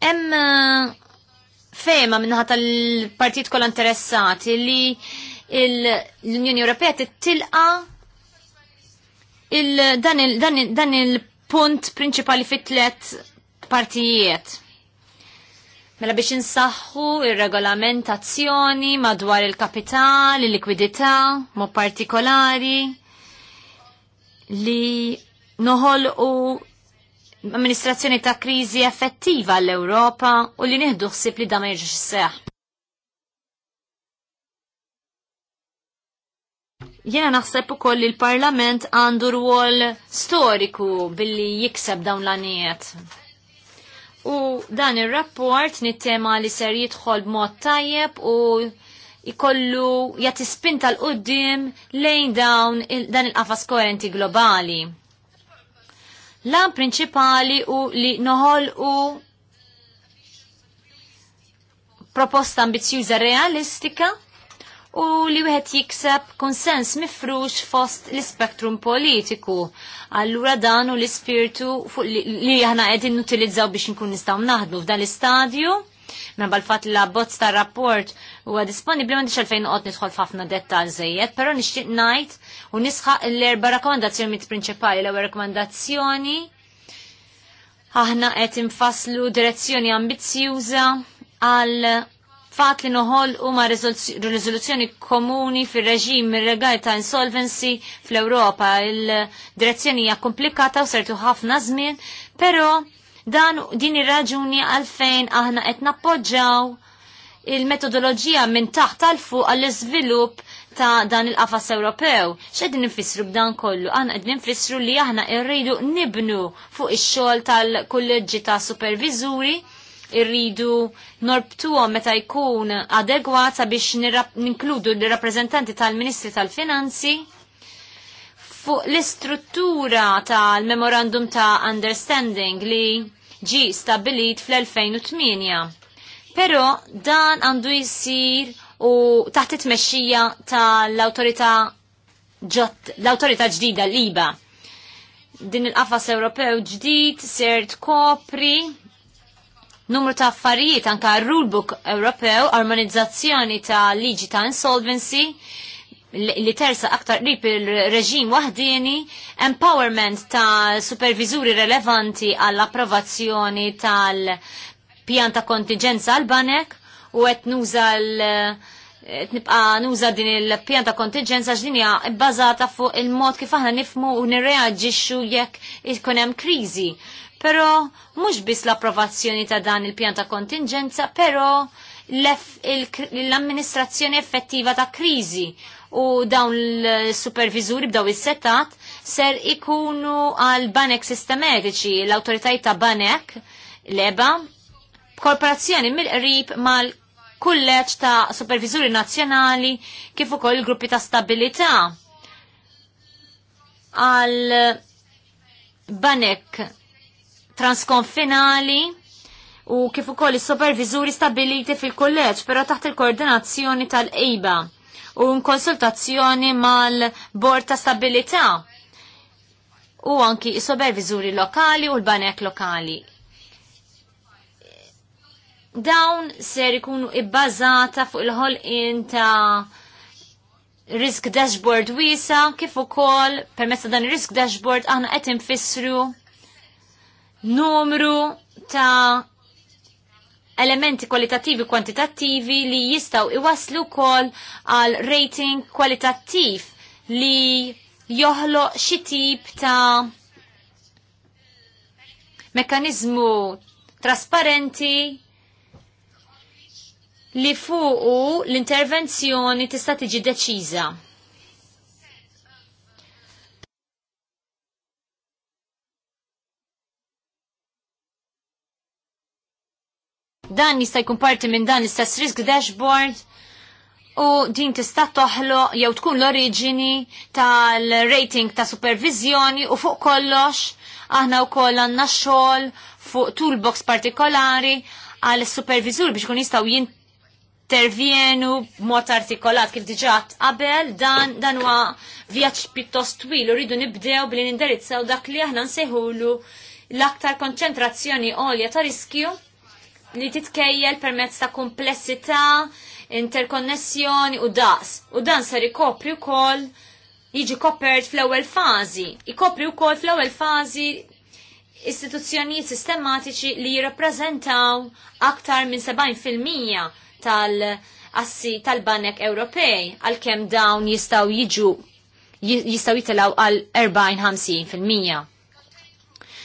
Hemm uh, fema minnaħat tal-partit kollha interessati li l-Unjoni Ewropea titilqa' dan il-punt prinċipali fit-tlet partijiet. Mela biex insaħħu ir-regolamentazzjoni madwar il-kapital, il-likwidità, mod partikolari li noħol u amministrazzjoni ta' kriżi effettiva l-Europa u li nieħdu ħsieb li da ma jiġix Jena naħseb ukoll li l-Parlament għandu rwol storiku billi jikseb dawn l-għaniet. U dan ir-rapport nittema li ser jidħol b'mod tajjeb u ikollu jagħti spinta l qudiem lejn dawn dan il-qafas koerenti globali. Lan prinċipali u li noħol u proposta ambizjuża realistika u li wieħed jikseb konsens mifrux fost l-spektrum politiku. Allura dan u l-ispirtu li aħna qegħdin nutilizzaw biex nkun nistgħu naħdmu f'dan l-istadju. Minħabba bal fat la bozz ta' rapport huwa disponibbli m'għandix għalfejn qod nidħol f'ħafna dettal żejjed, però nixtieq ngħid u nisħaq l-erba' rakkomandazzjonijiet prinċipali l-ewwel rakkomandazzjoni aħna qed infaslu direzzjoni ambizzjuża għal fat li noħol huma riżoluzzjoni komuni fir reġim regali ta' insolvency fl-Ewropa. Il-direzzjoni hija komplikata u sertu ħafna żmien, però dan din ir-raġuni għalfejn aħna qed nappoġġaw il-metodoloġija minn taħt tal fuq għall-iżvilupp ta' dan il-qafas Ewropew. X'qegħdin nifissru b'dan kollu? Aħna qegħdin nfissru li aħna rridu nibnu fuq ix-xogħol tal-kulleġġi ta' superviżuri irridu norbtuhom meta jkun adegwat sabiex ninkludu l-rappreżentanti tal-Ministri tal-Finanzi fuq l-istruttura tal-Memorandum ta' Understanding li ġi stabilit fl-2008. Pero dan għandu jisir u taħt it-mexxija tal awtorità l-autorità ġdida l-IBA. Din il-qafas Ewropew ġdid ser tkopri numru ta' affarijiet anka rulebook Ewropew, armonizzazzjoni ta' liġi ta' insolvency, li tersa aktar qrib il-reġim waħdieni, empowerment ta' supervizuri relevanti għall-approvazzjoni tal-pjan ta' kontingenza għal-banek u qed l- nibqa nuża din il-pjan ta' kontingenza ġdinja bbażata fuq il-mod kif aħna nifmu u nirreaġixxu jekk ikun hemm kriżi. Pero mhux biss l-approvazzjoni ta' dan il-pjan ta' kontingenza, pero l-amministrazzjoni effettiva ta' kriżi u dawn l-supervizuri b'daw is-setat ser ikunu għal banek sistematiċi l-autoritajiet ta' banek leba b'korporazzjoni mill-qrib mal kulleġġ ta' supervizuri nazzjonali kif ukoll il-gruppi ta' stabilità għal banek transkonfinali u kif ukoll is supervizuri stabiliti fil-kulleġġ, però taħt il-koordinazzjoni tal ejba u n-konsultazzjoni mal-Bord ta' Stabilità u anki s-superviżuri lokali u l-banek lokali. Dawn ser ikunu ibbażata fuq il-ħolqien ta' risk dashboard wisa kif ukoll permezz dan risk dashboard aħna qed infissru numru ta' elementi kwalitativi kwantitattivi li jistaw iwaslu kol għal rating kwalitattiv li joħlo xi tip ta' mekanizmu trasparenti li fuqu l-intervenzjoni tista' tiġi deċiża. Dan jista' jkun parti minn dan l-istess risk dashboard u din tista' toħloq jew tkun l-oriġini tal-rating ta' supervizjoni u fuq kollox aħna wkoll għandna xogħol fuq toolbox partikolari għal supervizur biex kun jistaw jintervjenu mod artikolat kif diġat qabel dan dan huwa vjaġġ pjuttost twil u rridu nibdew billi nindirizzaw dak li aħna nsejħulu l-aktar konċentrazzjoni għolja ta' riskju li titkejjel permezz ta' komplessità, interkonnessjoni u daqs. U dan ser ikopri wkoll jiġi kopert fl-ewwel fażi. Ikopri wkoll fl-ewwel fażi istituzzjonijiet sistematiċi li jirrappreżentaw aktar minn 70% tal-assi tal-Banek Ewropej għalkemm dawn jistgħu jiġu jistgħu jitilaw għal 40-50%.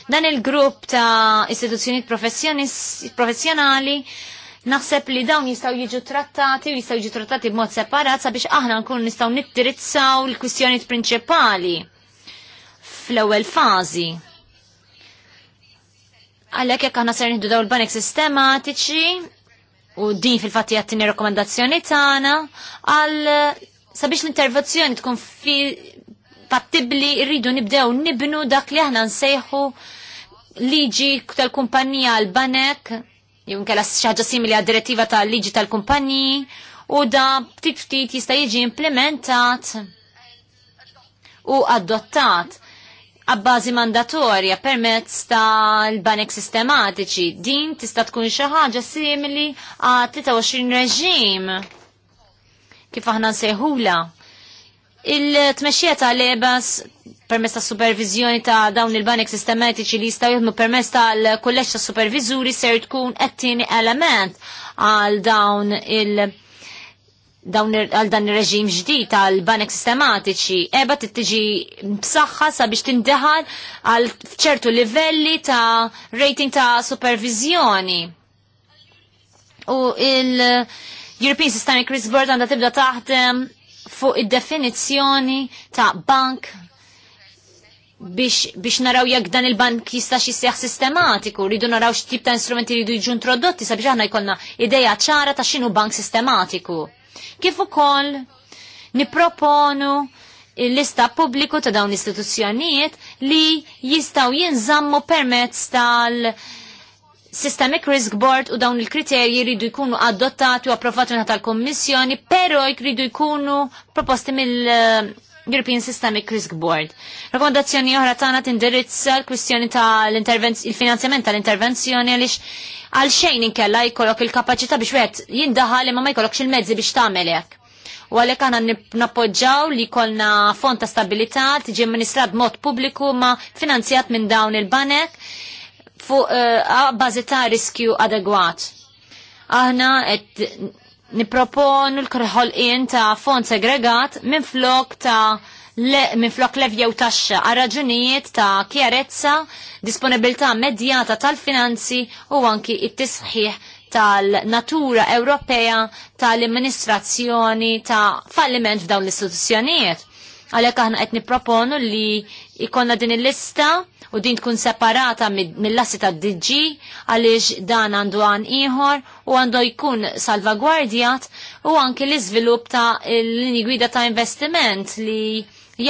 Dan il-grupp ta' istituzzjonijiet professjonali naħseb li dawn jistaw jiġu trattati u jistaw jiġu trattati b'mod separat sabiex aħna nkunu nistaw nittirizzaw l-kwistjoniet prinċipali fl-ewwel fażi. Għalhekk jekk aħna ser nieħdu daw l banek sistematiċi u din fil-fatti jattini rekomendazzjoni tagħna għal sabiex l-intervenzjoni tkun fi fattibli rridu nibdew nibnu dak li aħna nsejħu liġi tal-kumpanija l-banek, jumkela xaġa simili għad direttiva tal-liġi tal-kumpaniji, u da ftit ftit jista' jiġi implementat u adottat għabbażi mandatorja permezz tal-banek sistematiċi. Din tista' tkun xi ħaġa simili għal 23 reġim kif aħna nsejħula. Il-tmexxija tal-ebas permess ta' supervizjoni ta' dawn il-banek sistematiċi li jistaw jħedmu permess ta' kollex ta' supervizuri ser tkun ettini element għal dawn il- dawn għal dan ir-reġim ġdid tal banek sistematiċi eba tittiġi b'saħħa sabiex tindeħal għal ċertu livelli ta' rating ta' supervizjoni. U il-European Systemic Risk Board għandha tibda taħdem fuq id-definizzjoni ta' bank biex, biex naraw jekk dan il-bank jistax jissieħ sistematiku, rridu naraw x'tip ta' instrumenti rridu jiġu introdotti sabiex aħna jkollna ideja ċara ta' x'inhu bank sistematiku. Kif ukoll nipproponu l-lista pubbliku ta' dawn istituzzjonijiet li jistaw jinżammu permezz tal- Systemic Risk Board u dawn il-kriterji jridu jkunu adottati u approvati tal-Kommissjoni, pero jridu jkunu proposti mill- European Systemic Risk Board. Rekomendazzjoni oħra tagħna tindirizza l-kwistjoni tal tal-intervenz il finanzjament tal-intervenzjoni għaliex għal xejn inkella jkollok il-kapaċità biex wieħed jindaħal imma ma jkollokx il-mezzi biex tagħmel hekk. U għalhekk aħna nappoġġaw li jkollna fond ta' stabilità tiġi amministrat b'mod pubbliku ma finanzjat minn dawn il-banek fuq uh, bażi ta' riskju adegwat. Aħna qed nipropon l in ta' fond segregat minn flok ta' le, minn flok levjew taxxa għal raġunijiet ta' kjerezza, disponibilità medjata tal-finanzi u anki it-tisħiħ tal-natura Ewropea tal-amministrazzjoni ta' falliment f'dawn l-istituzzjonijiet. Għalhekk aħna qed nipproponu li ikonna din il-lista u din tkun separata mill lassi tad DG għaliex dan għandu għan ieħor u għandu jkun salvagwardjat u anke l-iżvilupp ta' l lini gwida ta' investiment li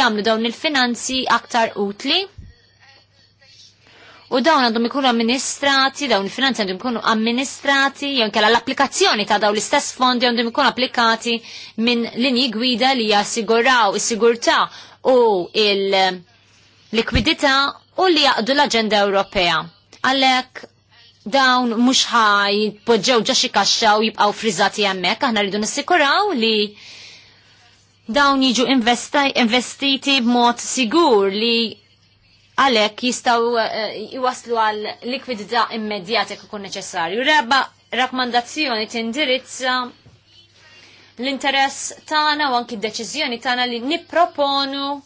jagħmlu dawn il-finanzi aktar utli U dawn għandhom ikunu amministrati, dawn il-finanzi għandhom ikunu amministrati, jew kella l-applikazzjoni ta' dawn l-istess fondi għandhom ikunu applikati minn linji gwida li jassiguraw is-sigurtà u il-likwidità u li jaqdu l-Aġenda Ewropea. Għalhekk dawn mhux ħaj ġaxi ġa kaxxa u jibqgħu friżati hemmhekk, aħna rridu nissikuraw li dawn jiġu investiti b'mod sigur li għalek jistaw eh, jwaslu għal likwidità immedjata jekk ikun neċessarju. rebba rakkomandazzjoni tindirizza l-interess tagħna u anki d-deċiżjoni tagħna li nipproponu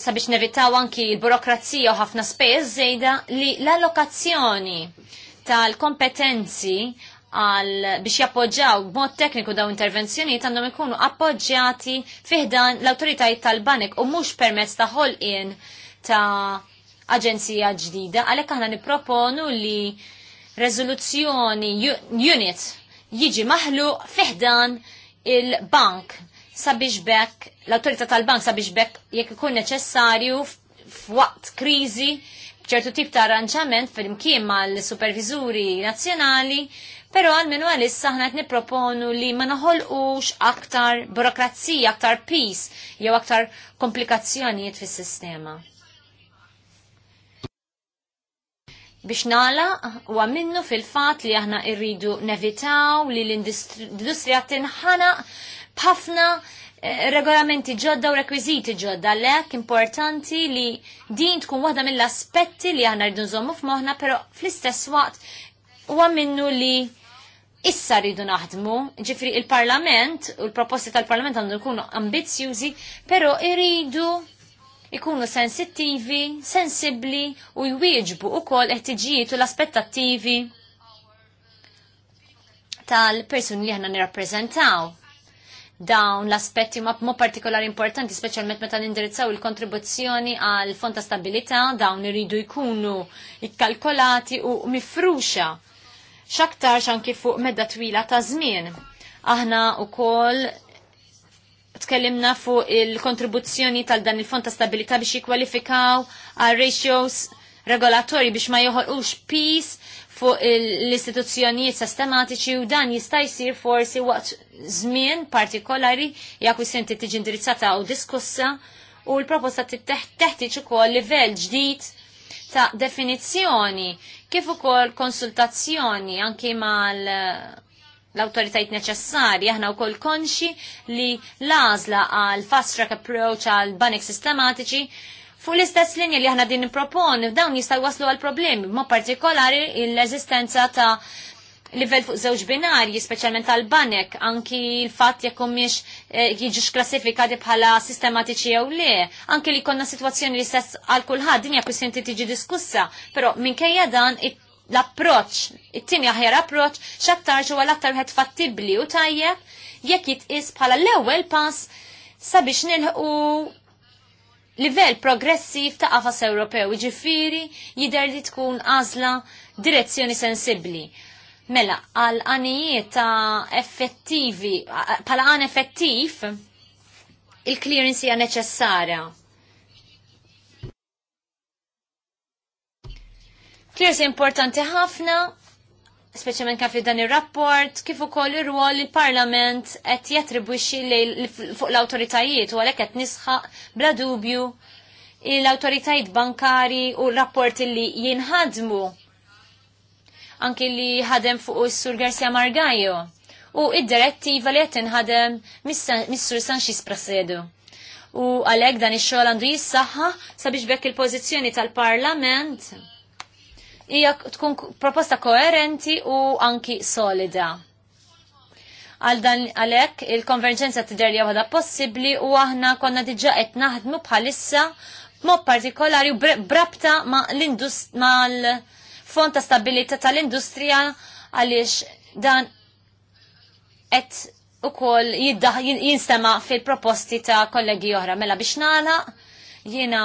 sabiex nevitaw anki l-burokrazija u ħafna spejjeż żejda li l-allokazzjoni tal-kompetenzi għal biex jappoġġaw b'mod tekniku daw intervenzjonijiet għandhom ikunu appoġġjati fiħdan l-autoritajiet tal-banek u mhux permezz ta' ħolqien ta' aġenzija ġdida għalhekk aħna nipproponu li rezoluzzjoni unit jiġi maħluq fiħdan il-bank sabiex bekk l-autorità tal-bank sabiex bekk jekk ikun neċessarju f'waqt kriżi ċertu tip ta' arranġament fil-imkien mal-supervizuri nazzjonali Pero għalmenu għalissa ħna qed nipproponu li ma naħolqux aktar burokrazija, aktar pis, jew aktar komplikazzjonijiet fis-sistema. biex nala u għamminnu fil-fat li aħna irridu nevitaw li l-industrija tinħana bħafna eh, regolamenti ġodda u rekwiziti ġodda lek importanti li din tkun waħda mill-aspetti li aħna rridu nżommu f'moħna pero fl-istess waqt u għamminnu li issa rridu naħdmu, ġifri il-parlament u l-proposti tal-parlament għandu jkunu ambizjużi, pero irridu ikunu sensittivi, sensibli u jwieġbu u kol eħtiġijiet u l-aspettattivi tal-persuni li ħna nirrappreżentaw. Dawn l-aspetti ma b'mod partikolari importanti, speċjalment meta nindirizzaw il-kontribuzzjoni għal fond ta' stabilità, dawn iridu jkunu ikkalkolati u mifruxa xaktar kif fuq medda twila ta' żmien. Aħna wkoll tkellimna fuq il-kontribuzzjoni tal-dan il-fond ta' stabilità biex jikwalifikaw għal ratios regolatori biex ma joħolqux peace fuq l-istituzzjonijiet sistematiċi u dan jista' jsir forsi waqt żmien partikolari jekk isenti tiġi indirizzata u diskussa u l-proposta teħtieġ ukoll livell ġdid ta' definizzjoni kif ukoll konsultazzjoni anki mal eh, l-autoritajt neċessari, aħna u koll konxi li lażla għal fast track approach għal banek sistematiċi Fu l-istess linja li aħna din proponi, dawn jistaw waslu għal problemi, ma partikolari l-eżistenza ta' livell fuq żewġ binarji, speċjalment tal-banek, anki l-fatt jekk mhix eh, jiġux klassifikati bħala sistematiċi jew le, anki li konna sitwazzjoni li stess għal kulħadd dinja kwistjoni tiġi diskussa, però minkejja dan l approċċ it tieni aħjar approċċ xaktar ġewwa l-aktar wieħed fattibbli u tajjeb jekk jitqis bħala l-ewwel pass sabiex nilħu livell progressiv ta' qafas Ewropew, ġifiri jider li tkun għażla direzzjoni sensibbli. Mela, għal għanijiet ta' effettivi, pala għan effettiv, il-clearance hija neċessarja. Clearance importanti ħafna, speċjalment kif dan ir-rapport, kif ukoll ir-rwol il-Parlament qed jattribwixxi fuq l-awtoritajiet u għalhekk qed nisħaq bla dubju l-awtoritajiet bankari u r-rapporti li jinħadmu anki li ħadem fuq is-Sur Garcia Margajo u id-direttiva li qed inħadem mis-Sur Sanxis Prasedu. U għalhekk dan ix-xogħol għandu jissaħħa sabiex bekk il-pożizzjoni tal-Parlament hija tkun proposta koerenti u anki solida. Għal dan għalek il-konverġenza tidher li għada possibbli u aħna konna diġà qed naħdmu bħalissa mod partikolari u brabta ma l-indust ma l fond ta' stabilità tal-industrija għaliex dan qed ukoll jinstema fil-proposti ta' kollegi oħra. Mela biex nagħlaq jiena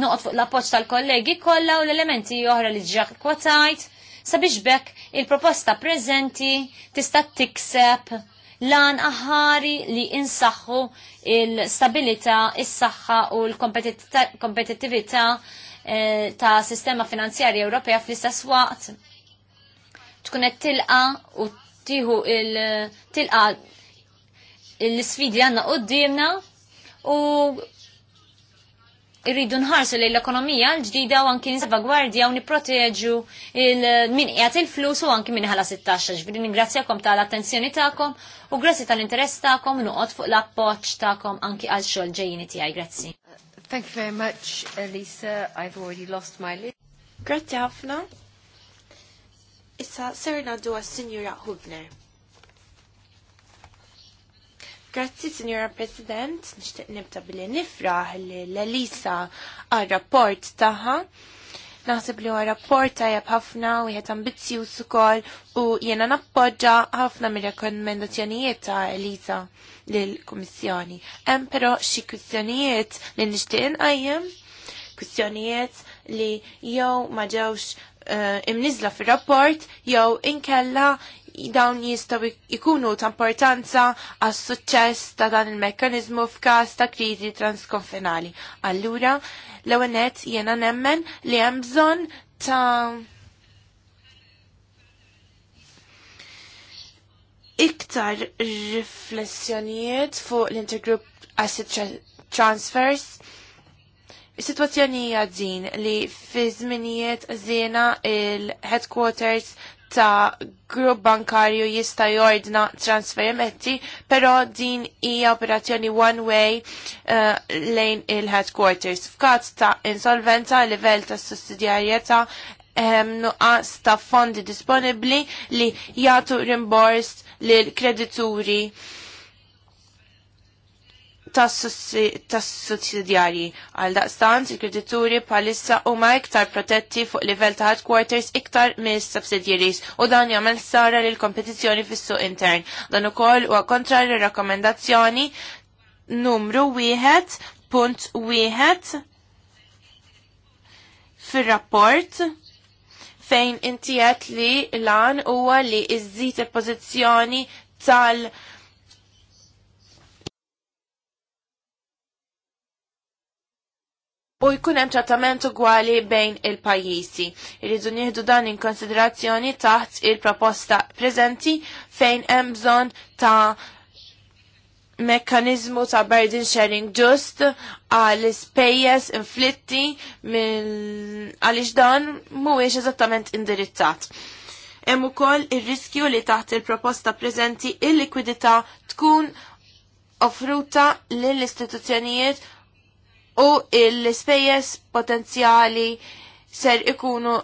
noqgħod fuq l-appoġġ tal-kollegi kollha u l-elementi oħra li ġak kwatajt sabiex bekk il-proposta preżenti tista' tikseb lan aħari li insaħħu il-stabilita, is-saħħa u l-kompetittività Eh, ta' sistema finanzjarja Ewropea fl-istess waqt tkun qed tilqa u tieħu il-tilqa l-sfidi li għandna qudiemna u irridu nħarsu lejn l-ekonomija l-ġdida u anki nisavagwardja u niproteġu min qiegħed il-flus u anki min ħala 16. Ġifieri ningrazzjakom tal-attenzjoni tagħkom u grazzi tal-interess tagħkom u noqgħod fuq l-appoġġ tagħkom anki għal xogħol ġejjini tiegħi. Grazzi. Thank you very much, Elisa. I've already lost my list. Grazie ħafna. Issa Serena Dua, għas-Sinjura Hubner. Grazie, Signora President, nishtiq nibta billi nifraħ l-Elisa għal-rapport taħħa. Naħseb li huwa rapport tajjeb ħafna u ambizzju su kol u jiena nappoġġa ħafna mir-rekomendazzjonijiet ta' Elisa lill-Kummissjoni. Hemm però xi kwistjonijiet li nixtieq inqajjem, kwistjonijiet li jew ma ġewx eh, imnizla fil-rapport jew inkella dawn jistaw ikunu ta' importanza għas suċċess ta' dan il-mekkanizmu f'każ ta' kriżi transkonfinali. Allura, l-ewwel jiena nemmen li hemm bżonn ta' iktar riflessjonijiet fuq l-intergroup asset transfers. Is-sitwazzjoni hija din li fi żminijiet żiena il-headquarters ta' grupp bankarju jista' jordna transferimenti, però din hija operazzjoni one way uh, lejn il-headquarters. F'każ ta' insolvenza, livell ta' sussidjarjetà hemm nuqqas ta' fondi disponibbli li jagħtu rimborst lil kredituri tas sussidjarji għal daqstant il-kredituri palissa u ma iktar protetti fuq livell ta' headquarters iktar mis subsidiaries u dan jagħmel sara lil kompetizzjoni fis-suq intern. Dan ukoll huwa kontra rakkomendazzjoni numru wieħed punt wieħed fir-rapport fejn inti li lan huwa li iżżid il-pożizzjoni tal- u jkun hemm trattament ugwali bejn il-pajjiżi. Irridu nieħdu dan in konsiderazzjoni taħt il-proposta preżenti fejn hemm bżonn ta' mekkanizmu ta' burden sharing ġust għal spejjeż inflitti għaliex dan mhuwiex eżattament indirizzat. Hemm ukoll ir-riskju li taħt il-proposta preżenti il-likwidità tkun offruta lill-istituzzjonijiet u l-spejjeż potenzjali ser ikunu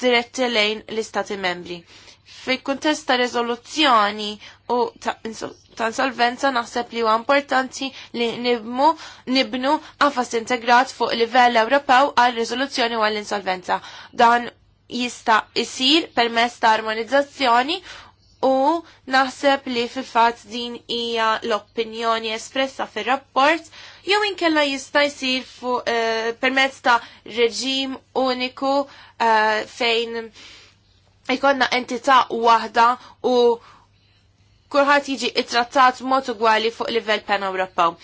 diretti lejn l-istati membri. Fi kuntest ta' rezoluzzjoni u ta' insolvenza naħseb li huwa importanti li nibmu nibnu għafas integrat fuq livell Ewropew għal riżoluzzjoni u għall insolvenza. Dan jista' isir permezz ta' armonizzazzjoni u naħseb li fil-fatt din hija l-opinjoni espressa fir-rapport jew inkella jista' jsir fuq uh, permezz ta' reġim uniku uh, fejn ikonna entità waħda u kulħadd jiġi ittrattat mod ugwali fuq livell pan-Ewropew.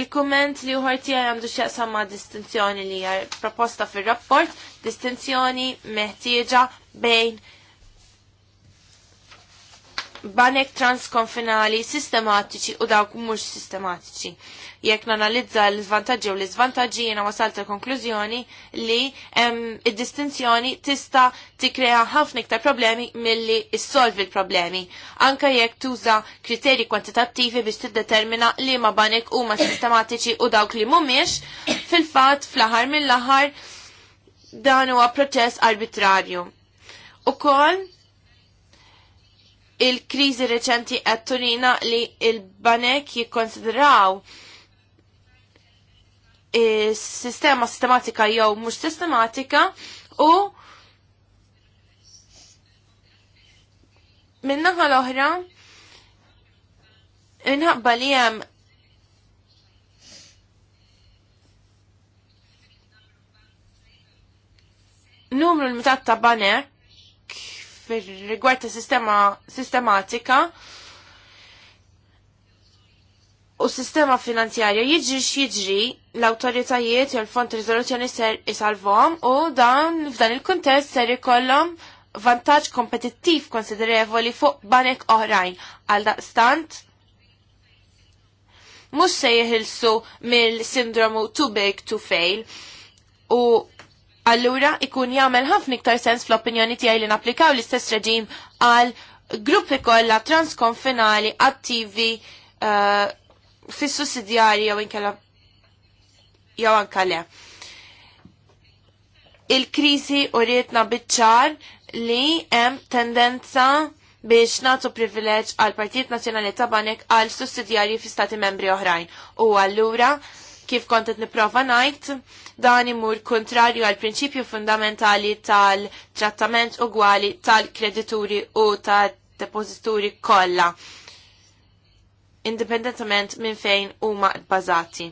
Il-komment li uħor tijaj għandu xieqsa ma' distinzjoni li għar proposta fil-rapport, distinzjoni meħtieġa bejn banek transkonfinali sistematiċi u dawk mux sistematiċi jekk nanalizza l izvantaġġi u l-iżvantaġġi jiena wasalt il-konklużjoni li id-distinzjoni tista' tikkrea ħafna iktar problemi milli issolvi l-problemi. Anka jekk tuża kriteri kwantitattivi biex tiddetermina li ma banek huma sistematiċi u dawk li mhumiex, fil-fatt fl-aħħar mill-aħħar dan huwa proċess arbitrarju. Ukoll il-krizi reċenti għattunina li il-banek jikkonsidraw sistema sistematika jew mhux sistematika u naħa l-oħra inħabba li hemm numru l-mitat ta' banek fir rigward ta' sistema sistematika u sistema finanzjarja jiġri x'jiġri l-awtoritajiet jew l-fond riżoluzzjoni ser isalvhom u dan f'dan il-kuntest ser ikollhom vantaġġ kompetittiv konsiderevoli fuq banek oħrajn għal daqstant mhux se jeħilsu mill-sindromu too big to fail u allura ikun jagħmel ħafna iktar sens fl-opinjoni tiegħi li napplikaw l-istess reġim għal gruppi kollha transkonfinali attivi uh, fis sussidjarji jew inkella jew anka le. Il-kriżi urietna biċ-ċar li hemm tendenza biex nagħtu privileġġ għal Partit Nazzjonali ta' Banek għal sussidjarji fi stati membri oħrajn. U allura kif kontet niprofa najt, dan imur kontrarju għal prinċipju fundamentali tal-trattament ugwali tal-kredituri u tal-depozituri kolla indipendentament minn fejn huma bbażati.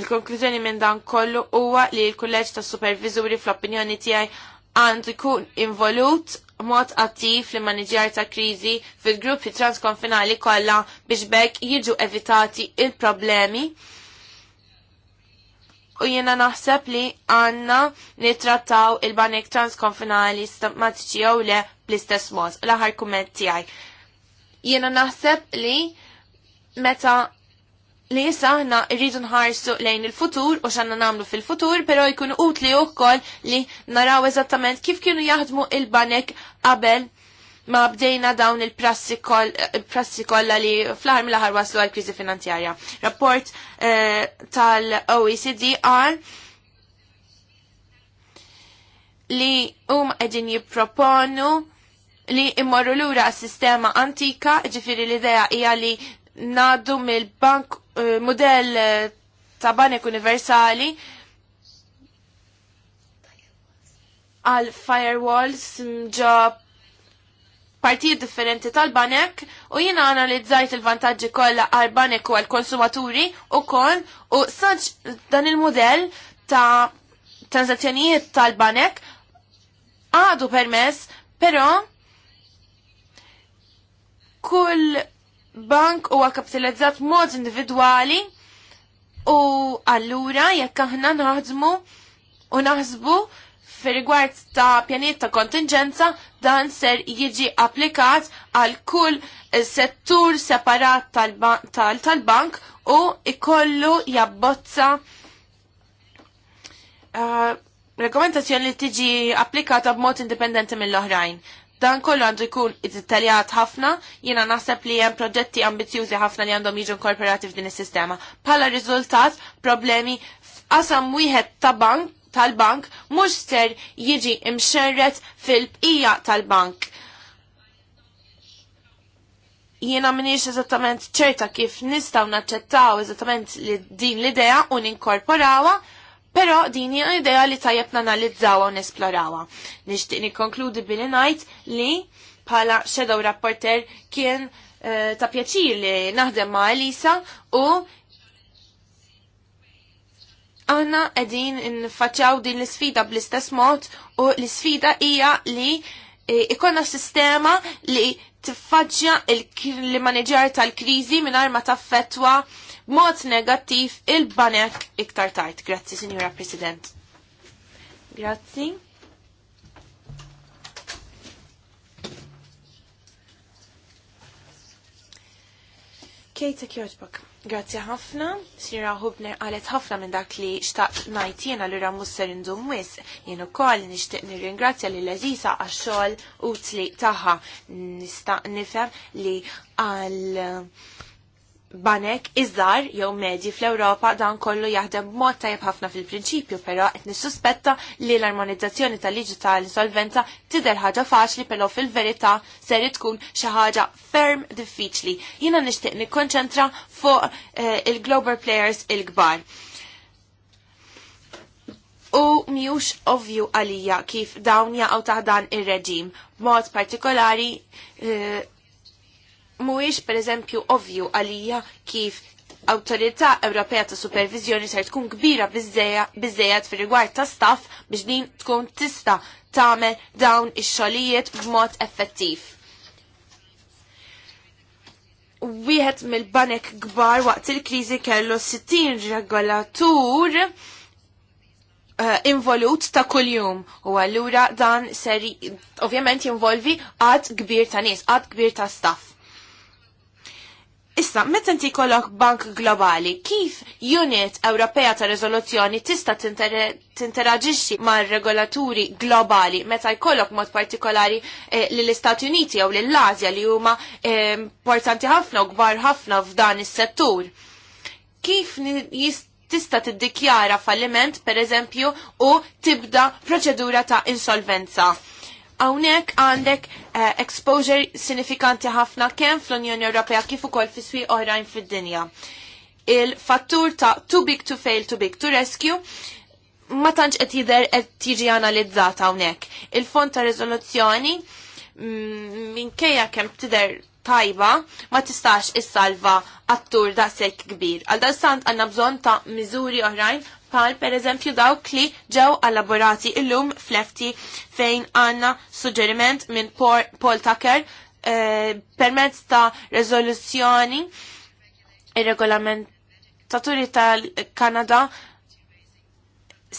Il-konklużjoni minn dan kollu huwa li l-Kulleġġ tas Superviżuri fl-opinjoni tiegħi għandu jkun involut mod attiv li maniġjar ta' kriżi fil-gruppi transkonfinali kollha biex bekk jiġu evitati il-problemi u jiena naħseb li għanna nitrattaw il-banek transkonfinali stamatiċi jew le bl-istess mod. L-aħar kumment tiegħi Jiena naħseb li meta li jissa ħna rridu nħarsu lejn il-futur u xanna namlu fil-futur, pero jkunu utli u koll li naraw eżattament kif kienu jaħdmu il-banek qabel ma bdejna dawn il-prassi kolla li fl-ħar mill-ħar waslu għal-krizi finanzjarja. Rapport eh, tal-OECD għal li huma qegħdin jipproponu li immorru lura s-sistema antika, ġifiri l-idea hija li nadu mill-bank eh, model eh, ta' banek universali għal firewalls mm, ġa partij differenti tal-banek u jina analizzajt il-vantagġi kollha għal banek u għal konsumaturi u kon u sanċ dan il-modell ta' transazzjonijiet tal-banek għadu permess, pero Kull bank huwa kapitalizzat mod individwali u allura jekk aħna naħdmu u naħsbu fir-rigward ta' pjaniet ta' kontingenza dan ser jiġi applikat għal kull settur separat tal-bank tal u ikollu jabbozza uh, rekomendazzjoni li tiġi applikata b'mod indipendenti mill-oħrajn. Dan kollu għandu jkun id-detaljat ħafna, jiena naħseb li hemm proġetti ambizjużi ħafna li għandhom jiġu inkorporati f'din is-sistema. Bħala riżultat, problemi f'qasam wieħed ta' bank tal-bank mhux ser jiġi imxerret fil-bqija tal-bank. Jiena minix eżattament ċerta kif nistgħu naċċettaw eżattament li din l-idea u ninkorporawha Pero din hija idea li tajjeb nanalizzawha u nesplorawha. Nixtieq nikkonkludi billi ngħid li bħala shadow rapporter kien uh, ta' pjaċir li naħdem ma' Elisa u Anna qegħdin nfaċċaw din l-isfida bl-istess mod u l-isfida hija li eh, ikonna sistema li tiffaġġja il-manager tal-kriżi mingħajr ma taffettwa mod negattiv il-banek iktar tajt. Grazzi, Signora President. Grazzi. Kejta kjoġbak. Grazzi ħafna. Sinjora Hubner għalet ħafna minn dak li xtaqt najt jena l-ura musser indum wis. jenu kol nishtiq nirringrazzja li l-Aziza għaxol u tli taħħa. Nista' nifem li għal banek iżar jew medji fl-Ewropa dan kollu jaħdem b'mod tajjeb ħafna fil-prinċipju, però qed nissuspetta li l-armonizzazzjoni tal-liġi tal-insolvenza tidher ħaġa faċli però fil-verità ser tkun xi ħaġa ferm diffiċli. Jiena nixtieq nikkonċentra fuq eh, il-global players il-kbar. U miux ovvju għalija kif dawn jaqgħu taħdan ir-reġim, b'mod partikolari eh, mhuwiex pereżempju ovvju għalija kif Awtorità Ewropea ta' Supervizjoni ser tkun kbira biżejjed fir-rigward ta' staff biex din tkun tista' tagħmel dawn ix-xogħlijiet b'mod effettiv. Wieħed mill-banek kbar waqt il-kriżi kellu 60 regolatur eh, involut ta' kuljum u allura dan seri ovvjament jinvolvi għad kbir ta' nies, għad kbir ta' staff Issa, meta inti kollok bank globali, kif unit Ewropea ta' rezoluzzjoni tista' tinteraġixxi ma' regolaturi globali meta jkollok mod partikolari eh, lill-Istati Uniti jew lill azja li huma eh, importanti ħafna u kbar ħafna f'dan is-settur. Kif tista' tiddikjara falliment, per eżempju, u tibda proċedura ta' insolvenza? Hawnhekk għandek uh, exposure sinifikanti ħafna kemm fl-Unjoni Ewropea kif ukoll fi swi oħrajn fid-dinja. Il-fattur ta' too big to fail, too big to rescue ma tantx qed jidher qed tiġi analizzata hawnhekk. Il-fond ta' riżoluzzjoni mm, minkejja kemm tidher tajba ma tistax issalva attur da sekk kbir. Għal dan sant għandna bżonn ta' miżuri oħrajn pal per eżempju dawk li ġew allaborati illum flefti fejn għanna suġġeriment minn Paul Tucker eh, permezz ta' rezoluzzjoni ir-regolamentaturi tal-Kanada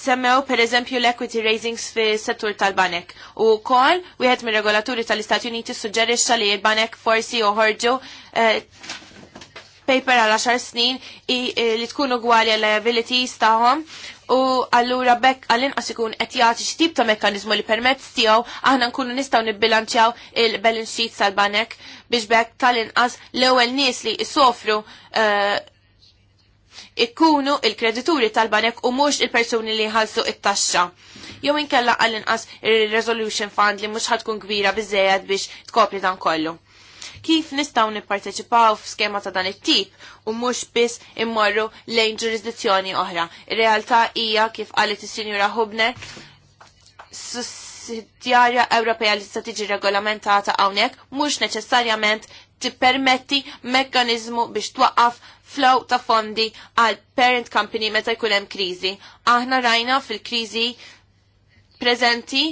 semmew per eżempju l-equity raisings fi settur tal-banek. U kol, wieħed mir regolaturi tal-Istati Uniti suġġerixxa li l-banek forsi joħorġu eh, paper għal 10 snin li tkun gwali għal liabilities tagħhom u allura bekk għall-inqas ikun qed jagħti ta' mekkaniżmu li permezz tiegħu aħna nkunu nistgħu nibbilanċjaw il-balance sheet tal-banek biex bekk tal-inqas l-ewwel nies li jsofru eh, ikkunu il-kredituri tal-banek u mhux il-persuni li jħalsu it-taxxa. Jew inkella għall-inqas ir-resolution fund li mhux ħatkun kbira biżejjed biex tkopri dan kollu kif nistaw nipparteċipaw f'skema ta' dan it-tip u mhux biss immorru lejn ġurisdizzjoni oħra. Ir-realtà hija kif qalet is-Sinjura Hubner sussidjarja Ewropea li tista' tiġi regolamentata hawnhekk mhux neċessarjament tippermetti mekkanizmu biex twaqqaf flow ta' fondi għal parent company meta jkun hemm kriżi. Aħna rajna fil-kriżi preżenti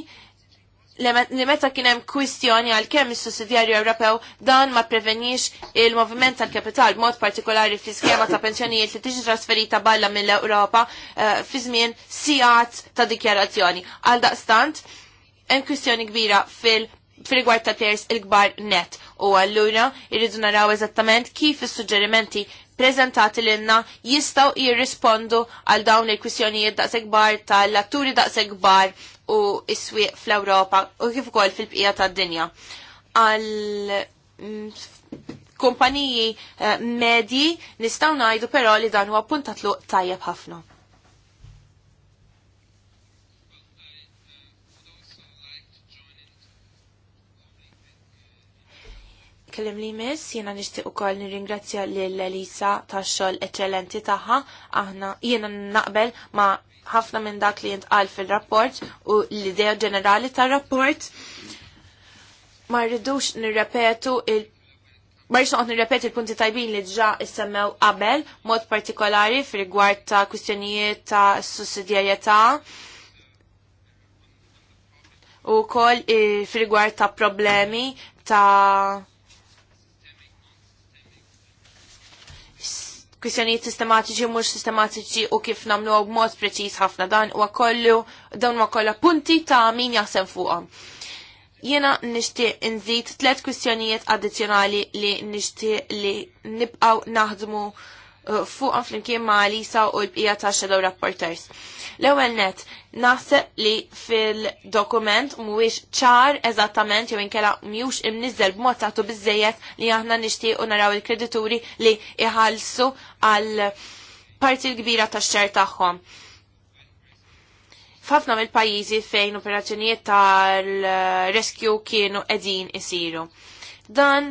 li meta kien hemm kwistjoni għal kemm is-sussidjarju Ewropew dan ma prevenix il-moviment tal-kapital b'mod partikolari fl-iskema ta' pensjonijiet li tiġi trasferita balla mill-Ewropa uh, fi żmien sigħat ta' dikjarazzjoni. Għal daqstant, hemm kwistjoni kbira fil- fil-rigward ta' players il-kbar net u allura irridu naraw eżattament kif is-suġġerimenti prezentati l-inna jistaw jirrispondu għal dawn il-kwissjonijiet daqseg tal-atturi daqseg bar u is-swieq fl-Europa u kif ukoll fil-bqija tad-dinja. Għal mm, kumpaniji eh, medji nistaw najdu però li dan huwa puntatlu tajjeb ħafna. kellim li miss, jena nishti u koll nirringrazzja l-Elisa ta' xol eccellenti taħħa, aħna jena naqbel ma ħafna minn dak li jintqal fil-rapport u l-idea ġenerali ta' rapport. Ma rridux nirrepetu il- Ma rridux nirrepetu nirrepeti l-punti tajbin li ġa issemmew qabel, mod partikolari fil-rigward ta' kwistjonijiet ta' sussidjarjetà u kol eh, fil-rigward ta' problemi ta' kwistjonijiet sistematiċi mhux sistematiċi u kif nagħmlu b'mod preċiż ħafna dan u kollu dawn ma kollha punti ta' min jaħseb fuqhom. Jena nixtieq inżid tliet kwistjonijiet addizzjonali li nixtieq li nibqgħu naħdmu uh, fuqhom flimkien ma' Alisa u l-bqija ta' Shadow Rapporters L-ewwel net naħseb li fil-dokument mhuwiex ċar eżattament jew inkela mhux imniżel b'mod tagħtu biżejjed li aħna nixtiequ naraw il-kredituri li iħallsu għal parti l-kbira tax-xer tagħhom Fafna mill-pajjiżi fejn operazzjonijiet tal-rescue kienu qegħdin isiru. Dan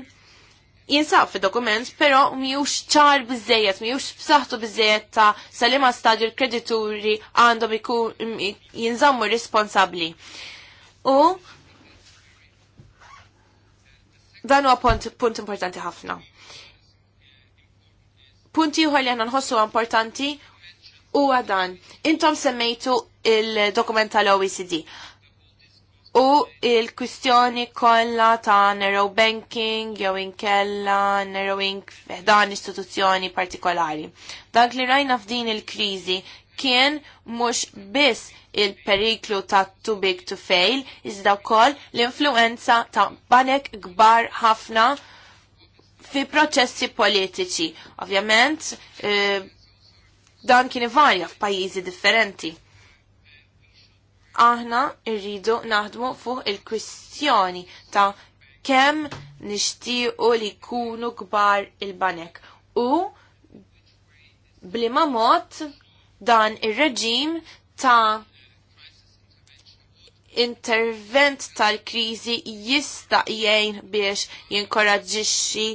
jinsab fi dokument, pero miux ċar bizzejet, miux b'saħtu bizzejet ta' salima stadju l-kredituri għandhom jinżammu responsabli. U dan huwa punt, punt importanti ħafna. Punti uħor li għanna nħossu importanti u għadan. Intom semmejtu il-dokument tal-OECD. U il-kwistjoni kollha ta' narrow banking jew inkella narrowing f'dan istituzzjoni partikolari. Dak li rajna f'din il-kriżi kien mhux biss il-periklu ta' too big to fail, iżda wkoll l-influenza ta' banek kbar ħafna fi proċessi politiċi. Ovvjament, eh, dan kien varja f'pajjiżi differenti aħna irridu naħdmu fuq il-kwistjoni ta' kemm nixtiequ li jkunu kbar il-banek u blima mod dan ir-reġim ta' intervent tal-krizi jista' jgħin biex jinkoraġġixxi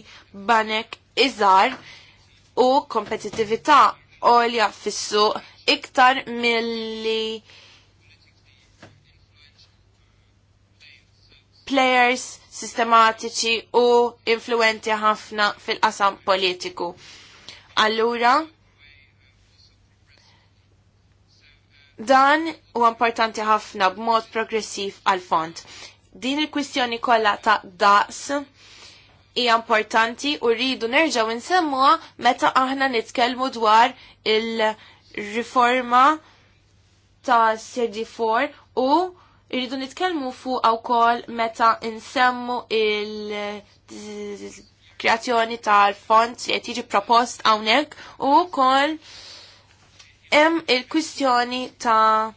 banek iżar u kompetitività għolja fissu iktar iktar milli plejers sistematiċi u influenti ħafna fil-qasam politiku. Allura, dan u importanti ħafna b'mod progressiv għal-fond. Din il-kwistjoni kollha ta' daqs hija importanti u rridu nerġa'w nsemmuha meta aħna nitkellmu dwar il-riforma ta' CD4 u Irridu nitkellmu fuq wkoll meta insemmu il- kreazzjoni tal-font li qed jiġi propost hawnhekk u wkoll hemm il-kwistjoni ta'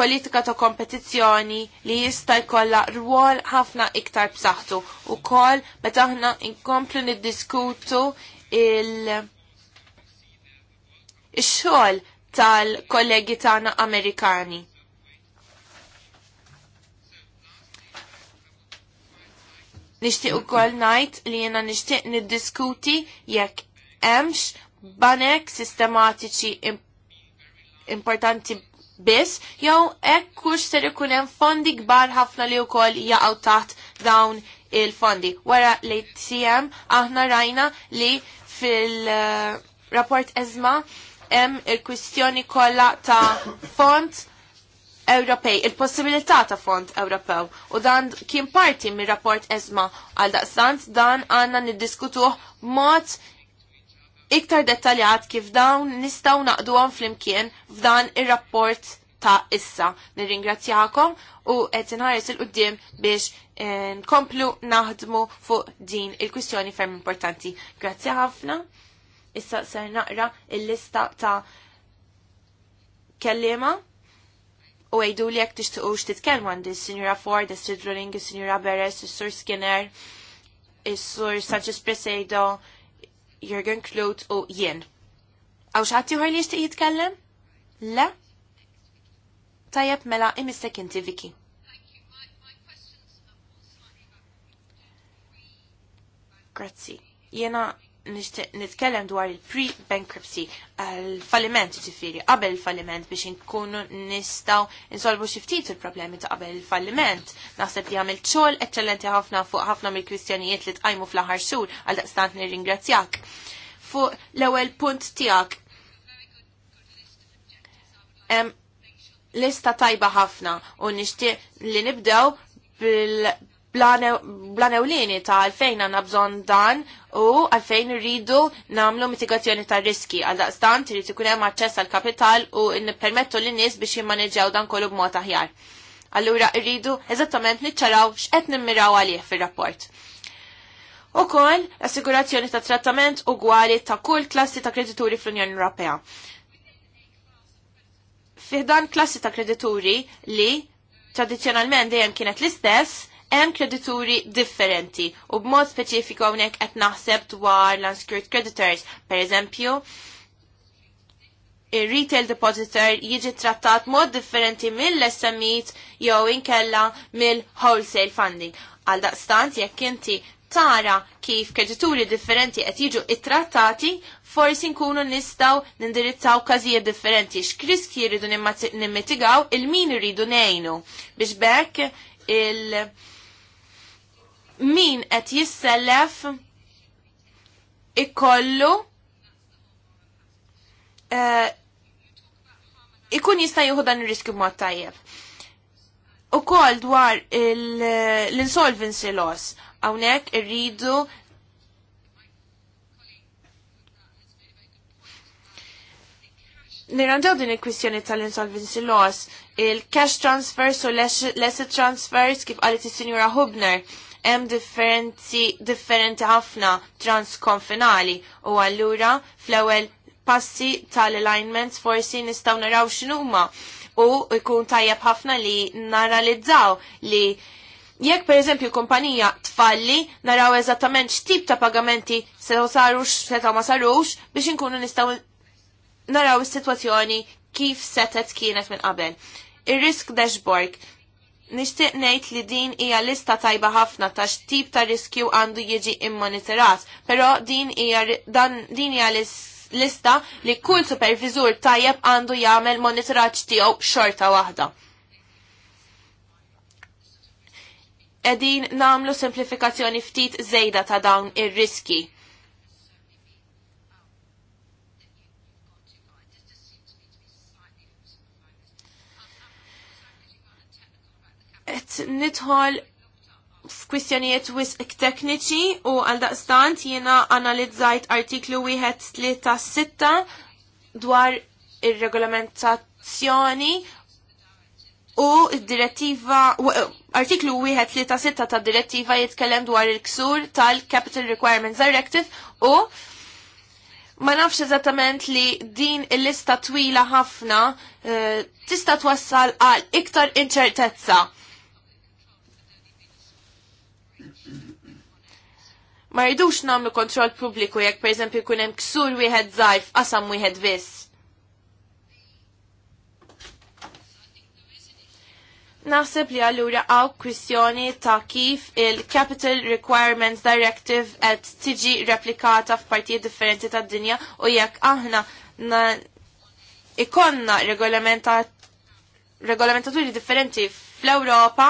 politika ta' kompetizzjoni li jista' jkollha rwol ħafna iktar b'saħħtu wkoll meta aħna nkomplu niddiskutu il ix-xogħol tal-kollegi tagħna Amerikani. Nishtiq u kol najt li jena nishtiq niddiskuti jekk emx banek sistematiċi importanti biss, jew hekk kux ser ikun hemm fondi kbar ħafna li wkoll jaqgħu taħt dawn il-fondi. Wara li TM aħna rajna li fil-rapport eh, ezma hemm il-kwistjoni kollha ta' font Ewropej, il-possibilità ta' fond Ewropew u dan kien parti mir rapport esma għal daqstant dan għanna niddiskutuh mod iktar dettaljat kif dawn nistaw naqduhom flimkien f'dan ir-rapport ta' issa. Nirringrazzjakom u qed inħares il qudiem biex eh, nkomplu naħdmu fuq din il-kwistjoni ferm importanti. Grazzi ħafna. Issa ser naqra il-lista ta' kellima u għajdu li għak tix tuqux titkelm għandi s-Sinjura Ford, s-Sid Ruling, s-Sinjura Beres, s-Sur Skinner, s-Sur Sanchez Presedo, Jürgen Klut u jien. Għaw xaħti uħar li jishtiq jitkellem? La? Tajab mela imistek inti Viki. Grazzi. Jena nitkellem dwar il-pre-bankruptcy, l falliment ġifiri, qabel il-falliment biex nkunu nistaw insolvu xiftit il-problemi ta' qabel il-falliment. Naħseb li għamil ċol eccellenti ħafna fuq ħafna mill-kwistjonijiet li tqajmu fl ħar xhur għal daqstant nirringrazzjak. Fuq l-ewwel punt tiegħek. Lista tajba ħafna u nixtieq li nibdew bil blanewlini ta' għalfejn għanna bżon dan u għalfejn rridu namlu mitigazzjoni ta' riski. Għal-daqstan trid ikun hemm aċċess għal kapital u nippermettu lin-nies biex jimmaneġġaw dan kollu b'mod aħjar. Allura rridu eżattament niċċaraw x'qed nimmiraw għalih fir-rapport. Ukoll assigurazzjoni ta' trattament ugwali ta' kull klassi ta' kredituri fl-Unjoni Ewropea. Fiħdan klassi ta' kredituri li tradizzjonalment dejjem kienet l-istess, hemm kredituri differenti u b'mod speċifiku hawnhekk qed naħseb dwar l-unsecured creditors. Per eżempju, il-retail depositor jiġi trattat mod differenti mill-SMEs jew inkella mill-wholesale funding. Għal daqstant jekk inti tara kif kredituri differenti qed jiġu ittrattati, forsi nkunu nistaw nindirizzaw każijiet differenti x'kriski jridu nimmitigaw il-min iridu ngħinu biex bekk il- min qed jissellef ikollu uh, ikun jista' jieħu dan ir-riskju b'mod tajjeb. Ukoll dwar l-insolvency loss hawnhekk irridu Nirranġaw din il-kwistjoni tal-insolvency loss, il-cash transfers u l-asset transfers kif għalit is-Sinjura Hubner hemm differenzi differenti ħafna transkonfinali u allura fl-ewwel passi tal-alignments forsi nistgħu naraw x'numa u jkun tajjeb ħafna li naralizzaw li Jekk per eżempju kumpanija tfalli, naraw eżattament x'tip ta' pagamenti se sarux, setgħu ma sarux biex inkunu nistgħu naraw is-sitwazzjoni kif setet kienet minn qabel. Ir-risk dashboard Nixtieq ngħid li din hija lista tajba ħafna ta' x'tip ta' riskju għandu jiġi immoniterat, però din hija dan din hija lista li kull supervizur tajjeb għandu jagħmel monitoraġġ tiegħu xorta waħda. Edin namlu simplifikazzjoni ftit zejda ta' dawn ir-riski et nidħol f'kwistjonijiet wisq tekniċi u għal daqstant jiena analizzajt artiklu wieħed tlieta sitta dwar ir-regolamentazzjoni u d-direttiva e, artiklu wieħed tlieta sitta ta' direttiva jitkellem dwar il-ksur tal-Capital Requirements Directive u ma nafx eżattament li din il-lista twila ħafna e, tista' twassal għal iktar inċertezza Ma rridux nagħmlu kontroll pubbliku jekk eżempju jkun hemm ksur wieħed żgħir f'qasam wieħed biss. Naħseb li allura għaw kwistjoni ta' kif il-Capital Requirements Directive qed tiġi replikata f'partijiet differenti tad-dinja u jekk aħna ikonna regolamentaturi differenti fl-Europa,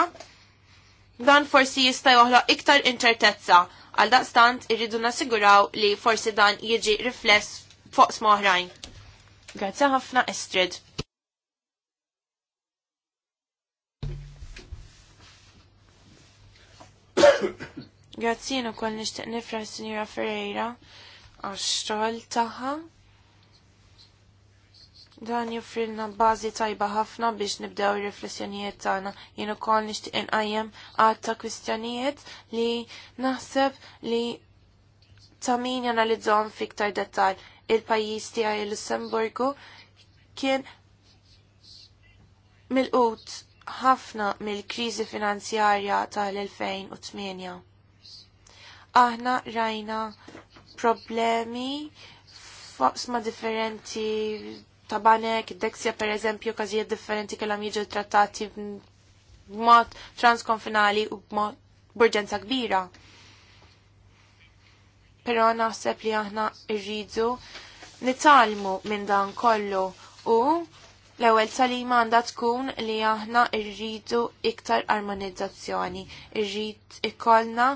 dan forsi jista' joħloq iktar intertezza Għal daqstant irridu nassiguraw li forsi dan jiġi rifless fuq smoħrajn. Grazzi ħafna Estrid. Grazzi u koll nishtiq nifra Sinjura Ferreira għax xogħol tagħha. Dan jufrilna bażi tajba ħafna biex nibdew ir-riflessjonijiet tagħna. Jien ukoll nixtieq inqajjem għad ta' kwistjonijiet li naħseb li ta' min janalizzahom fiktar dettal. Il-pajjiż tiegħi il Lussemburgu kien milqut ħafna mill-kriżi finanzjarja tal-2008. Aħna rajna problemi fosma differenti ta' banek, deksja per eżempju, kazijiet differenti kellhom jiġu trattati b'mod transkonfinali u b'mod b'urġenza kbira. Però naħseb li aħna rridu nitalmu minn dan kollu u L-ewwel salima għandha tkun li aħna rridu iktar armonizzazzjoni, irrid ikollna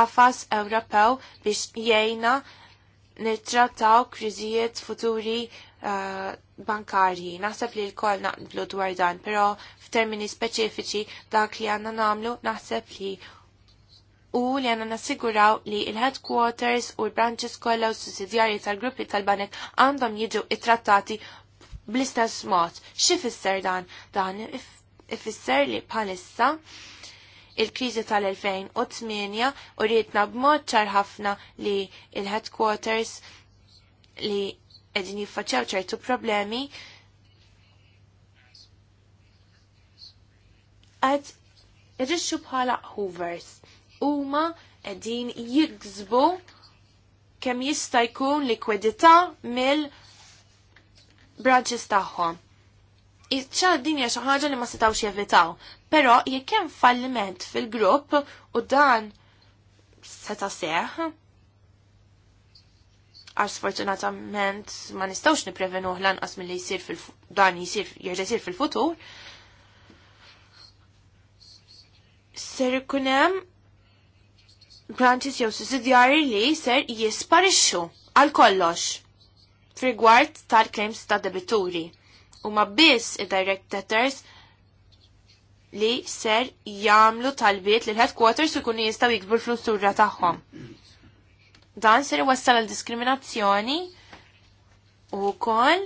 qafas Ewropew biex jgħinna nittrattaw kriżijiet futuri uh, bankarji. Naħseb li l-koll naqblu dwar dan, pero f'termini speċifiċi dak li għanna namlu naħseb li u li għanna nassiguraw li il-headquarters u l-branches kollha u sussidjarji tal-gruppi tal-banek għandhom jiġu ittrattati bl-istess mod. X'ifisser dan? Dan ifisser li bħalissa il-krizi tal-2008 u rritna b'mod ċar ħafna li il-headquarters li edin jiffaċċaw ċertu problemi għad irrixxu bħala hoovers. Huma qegħdin jigżbu kemm jista' jkun likwidità mill branches tagħhom. Iċċa din jaxu xi ħaġa li ma setgħux jevitaw, però jekk hemm falliment fil-grupp u dan seta' seħ, għax sfortunatament ma nistawx niprevenuh lanqas mill-li jisir fil-dan jisir jerġa' jisir fil-futur. Ser ikun hemm branches jew sussidjari li ser jisparixxu għal kollox f'rigward tal-claims ta' debituri u ma biss id-direct debtors li ser jamlu talbiet li l-headquarters kunu jistaw jikbru fl-ustura tagħhom dan ser iwassal għal diskriminazzjoni u kol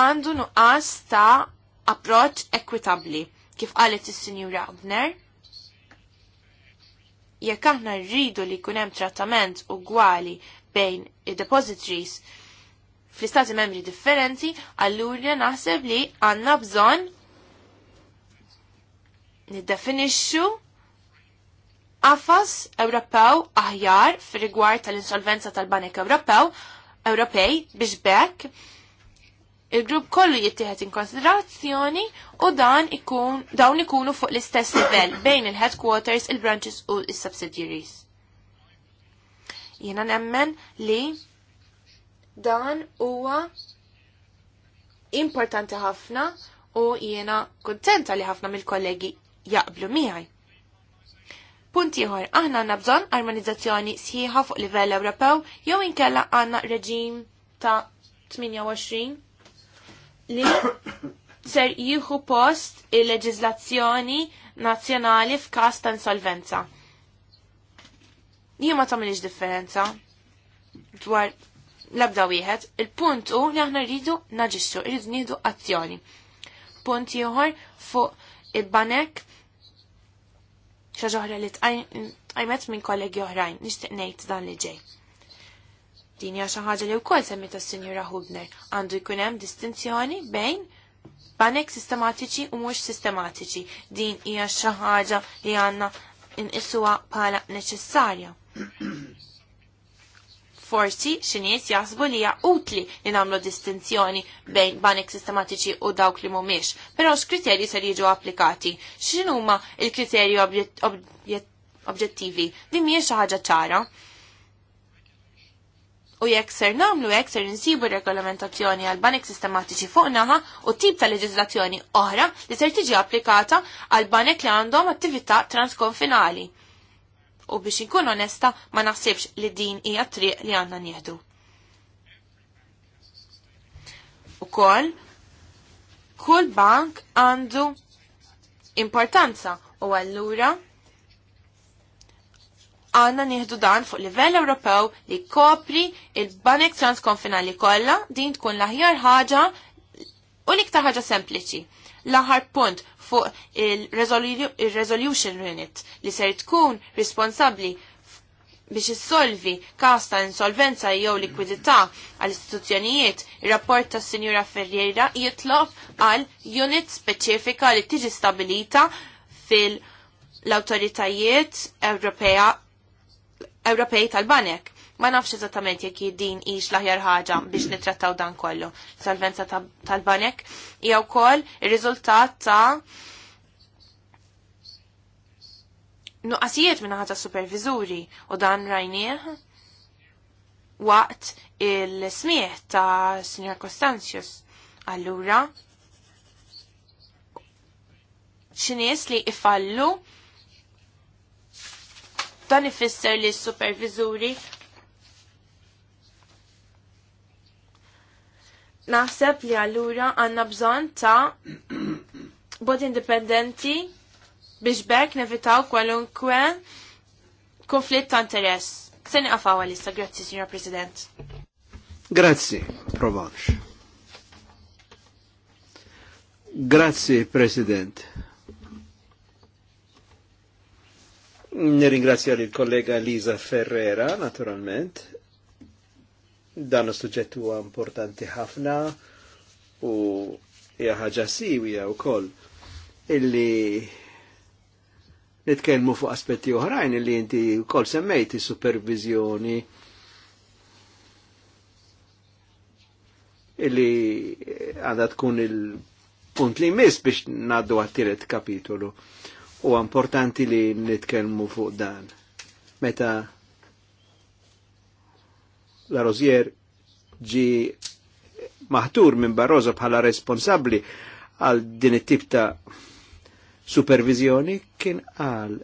għandu nuqqas ta' approċ ekwitabli. Kif qalet is-Sinjura Abner, jekk aħna rridu li kunem trattament ugwali bejn id-depositories fl-istati membri differenti, allura naħseb li għanna bżon niddefinixxu Afas Ewropew aħjar fir tal-insolvenza tal-Banek Ewropew Ewropej biex bekk il-grupp kollu jittieħed in konsiderazzjoni u dan ikun dawn ikunu fuq l-istess livell bejn il-headquarters, il-branches u s-subsidiaries. Jiena nemmen li dan huwa importanti ħafna u jiena kuntenta li ħafna mill-kollegi jaqblu miegħi. Punt ieħor, aħna għandna bżonn armonizzazzjoni sħiħa fuq livell Ewropew jew inkella għandna reġim ta' 28 li ser jieħu post il-leġizlazzjoni nazzjonali f'każ ta' insolvenza. Jien ma tagħmilx differenza dwar l-ebda wieħed, il-punt hu li aħna rridu naġixxu, rridu nidu azzjoni. Punt ieħor fuq il-banek xaġoħra li tqajmet minn kollegi oħrajn, nixtieq ngħid dan li ġej. Din hija xi ħaġa li wkoll semmita s-Sinjura Hubner għandu jkun hemm distinzjoni bejn banek sistematiċi u mhux sistematiċi. Din hija xi ħaġa li għandna inqisuha bħala neċessarja forsi xinies jasbu li hija utli li nagħmlu distinzjoni bejn banek sistematiċi u dawk li mhumiex. Però x'kriterji ser jiġu applikati? X'inhuma l-kriterji obġettivi Din mhijiex xi ħaġa ċara. U jekk ser nagħmlu hekk ser insibu regolamentazzjoni għal banek sistematiċi fuq naħa u tip ta' leġiżlazzjoni oħra li ser tiġi applikata għal banek li għandhom attività transkonfinali u biex inkun onesta ma naħsibx li din hija triq li għandna nieħdu. Ukoll kull bank għandu importanza u allura għanna nieħdu dan fuq livell Ewropew li kopri il-banek transkonfinali kollha din tkun l-aħjar ħaġa u l-iktar ħaġa sempliċi. L-aħar punt fuq il-resolution unit li ser tkun responsabli biex issolvi kas ta' insolvenza jew likwidità għall istituzzjonijiet ir-rapport tas Sinjura Ferriera jitlob għal unit speċifika li tiġi stabilita fil-awtoritajiet Ewropea Ewropej tal-Banek. Ma nafx eżattament jekk din ix l-aħjar ħaġa biex nittrattaw dan kollu. Salvenza tal-banek hija wkoll ir-riżultat ta' nuqqasijiet minna ħata supervizuri u dan rajnieh waqt il-smieħ ta' Sr. Costanzius. Allura, ċinies li ifallu dan ifisser li s-supervizuri Naħseb li allura għanna bżon ta' bot indipendenti biex bekk nevitaw kwalunkwe konflitt ta' interess. Kseni għafaw għalista, grazzi, signor President. Grazzi, Provanx. Grazzi, President. Nirringrazzja il kollega Lisa Ferrera, naturalment dan is-suġġett huwa importanti ħafna u hija ħaġa siwija wkoll illi nitkellmu fuq aspetti oħrajn illi inti wkoll semmejti supervizjoni illi għandha tkun il-punt li jmiss biex ngħaddu għat-tielet kapitolu. U importanti li nitkellmu fuq dan. Meta la Rozier ġi maħtur minn Barroso bħala responsabli għal din it-tip ta' supervizjoni kien għal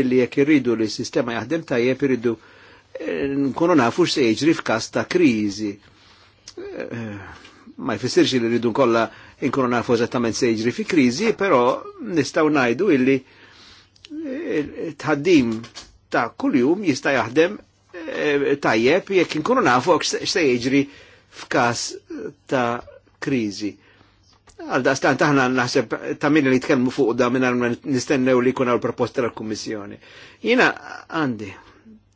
illi jekk irridu li s-sistema jaħdem tajjeb irridu eh, nkunu nafu se jiġri f'każ ta' kriżi. Eh, ma jfissirx li rridu nkollha nkunu nafu eżattament se jiġri fi kriżi, però nistgħu ngħidu illi eh, tħaddim ta' kuljum jista' jaħdem Eh, tajjeb jekk inkunu nafu x'se jiġri f'kas ta' kriżi. Għal daqstant aħna naħseb ta' minn li tkellmu fuq da minn nistennew li jkun proposta tal-Kummissjoni. Jina għandi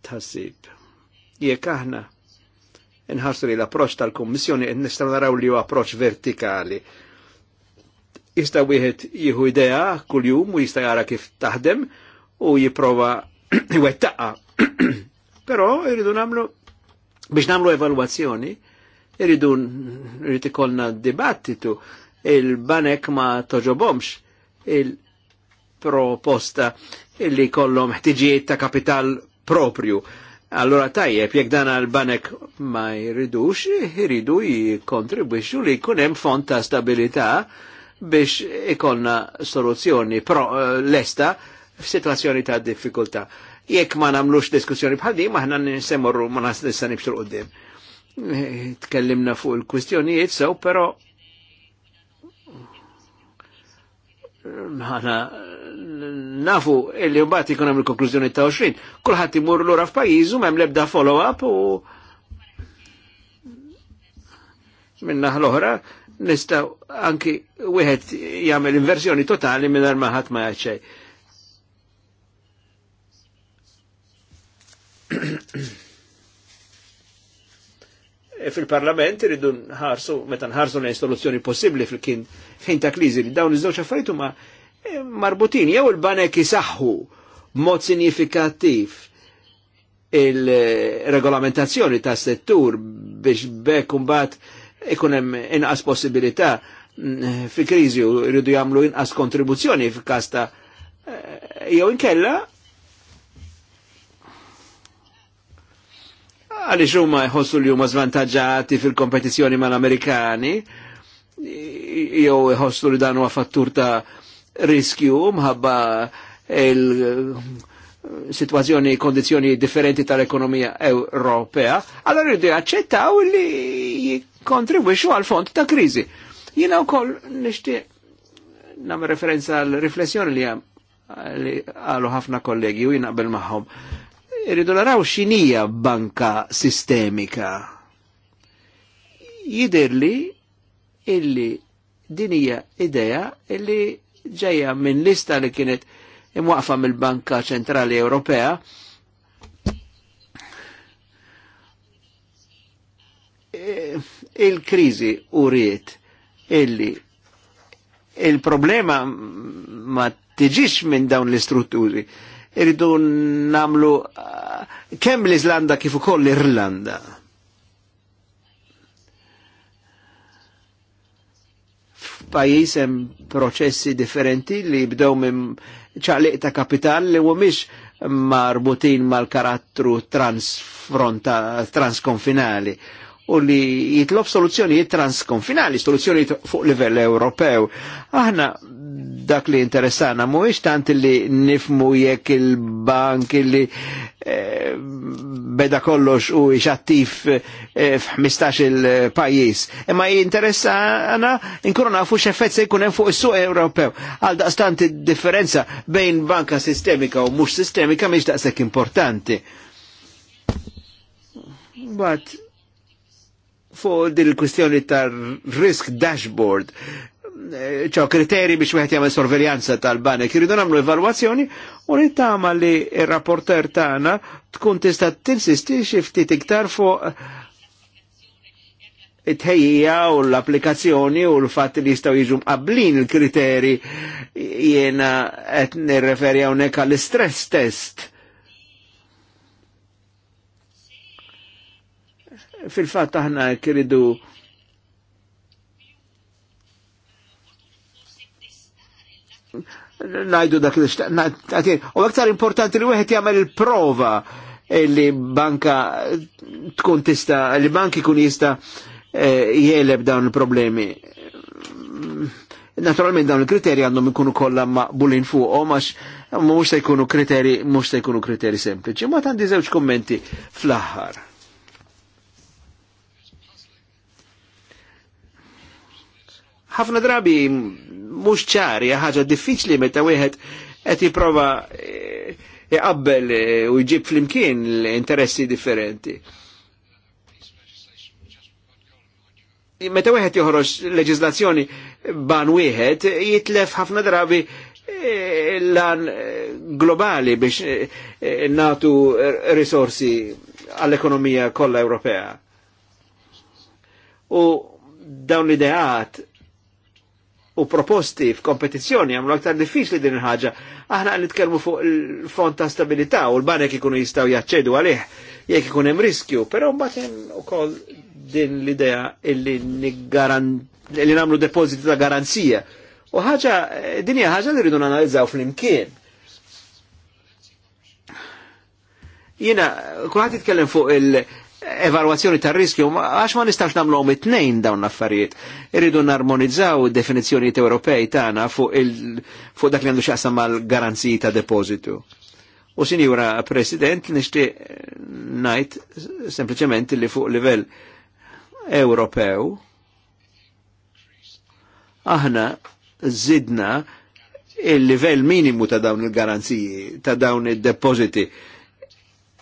tħassib jekk aħna nħarsu li l-approċ tal-Kummissjoni nistennew naraw li ju approċ vertikali. Jista' wieħed jieħu idea kuljum u jista' jara kif taħdem u jiprova jwettaqa Però irridu namlu, biex namlu evalwazzjoni, irridu irrid ikollna dibattitu il-banek ma toġobomx il-proposta illi kollom ħtiġijiet ta' kapital propju. Allora tajjeb, jekk dan għal-banek ma jridux, jridu jikontribwixxu li jkun hemm fond ta' stabilità biex ikollna soluzzjoni pro, eh, lesta f'sitwazzjoni ta' diffikultà jekk ma namlux diskussjoni bħal di, maħna nisemorru ma nas nissa nibxu l-qoddim. Eh, tkellimna fuq il-kwistjonijiet sew, pero ħana nafu illi mbagħad ikun hemm il-konklużjoni ta' 20. Kulħadd imur lura f'pajjiżu m'hemm lebda follow-up u Minna l-oħra nista' anki wieħed jagħmel inversjoni totali mingħajr ma ħadd ma jaċċej. E fil-parlament irridu nħarsu, meta nħarsu lejn soluzzjoni possibbli fil-kien fejn ta' krizi li dawn iż-żewġ affarijiet huma eh, marbutin jew il-banek jisaħħu mod sinifikattiv il-regolamentazzjoni ta' settur biex bekk imbagħad ikun hemm inqas possibilità eh, fi kriżi u jridu jagħmlu inqas kontribuzzjoni f'każ ta' eh, jew inkella għaliex huma jħossu li huma żvantaġġati fil-kompetizzjoni mal-Amerikani jew jħossu li dan huwa fattur ta' riskju mħabba il- eh, situazzjoni, kondizjoni differenti tal-ekonomija Ewropea, allora jridu jaċċettaw li jikontribwixu għal fond ta' krizi. Jina u koll nishti nam referenza għal riflessjoni li għalu ħafna kollegi u jina qbel maħom irridu naraw xinija banka sistemika. Jidirli illi dinija ideja illi ġeja minn lista li kienet imwaqfa mill-Banka Ċentrali Ewropea e, il-krizi riet illi il-problema ma tiġix minn dawn l-istrutturi irridu namlu eh, kemm l islanda kif ukoll l-Irlanda. F'pajjiż hemm proċessi differenti li jibdew minn ċaliq ta' kapital li mhumiex marbutin mal-karattru transkonfinali u li jitlob soluzzjonijiet transkonfinali, soluzzjonijiet fuq livell Ewropew. Aħna dak li interessana mhuwiex tant li nifmu jekk il-bank li eh, beda kollox u attiv f eh, f'15 il-pajjiż. Imma jinteressana inkunu nafu x'effett se jkun fuq il suq Ewropew. Għal daqstant differenza bejn banka sistemika u mhux sistemika miex daqshekk importanti. But fuq dil kwistjoni tar risk dashboard ċo kriteri biex meħt jgħamil sorveljanza tal-banek, jridu namlu evalwazzjoni u nittama li il-rapporter tana tkun tista tinsisti xiftit iktar fuq it-ħejja u l-applikazzjoni u l-fat li jistaw jiġu mqablin il-kriteri jena qed nirreferi hawnhekk għall-istress test. Fil-fatt aħna kiridu najdu dak li xtaqtir. U aktar importanti li wieħed jagħmel il-prova li banka tkun tista, li banki kun jista eh, jeleb dawn il-problemi. Naturalment dawn il kriteri għandhom ikunu kollha maqbulin fuqhom max mux se jkunu kriterji mux se jkunu kriteri sempliċi. Ma tandi żewġ kommenti fl-aħħar. ħafna drabi mhux ċari, ħaġa diffiċli meta wieħed qed jipprova eh, iqabbel eh, u jġib flimkien l-interessi differenti. Meta wieħed joħroġ leġislazzjoni ban wieħed jitlef ħafna drabi eh, lan globali biex natu risorsi għall-ekonomija kollha Ewropea. U dawn l-ideat u proposti f'kompetizzjoni għamlu aktar diffiċli din il-ħaġa. Aħna nitkellmu fuq il-fond ta' stabilità u l-banek ikunu jistaw jaċċedu għalih jekk ikun hemm riskju, però mbagħad hemm ukoll din l-idea illi li nagħmlu depożiti ta' garanzija. U ħaġa din hija ħaġa li rridu nanalizzaw flimkien. Jiena kulħadd jitkellem fuq il- evalwazzjoni tar riskju għax ma nistax nagħmluhom it nejn dawn l-affarijiet. Irridu narmonizzaw id-definizzjonijiet Ewropej tagħna fuq il fuq dak li għandu x'aqsam mal-garanziji ta' depozitu. U sinjura President nixtieq eh, ngħid sempliċement li fuq livell Ewropew aħna zidna il-livell minimu ta' dawn il-garanziji, ta' dawn il-depositi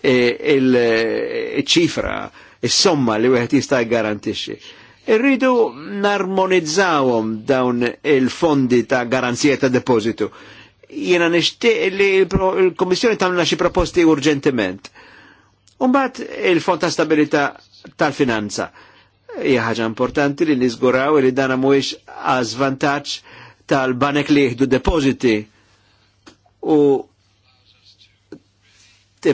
E, il-ċifra, e, il-somma e li wieħed jista' jgarantixxi. Irridu narmonizzawhom dawn il-fondi ta' garanzija ta' depositu. Jena nixtieq li il kommissjoni tamna xi proposti urġentiment. Umbat il-Fond ta' Stabilita tal-Finanza. Hija ħaġa importanti li nizguraw li dana mhuwiex għazvantaċ vantaġġ tal-banek li depositi u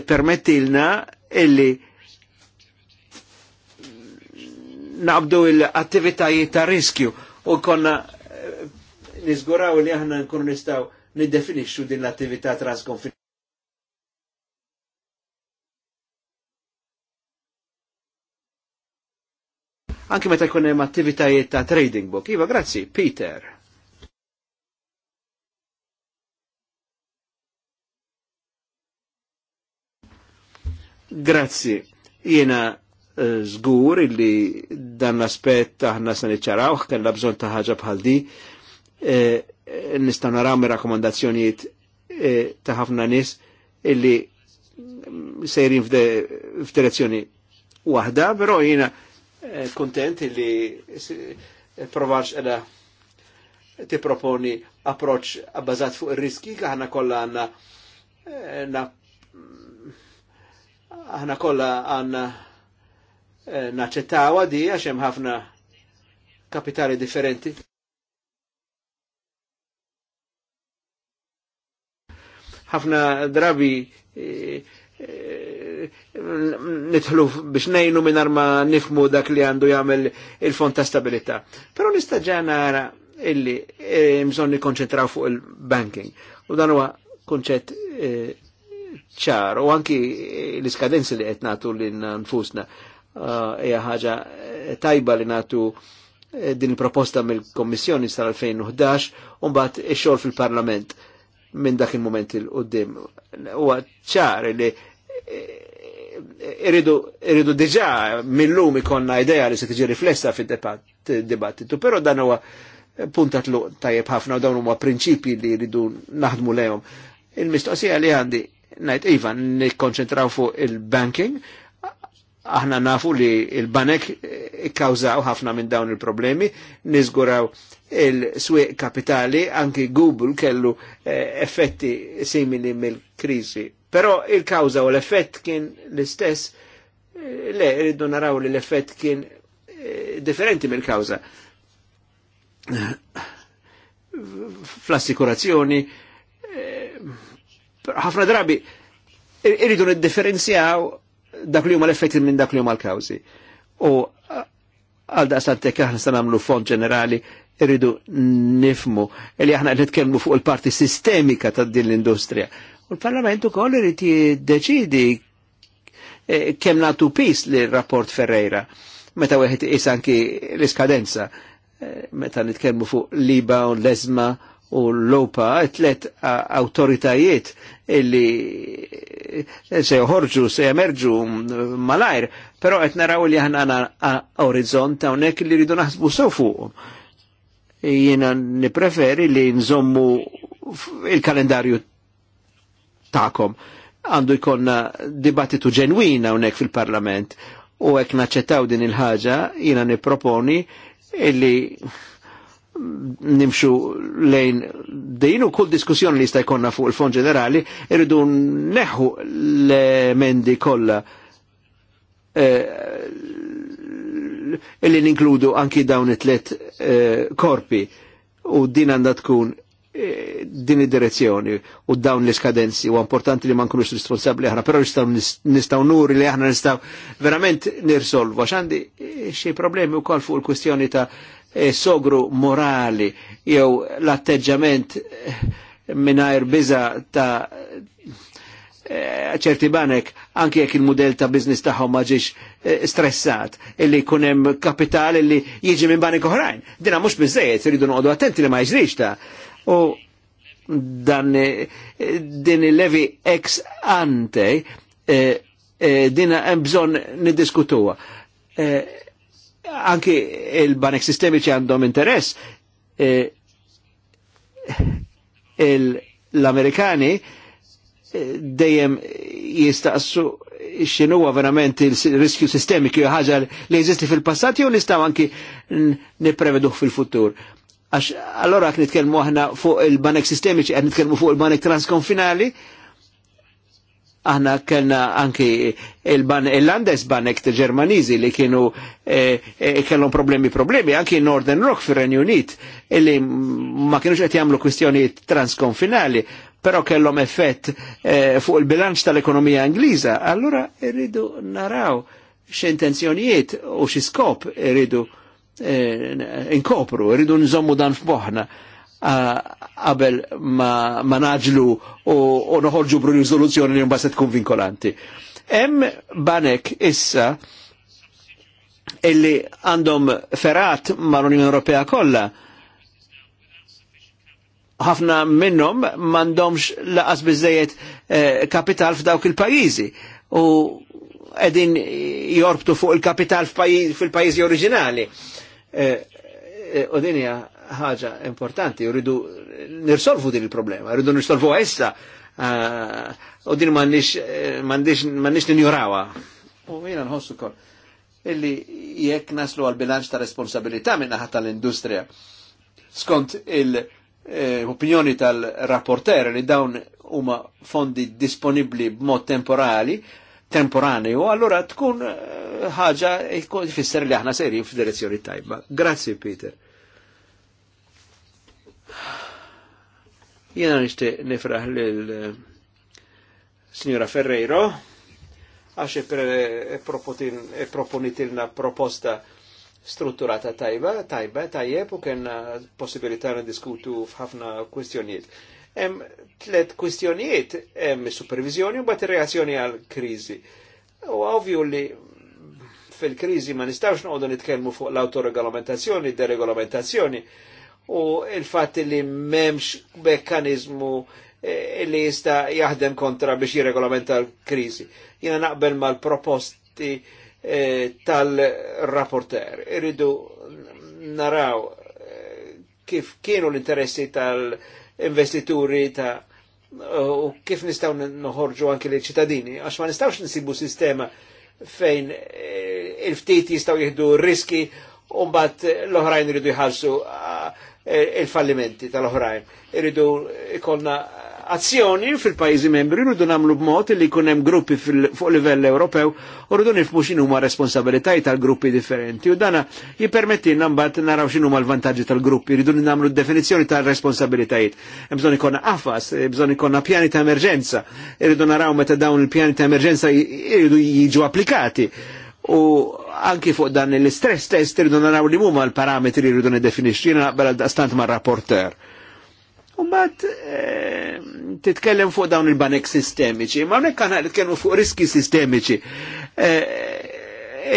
permettilna illi nabdu l-attivitajiet ta' riskju u konna eh, nizguraw li aħna nkunu nistaw niddefinixxu din l-attività transkonfinali. Anki meta jkun hemm attivitajiet ta' trading book. Iva, grazzi, Peter. Grazzi. Jena eh, zgur illi dan l-aspet aħna san niċċaraw, kellha bżonn ta' bħaldi, eh, nistan naraw mir-rakkomandazzjonijiet taħafna eh, ta' ħafna nies illi sejrin f'direzzjoni waħda, pero jiena kontent illi provax edha ti proponi approċ abbażat fuq il riski aħna kollha għandna aħna kollha għandna eh, naċċettawa di għax hemm ħafna kapitali differenti. ħafna drabi eh, eh, nitħlu biex nejnu minn ma nifmu dak li għandu jagħmel il-fond ta' stabilità. Però nista' ġanara illi bżonn nikkonċentraw fuq il-banking. U dan huwa kunċett ċar u anki l-iskadenzi li qed nagħtu li nfusna Eja eh, ħagġa ħaġa tajba li nagħtu eh, din il-proposta mill-Kommissjoni sal-2011 u mbagħad ix-xogħol fil-Parlament minn dak il-moment il-qoddim. Huwa ċar li eh, irridu, irridu diġà mill-lum ikonna idea li se tiġi riflessa fid-dibattitu, però dan huwa punta tluq tajjeb ħafna u dawn huma prinċipji li jridu naħdmu lehom. Il-mistoqsija li għandi Najt Iva, nikkonċentraw fuq il-banking, aħna nafu li il-banek ikkawżaw ħafna minn dawn il-problemi, nizguraw il-swieq kapitali, anki Google kellu eh, effetti simili mill krizi Però il-kawza u l-effett kien l-istess, eh, le, rridu naraw li l-effett kien eh, differenti mill-kawza. Fl-assikurazzjoni, ħafna drabi irridu niddifferenzjaw dak li huma l-effetti minn dak li huma l-kawżi. U għal daqstant jekk aħna se nagħmlu fond ġenerali irridu nifmu li aħna qed nitkellmu fuq il-parti sistemika ta' din l-industrija. U l-Parlament ukoll irid jiddeċidi e, kemm nagħtu pis li rapport Ferreira meta wieħed is anki l-iskadenza e, meta nitkellmu fuq liba u l-eżma u l-Lopa, tlet autoritajiet illi se joħorġu, se jemerġu malajr, pero qed naraw li aħna għana orizzont hawnhekk li rridu naħsbu sofu. Jena nipreferi li nżommu il-kalendarju ta'kom għandu jkonna dibattitu ġenwina unek fil-parlament u għek naċċettaw din il-ħaġa jena niproponi illi nimxu lejn dejnu kull diskussjoni li jista' jkollna fuq il-Fond Ġenerali irridu neħu l-emendi kollha eh, illi ninkludu anki dawn it-tlet eh, korpi u din għandha tkun eh, din id-direzzjoni u dawn l-iskadenzi u importanti li ma nkunux responsabli aħna, però nistaw nistgħu nuri li aħna nistaw verament nirsolvu għax għandi xi problemi wkoll fuq il-kwestjoni ta' E sogru morali jew l-atteġġament eh, mingħajr biża ta' eh, ċerti banek anki jekk il-modell ta' biznis tagħhom ma ġiex eh, stressat illi jkun hemm kapital illi jiġi minn banek oħrajn. Dina mhux biżejjed iridu noqogħdu attenti li ma jiġrix ta' u dan din il-levi ex ante dina hemm bżonn niddiskutuha anki il-banek sistemiċi għandhom interess e, l-Amerikani e, dejjem jistaqsu xinuwa verament il-riskju sistemiku ħaġa li jeżisti fil-passat jew nistgħu anki nippreveduh fil-futur. Għax allora qed nitkellmu aħna fuq il-banek sistemiċi qed nitkellmu fuq il-banek transkonfinali, aħna kellna anki il-Landes Banek ġermaniżi li kienu e, e, kellhom problemi problemi, anki Northern Rock fir renju Unit, illi ma kienux qed jagħmlu kwistjoni transkonfinali, però kellhom effett e, fuq il-bilanċ tal-ekonomija Ingliża. Allura irridu naraw x'intenzjonijiet u xi skop irridu inkopru, irridu nżommu dan f'boħna għabel ma, ma naġlu u noħorġu bru riżoluzzjoni li mbagħad tkun vinkolanti. Hemm banek issa illi għandhom ferat ma l unjoni Ewropea kollha ħafna minnhom m'għandhomx laqas biżejjed eh, kapital f'dawk il-pajjiżi u qegħdin jorbtu fuq il-kapital fil-pajjiżi oriġinali. Eh, eh u dinja ħaġa importanti, rridu nirsolvu din il-problema, rridu nirsolvu għessa, eh, u din mannix eh, ninjurawa. U jena nħossu kol, illi jek naslu għal bilanċ ta' responsabilita' minna ħatta l-industrija. Skont il-opinjoni eh, tal-rapporter li dawn huma fondi disponibli b'mod temporali, temporaneo, allora tkun ħaġa jfisser li aħna seri f'direzzjoni tajba. Grazie, Peter. Jena nishti nifraħ lil eh, Signora Ferreiro għaxe e e proponitilna proposta strutturata tajba, tajba, tajjeb u kena possibilità diskutu f'ħafna kwistjonijiet. Em tlet kwistjonijiet em supervizjoni u bat reazzjoni għal krizi. U għavju li fil krizi ma nistgħux noqogħdu nitkellmu fuq l-autoregolamentazzjoni, deregolamentazzjoni, u il-fatt li memx mekkanizmu eh, li jista jaħdem kontra biex jiregolamenta l-krizi. Jina naqbel mal-proposti eh, tal-rapporter. Irridu naraw eh, kif kienu l-interessi tal-investituri ta' u kif nistaw noħorġu anki li ċittadini, għax ma nistawx nsibu sistema fejn il-ftit jistaw jihdu riski un bat l-oħrajn rridu jħalsu ah, E, il-fallimenti tal-oħrajn. Irridu ikolna azzjoni fil pajizi membri, irridu namlu b'mod li jkun hemm gruppi fuq livell Ewropew irridu nifmu xinu ma huma tal-gruppi differenti. U dana jippermettilna mbagħad naraw xinu ma l-vantaġġi tal-gruppi, irridu nagħmlu definizjoni tal-responsabilitajiet. Bżon bżonn affas, bżon bżonn pjani ta' emerġenza, irridu naraw meta dawn il-pjani ta' emerġenza irridu jiġu applikati. U anki fuq dan l-stress test irridu naraw li mumma l-parametri irridu nidefinixxi naqbel stant ma' rapporter. Mbagħad eh, titkellem fuq dawn il-banek sistemiċi, ma' hawnhekk kan nitkellmu fuq riski sistemiċi. Eh,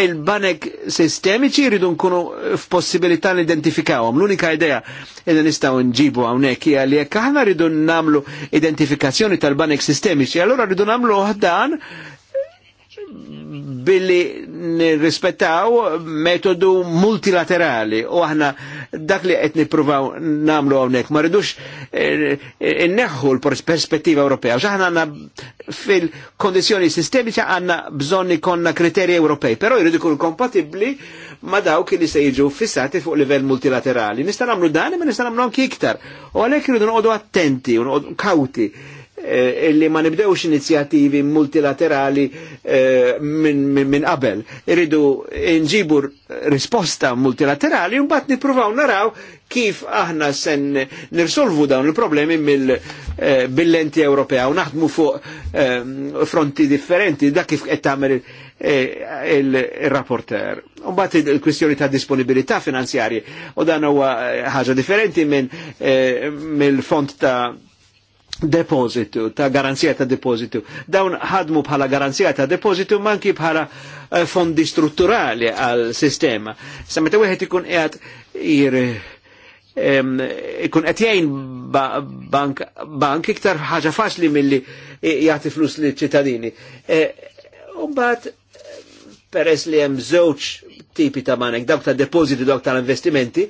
il-banek sistemiċi jridu nkunu f'possibilità l-identifikawhom. L-unika idea li nistgħu nġibu hawnhekk hija li jekk aħna rridu nagħmlu identifikazzjoni tal-banek sistemiċi, allura rridu nagħmlu dan billi nirrispettaw metodu multilaterali u aħna dak li qed nippruvaw namlu hawnhekk ma rridux eh, eh, inneħħu l-perspettiva Ewropea. aħna għandna fil-kondizzjoni sistemiċa għandna bżonn ikonna kriterji Ewropej, però jridu jkunu kompatibbli ma dawk li se jiġu fissati fuq livell multilaterali. Nista' nagħmlu dan ma nista' nagħmlu anke iktar. U għalhekk irridu noqogħdu attenti u kawti Eh, illi ma nibdewx inizjattivi multilaterali eh, minn qabel. Irridu nġibu risposta multilaterali un bat nipruvaw naraw kif aħna sen nirsolvu dawn il-problemi mill-billenti eh, Ewropea u naħdmu fuq ehm, fronti differenti da kif qed tagħmel il-rapporter. Il Umbat il-kwistjoni ta' disponibilità finanzjarji u dan huwa ħaġa differenti minn mill-font ta' depositu, ta' garanzija ta' depositu. Dawn ħadmu bħala garanzija ta' depositu manki bħala eh, fondi strutturali għal sistema. Samet u għet ikun għet jir ikun qed jgħin bank, bank iktar ħaġa faċli mill-li jgħati flus li ċittadini. Eh, Umbat, peress li hemm żewġ tipi ta' banek, dawk ta' depositi, dawk tal-investimenti,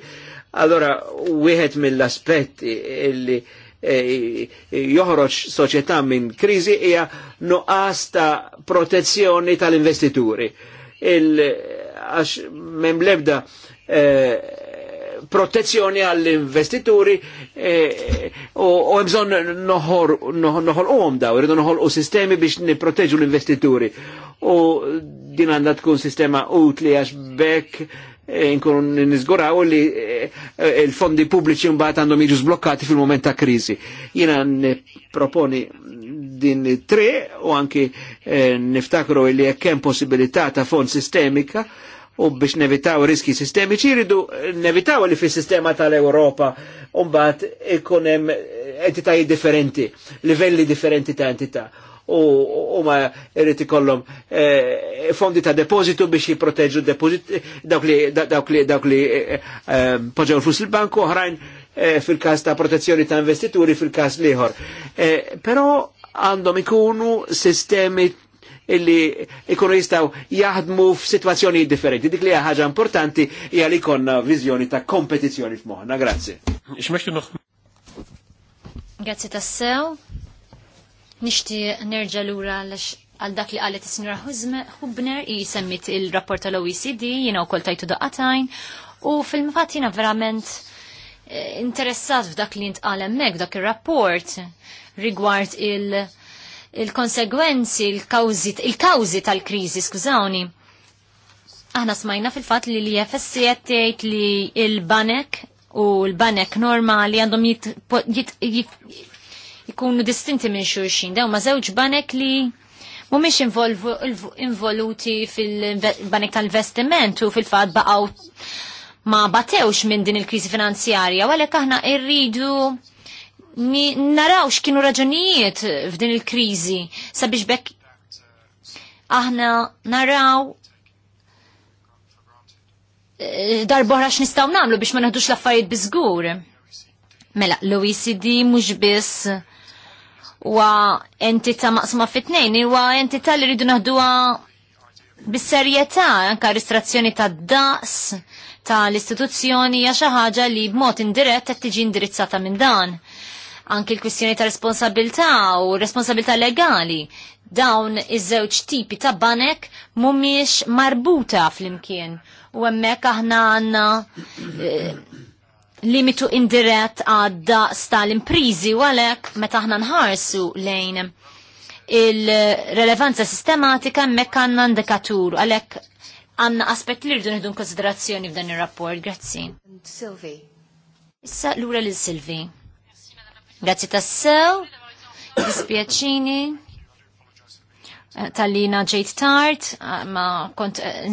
allora wieħed mill-aspetti illi E, e, joħroġ soċjetà minn krizi hija nuqqas ta' protezzjoni tal-investituri. Għax mem lebda e, protezzjoni għall-investituri u għemżon noħol u uħom daw, rridu noħol u sistemi biex niproteġu l-investituri. U din għandha tkun sistema utli għax bekk E nkun nizguraw li e, e, il-fondi pubbliċi mbagħad għandhom jiġu zblokkati fil-moment ta' kriżi. Jiena proponi din tre u anki niftakru li jekk hemm possibilità ta' fond sistemika u biex nevitaw riski sistemiċi jridu nevitaw li fis sistema tal-Europa umbat ikun hemm entitajiet differenti, livelli differenti ta' entità u ma irrid ikollhom eh, fondi ta' depositu biex jiproteġu depożit dawk li dawk li dawk eh, li eh, poġġew fus il-banku oħrajn fil kas ta' protezzjoni ta' investituri fil kas liħor. Però għandhom ikunu sistemi illi ikunu jistaw jaħdmu f-situazzjoni differenti. Dik li hija ħaġa importanti hija li konna viżjoni ta' f-moħna. Grazie. Grazie tassew. Nixtieq nerġa' lura għal dak li qalet is-Sinjora Hubner i semmit il-rapport tal-OECD, jiena wkoll tajtu daqatajn, u fil mfat jiena verament eh, interessat f'dak li għalem mek, dak ir-rapport rigward il- konsegwenzi il-kawzi tal-kriżi, skużawni. Aħna smajna fil-fatt li l-IFSC jgħid li l-banek u l-banek normali għandhom jikunu distinti minn xurxin. Daw ma żewġ banek li mhumiex involuti fil-banek tal-investiment u fil-fatt baqgħu ma batewx minn din il-kriżi finanzjarja, għalhekk aħna irridu naraw x'kienu raġunijiet f'din il-kriżi sabiex bekk aħna naraw eh, darbohra x'nistgħu nagħmlu biex ma naħdux l-affarijiet biżgur. Mela, l-OECD mhux biss huwa entita' maqsuma fit-tnejn, huwa entità li rridu naħduha bis-serjetà, anke ristrazzjoni tad-daqs tal-istituzzjoni hija xi ħaġa li b'mod indirett qed tiġi indirizzata minn dan. Anki l-kwistjoni ta' responsabilità u responsabilità legali dawn iż-żewġ tipi ta' banek mhumiex marbuta flimkien u hemmhekk aħna għandna eh, limitu indirett għadda sta l-imprizi u għalek meta nħarsu lejn il-relevanza sistematika mekk għanna indikatur għalek għanna aspet li rridu nħidu konsiderazzjoni f'dan il-rapport. Grazzi. Silvi. Issa l-ura l Silvi. Grazzi tassew. Dispiaċini tal-lina ġejt tard, ma kont eh,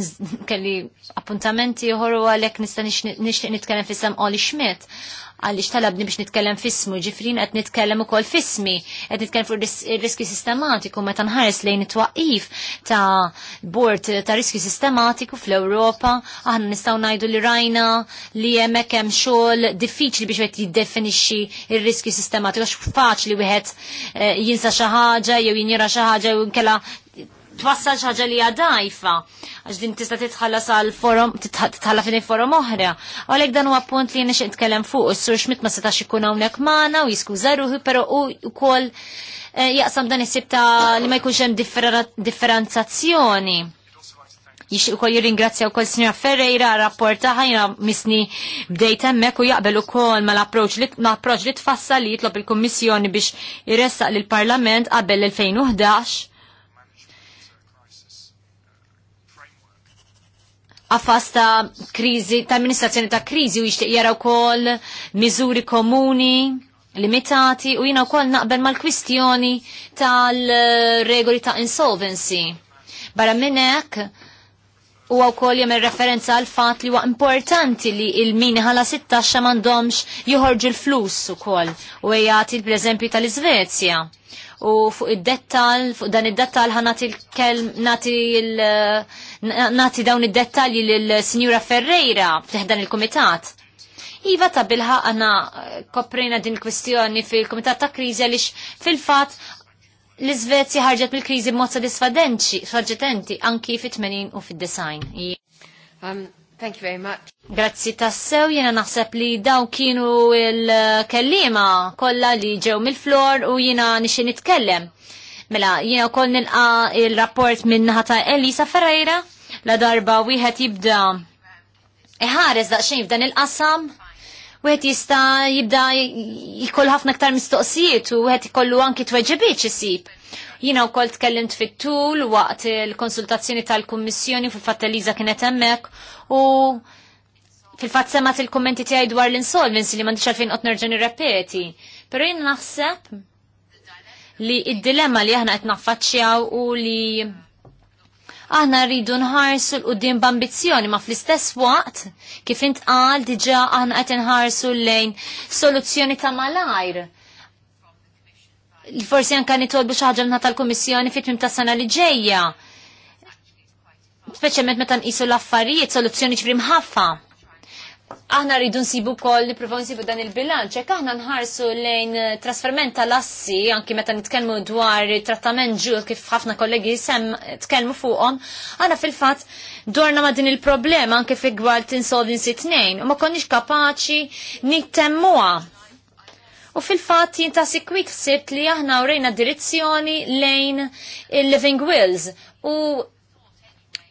kelli appuntamenti uħor u għalek nista nixtieq nitkellem fissam Oli Schmidt għaliex talabni biex nitkellem fismu, ġifrin qed nitkellem ukoll fismi, qed nitkellem fuq ir-riskju sistematiku meta nħares lejn it-twaqif ta' bord ta' riskju sistematiku fl-Ewropa, aħna nistgħu ngħidu li rajna li hemmhekk hemm xogħol diffiċli biex wieħed jiddefinixxi il riskju sistematiku għax faċli wieħed eh, jinsa xi ħaġa jew jinjira xi ħaġa jew inkella twassal xaġa li għadajfa, għax din tista titħallas għal forum, titħalla fin forum oħra. Għalek dan huwa punt li nix tkellem fuq, s-sur xmit ma setax ikun hawnhekk magħna u jiskuża ruħu, però u wkoll eh, jaqsam dan isib ta' li ma jkunx hemm differenzazzjoni. Jix u koll jiringrazzja u koll Sinja Ferreira rapporta ħajna misni bdejt hemmhekk u jaqbel ukoll mal-approċ li l-approċ li tfassal li jitlob il-Kummissjoni biex jressaq lill-Parlament qabel 2011 għafas ta' krizi, ta' amministrazzjoni ta' krizi u jishtiq jara wkoll miżuri komuni limitati u jina wkoll naqbel mal-kwistjoni tal-regoli ta' insolvency. Barra minnek, u wkoll jem referenza għal fat li huwa importanti li il-min ħala 16 m'għandhomx joħorġu l-flus ukoll u għejat il-preżempju tal-Iżvezja. U fuq id-dettal, fuq dan id-dettal ħa nati l-kelm, nati nati dawn id-dettalji lill-Sinjura Ferreira f'teħdan il-Kumitat. Iva ta' bilħa għana koprina din kwestjoni fil-Komitat ta' Krizja lix fil-fat l-Svezja ħarġet mill-kriżi b'mod sodisfadenti anki fit-80 u fid-design. Um, thank you very much. Grazzi tassew, jena naħseb li daw kienu il-kellima kolla li ġew mill-flor u jena nixin nitkellem. Mela, jena kol nilqa il-rapport minn ħata Elisa Ferreira la darba wieħed jibda iħares daqsxejn f'dan il-qasam u għet jista jibda jikoll ħafna ktar mistoqsijiet u għet jkollu anki tweġibiet jisib. Jina u koll tkellimt fit-tul waqt il-konsultazzjoni tal-Kommissjoni fil-fatt Eliza kienet emmek u fil-fatt semat il-kommenti tiegħi dwar l insolvenzi li m'għandix fejn qed nerġa' nirrepeti. Però jien naħseb li id-dilemma li aħna qed naffaċċjaw u li aħna rridu nħarsu l-qudiem b'ambizzjoni ma fl-istess waqt kif intqal diġà aħna qed inħarsu lejn soluzzjoni ta' malajr. Forsi anka nitolbu xi ħaġa tal-Kummissjoni fit-tmim ta' sena li ġejja. Speċjalment meta nqisu l-affarijiet soluzzjoni ġrim ħafna aħna rridu nsibu kol niprofaw nsibu dan il-bilanċ, jekk aħna nħarsu lejn eh, trasferment tal-assi, anki meta nitkellmu dwar trattament ġu, kif ħafna kollegi sem tkellmu fuqhom, aħna fil-fatt dorna ma din il-problema anke fi gwalt sit 2 u ma konniex kapaċi nittemmuha. U fil-fatt jintasi kwik sibt li aħna urejna direzzjoni lejn il-Living Wills u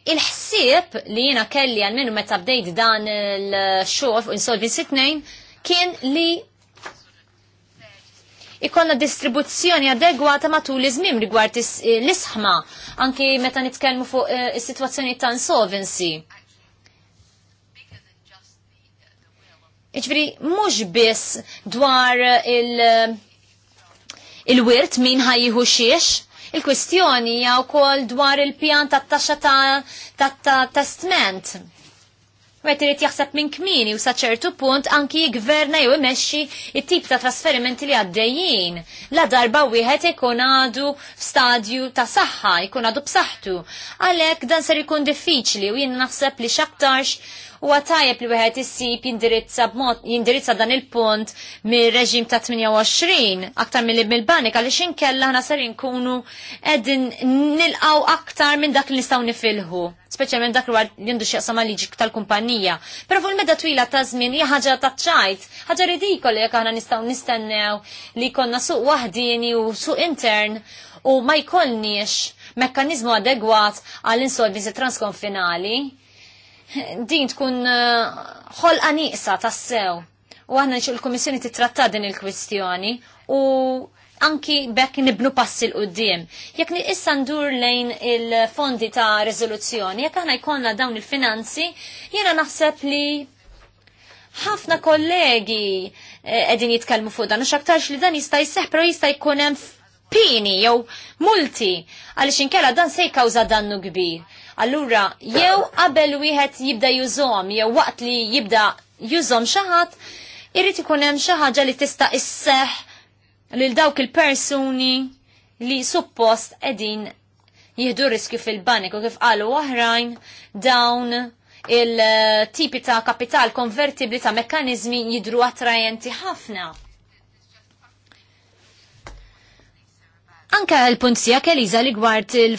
Il-ħsieb li jiena kelli għal minnu meta bdejt dan il-xogħol fuq Insolvency sitnejn kien li ikonna distribuzzjoni adegwata matul iż-żmien rigward l-isħma anki meta nitkellmu fuq eh, is-sitwazzjoni ta' insolvency. Iġveri, mhux biss dwar il- il-wirt min ħajjiħu xiex, Il-kwistjoni hija wkoll dwar il-pjan tat-taxxa ta' testment. Wet irid jaħseb minn kmini u saċertu punt anki jgverna jew imexxi it-tip ta' trasferimenti li għaddejjin. La darba wieħed ikun għadu f'stadju ta' saħħa, jkun għadu b'saħħtu. Għalhekk dan ser ikun diffiċli u jien naħseb li x'aktarx u għatajab li wieħed issib jindirizza b'mod jindirizza dan il-punt mir-reġim ta' 28 aktar mill mill-banik għaliex inkella ħna ser inkunu qegħdin nilqgħu aktar minn dak li nistgħu nifilħu, speċjalment dak li jindu x'jaqsam liġi tal-kumpanija. Però fuq il-meda twila ta' żmien hija ħaġa ta' ċajt, ħaġa ridikoli jekk aħna nistgħu nistennew li konna suq waħdini u suq intern u ma jkollniex mekkanizmu adegwat għall-insolvenzi transkonfinali din tkun eh, ħolqa nieqsa tassew. U għanna il-Komissjoni titratta din il-kwistjoni u anki bekk nibnu passi l-qoddim. Jek issa ndur lejn il-fondi ta' rezoluzzjoni, jek aħna jkollna dawn il-finanzi, jena naħseb li ħafna kollegi eh, edin jitkalmu fuq dan, u xaktarx li dan jista' jseħ, pero jista' jkun hemm pini jew multi għaliex inkella dan se jkawża dannu kbir. Allura, jew qabel wieħed jibda jużom, jew waqt li jibda jużom ħadd irid ikun hemm xi ħaġa li tista' isseħ lil dawk il-persuni li suppost qegħdin jieħdu riskju fil-banik u kif qalu oħrajn dawn il-tipi ta' kapital konvertibli ta' mekkanizmi jidru attrajenti ħafna. Anka l-punt sija keliza li gwart il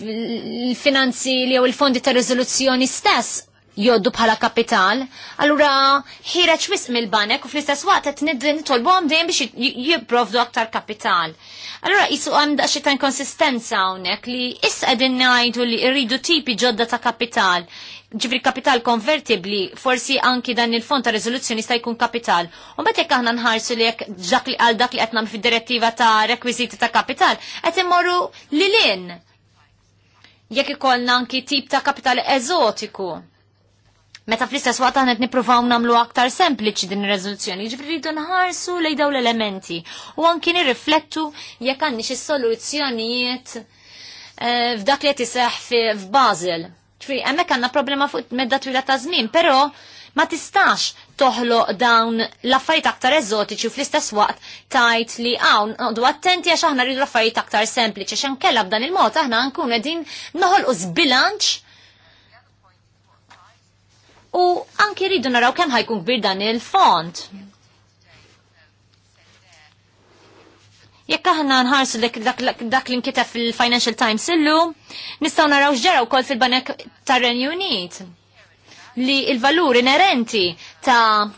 il-finanzi li jew il-fondi ta' riżoluzzjoni stess joddu bħala kapital, allura ħireċ wisq mill-banek u fl-istess waqt qed nitolbu għom dejjem biex jipprovdu aktar kapital. Allura jisu għam xi ta' inkonsistenza hawnhekk li issa qegħdin ngħidu li rridu tipi ġodda ta' kapital. Ġifri kapital konvertibli, forsi anki dan il-fond ta' riżoluzzjoni sta' jkun kapital. U bat jekk aħna nħarsu li jekk li għal dak li qed nagħmlu fid-direttiva ta' rekwiżiti ta' kapital, qed immorru lilin jekk ikollna anki tip ta' kapital eżotiku. Meta fl-istess waqt għanet nipruvaw namlu aktar sempliċi din ir reżoluzzjoni ġifri rridu nħarsu lej daw l-elementi u anki nirriflettu jekk għandni xi soluzzjonijiet eh, f'dak li qed iseħħ f'Basel. Ġifri hemmhekk għandna problema fuq medda twila ta' żmien, però ma tistax toħloq dawn l-affarijiet aktar eżotiċi fl-istess waqt tajt li hawn għadu attenti għax aħna rridu l-affarijiet aktar sempliċi għax kella b'dan il-mod aħna nkun qegħdin noħolqu zbilanċ u anki rridu naraw kemm ħajkun kbir dan il-font. Jekk aħna nħarsu dak l inkita fil-Financial Times illum, nistgħu naraw x'ġara wkoll fil-Banek tar-Renju Unit li il-valur inerenti ta'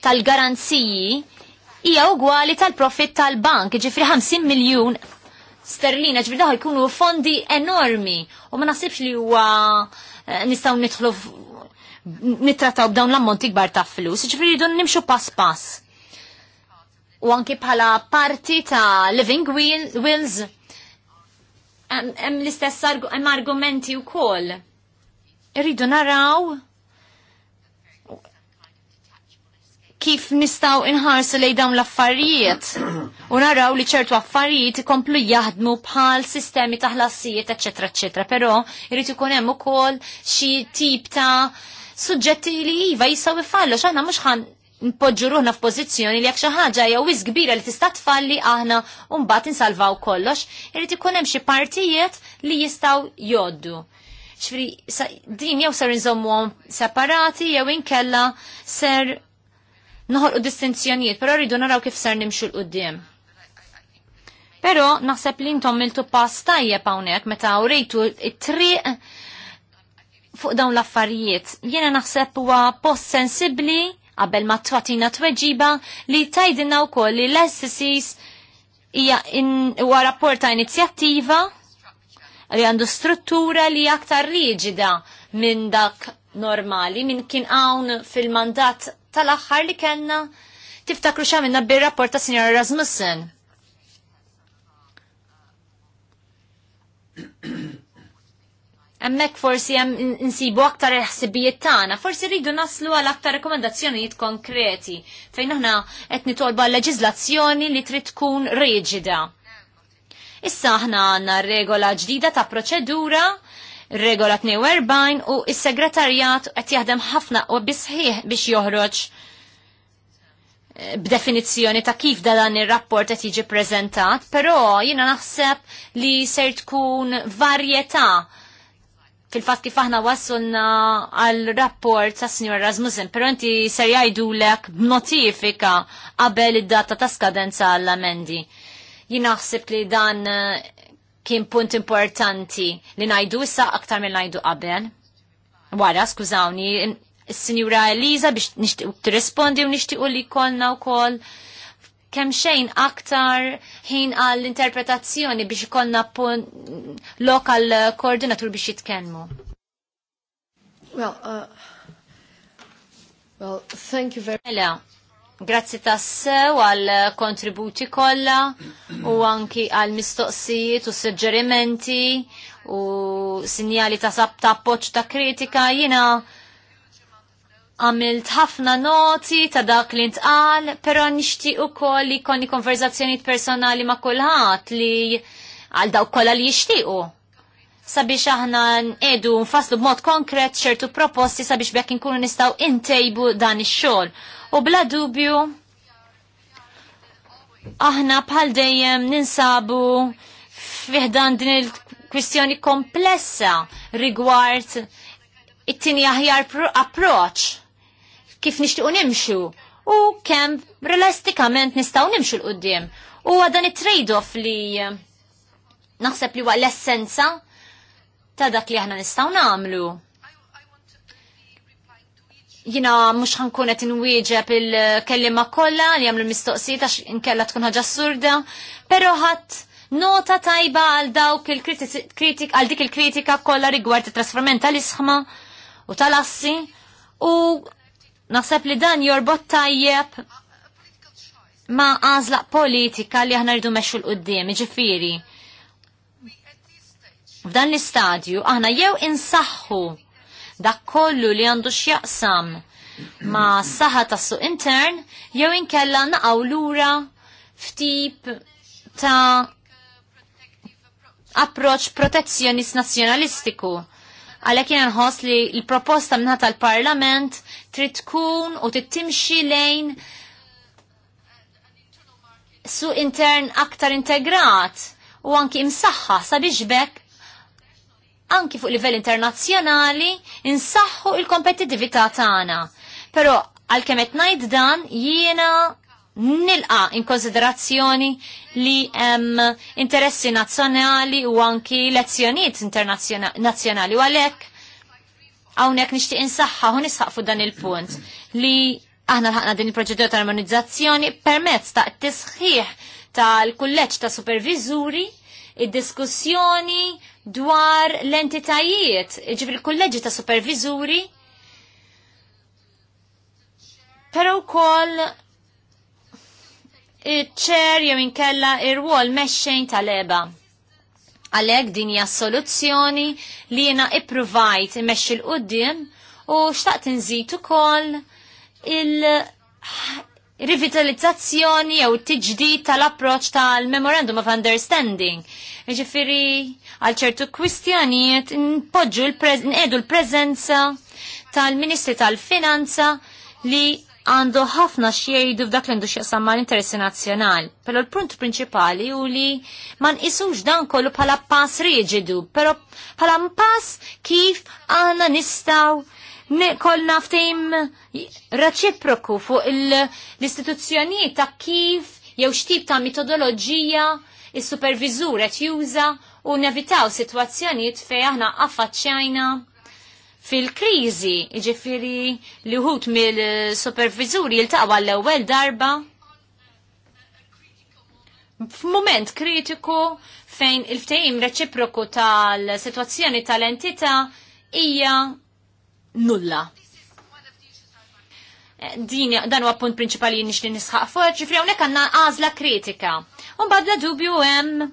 tal-garanziji hija ugwali tal-profit tal-bank, ġifri 50 miljun sterlina, ġifri daħu jkunu fondi enormi u ma nasibx li huwa eh, nistaw nidħlu nittrattaw b'dawn l-ammonti kbar ta' flus, ġifri rridu nimxu pass pass. U anki bħala parti ta' Living wheels hemm l-istess argumenti wkoll Irridu naraw kif nistaw inħarsu lej dawn l-affarijiet u naraw li ċertu affarijiet ikomplu jaħdmu bħal sistemi ta' ħlasijiet, eccetera, eccetera. Però irrid ikun hemm ukoll xi tip ta' suġġetti li iva jistgħu ifallu x'aħna mhux ħan npoġġu ruħna f'pożizzjoni li jekk xi ħaġa jew wis kbira li tista' tfalli aħna u mbagħad insalvaw kollox, irid ikun hemm xi partijiet li jistgħu jgħoddu ċfri din jew ser nżommuhom separati jew inkella ser noħolqu distinzjonijiet, però rridu naraw kif ser nimxu l-qudiem. Pero naħseb li ntom miltu pass tajjeb hawnhekk meta rejtu it-triq fuq dawn l-affarijiet. Jiena naħseb huwa post sensibbli qabel ma twatina tweġiba li tajdinna wkoll li l-SSIS hija huwa rapport inizjattiva li għandu struttura li aktar riġida minn dak normali, minn kien hawn fil-mandat tal-aħħar li kellna tiftakru minna bir-rapport ta' Sinjor Rasmussen. Emmek forsi jem nsibu aktar il-ħsibijiet tagħna, forsi rridu naslu għal aktar rekomendazzjonijiet konkreti fejn aħna qed nitolba leġiżlazzjoni li trid tkun riġida. Issa aħna għanna regola ġdida ta' proċedura, regola 42 u il segretarjat qed jaħdem ħafna u bisħieħ biex joħroġ eh, b'definizzjoni ta' kif da dan ir-rapport qed jiġi prezentat, però jiena naħseb li ser tkun varjetà fil-fatt kif aħna wassulna għal rapport ta' Sinjor Rasmussen, però inti ser jgħidulek b'notifika qabel id-data ta' skadenza għall-amendi. Jinaħseb li dan eh, kien punt importanti li najdu issa aktar minn najdu qabel. Wara, skużawni, s-sinjura Eliza biex nishtiq t-respondi u nishtiq li kolna u kol kem xejn aktar ħin għall interpretazzjoni biex ikonna lokal koordinatur biex jitkellmu. Well, uh, well, thank you very much. Grazzi tassew għal kontributi kollha u anki għal mistoqsijiet u suġġerimenti u sinjali ta' sab ta' poċ ta' kritika jina għamilt ħafna noti ta' dak li ntqal, pero nishti u koll li koni konverzazzjoniet personali ma' kullħat li għal daw kolla li jishtiqu. Sabiex aħna n-edu nfaslu b'mod konkret ċertu proposti sabiex bekk nkunu nistaw intejbu dan ix-xogħol u bla dubju aħna bħal dejjem ninsabu fiħdan din il-kwistjoni komplessa rigward it-tini aħjar approach kif nishtiqu nimxu u kemm realistikament nistaw nimxu l-qoddim. U għadan it-trade-off li naħseb li huwa l-essenza ta' dak li aħna nistaw namlu jina mux ħankun qed inwieġeb il-kellima kollha li jagħmlu mistoqsijiet għax inkella tkun ħaġa surda, però ħadd nota tajba għal dawk il-kritik għal dik il-kritika kollha rigward it-trasferment tal-isħma u tal-assi u naħseb li dan jorbot tajjeb ma għażla politika li aħna rridu meċu l qoddim ġifieri. F'dan l-istadju aħna jew insaħħu dak kollu li għandu x'jaqsam ma' saħa tas-suq intern jew inkella naqaw lura ftip ta' approċ protezzjonist nazzjonalistiku. Għalhekk jien nħoss li l-proposta minna tal-Parlament trid tkun u tittimxi lejn su intern aktar integrat u anki imsaħħa sabiex bekk anki fuq livell internazzjonali insaħħu il-kompetitività tagħna. Però għalkemm qed ngħid dan jiena nilqa in konsiderazzjoni li hemm interessi nazzjonali u anki lezzjonijiet nazzjonali u għalhekk hawnhekk nixtieq insaħħa u nisħaq fuq dan il-punt li aħna ħaqna din il-proċedura ta' armonizzazzjoni permezz ta' tisħiħ tal-kulleġġ ta' supervizuri id-diskussjoni dwar l-entitajiet, ġibri l-kolleġi ta' supervizuri, pero kol iċ-ċer jew inkella ir-wol mexxejn tal-eba. Għalhekk din hija soluzzjoni li jiena ippruvajt imexxi l qudiem u xtaqt inżid ukoll il-rivitalizzazzjoni jew t-tiġdid tal-approċċ tal-Memorandum of Understanding. Jiġifieri għal ċertu kwistjonijiet npoġġu l-preżenza l tal-Ministri tal-Finanza li għandu ħafna xiejdu f'dak li għandu xieqsam l-interessi nazjonal. Pero l-punt principali u li man isux dan kollu pala pass rigidu, pero pala pass kif għana nistaw kolna naftim reċiproku fuq l-istituzzjonijiet ta' kif jew xtib ta' metodoloġija il-supervizur qed juża u nevitaw situazzjoniet fej aħna affaċċjajna fil-krizi, iġifiri li uħut mill-supervizuri jiltaqwa l-ewwel darba f'moment kritiku fejn il-ftehim reċiproku tal-situazzjoni tal entita hija nulla. Din, dan huwa punt prinċipali nix li nisħaq fuq, ġifri hawnhekk għandna għażla kritika. Unbad la dubju hemm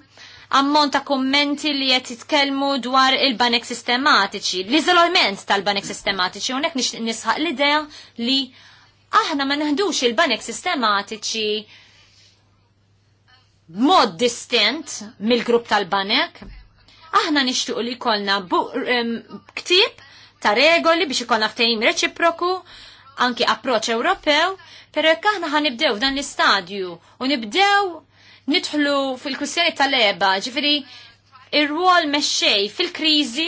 ammont ta' kommenti li qed jitkellmu dwar il-banek sistematiċi, l-iżolament tal-banek sistematiċi, unek nisħaq l-idea li aħna ma neħdux il-banek sistematiċi mod distint mill-grupp tal-banek. Aħna nixtiequ li jkollna ktib ta' regoli biex ikollna ftehim reċiproku, anki approċ Ewropew, pero jekk aħna ħanibdew dan l-istadju u nibdew nidħlu fil-kwistjoni tal-eba, ġifiri ir ruol meċċej fil-kriżi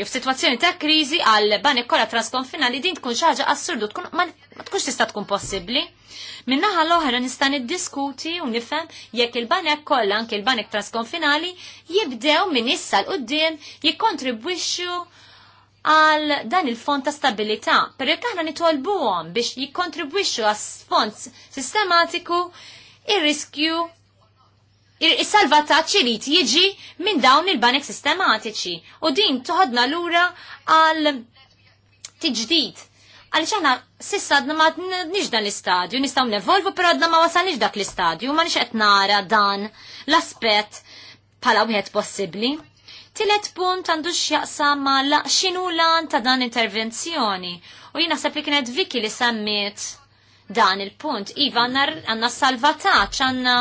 jew f'sitwazzjoni ta' kriżi għal banek kollha transkonfinali din tkun xi ħaġa assurdu tkun ma tkunx tista' tkun possibbli. Minnaħa l-oħra nista' niddiskuti u nifhem jekk il-banek kollha anke il-banek transkonfinali jibdew minn issa l qudiem jikkontribwixxu għal dan il-fond ta' stabilità, per jekk aħna nitolbuhom biex jikkontribwixxu għas fond sistematiku ir-riskju il-salvataċ li jiġi minn dawn il-banek sistematiċi u din toħodna lura għal tiġdid. Għalix ċana sissa għadna ma nix dan l-istadju, nistaw nevolvu, pero għadna ma wasal nix dak l-istadju, ma nix nara dan l-aspet pala wieħed possibli. Tilet punt għandu xjaqsa ma laqxinu lan ta' dan intervenzjoni. U jina sepp li kienet Viki li sammiet dan il-punt. Iva għanna salvataċ għanna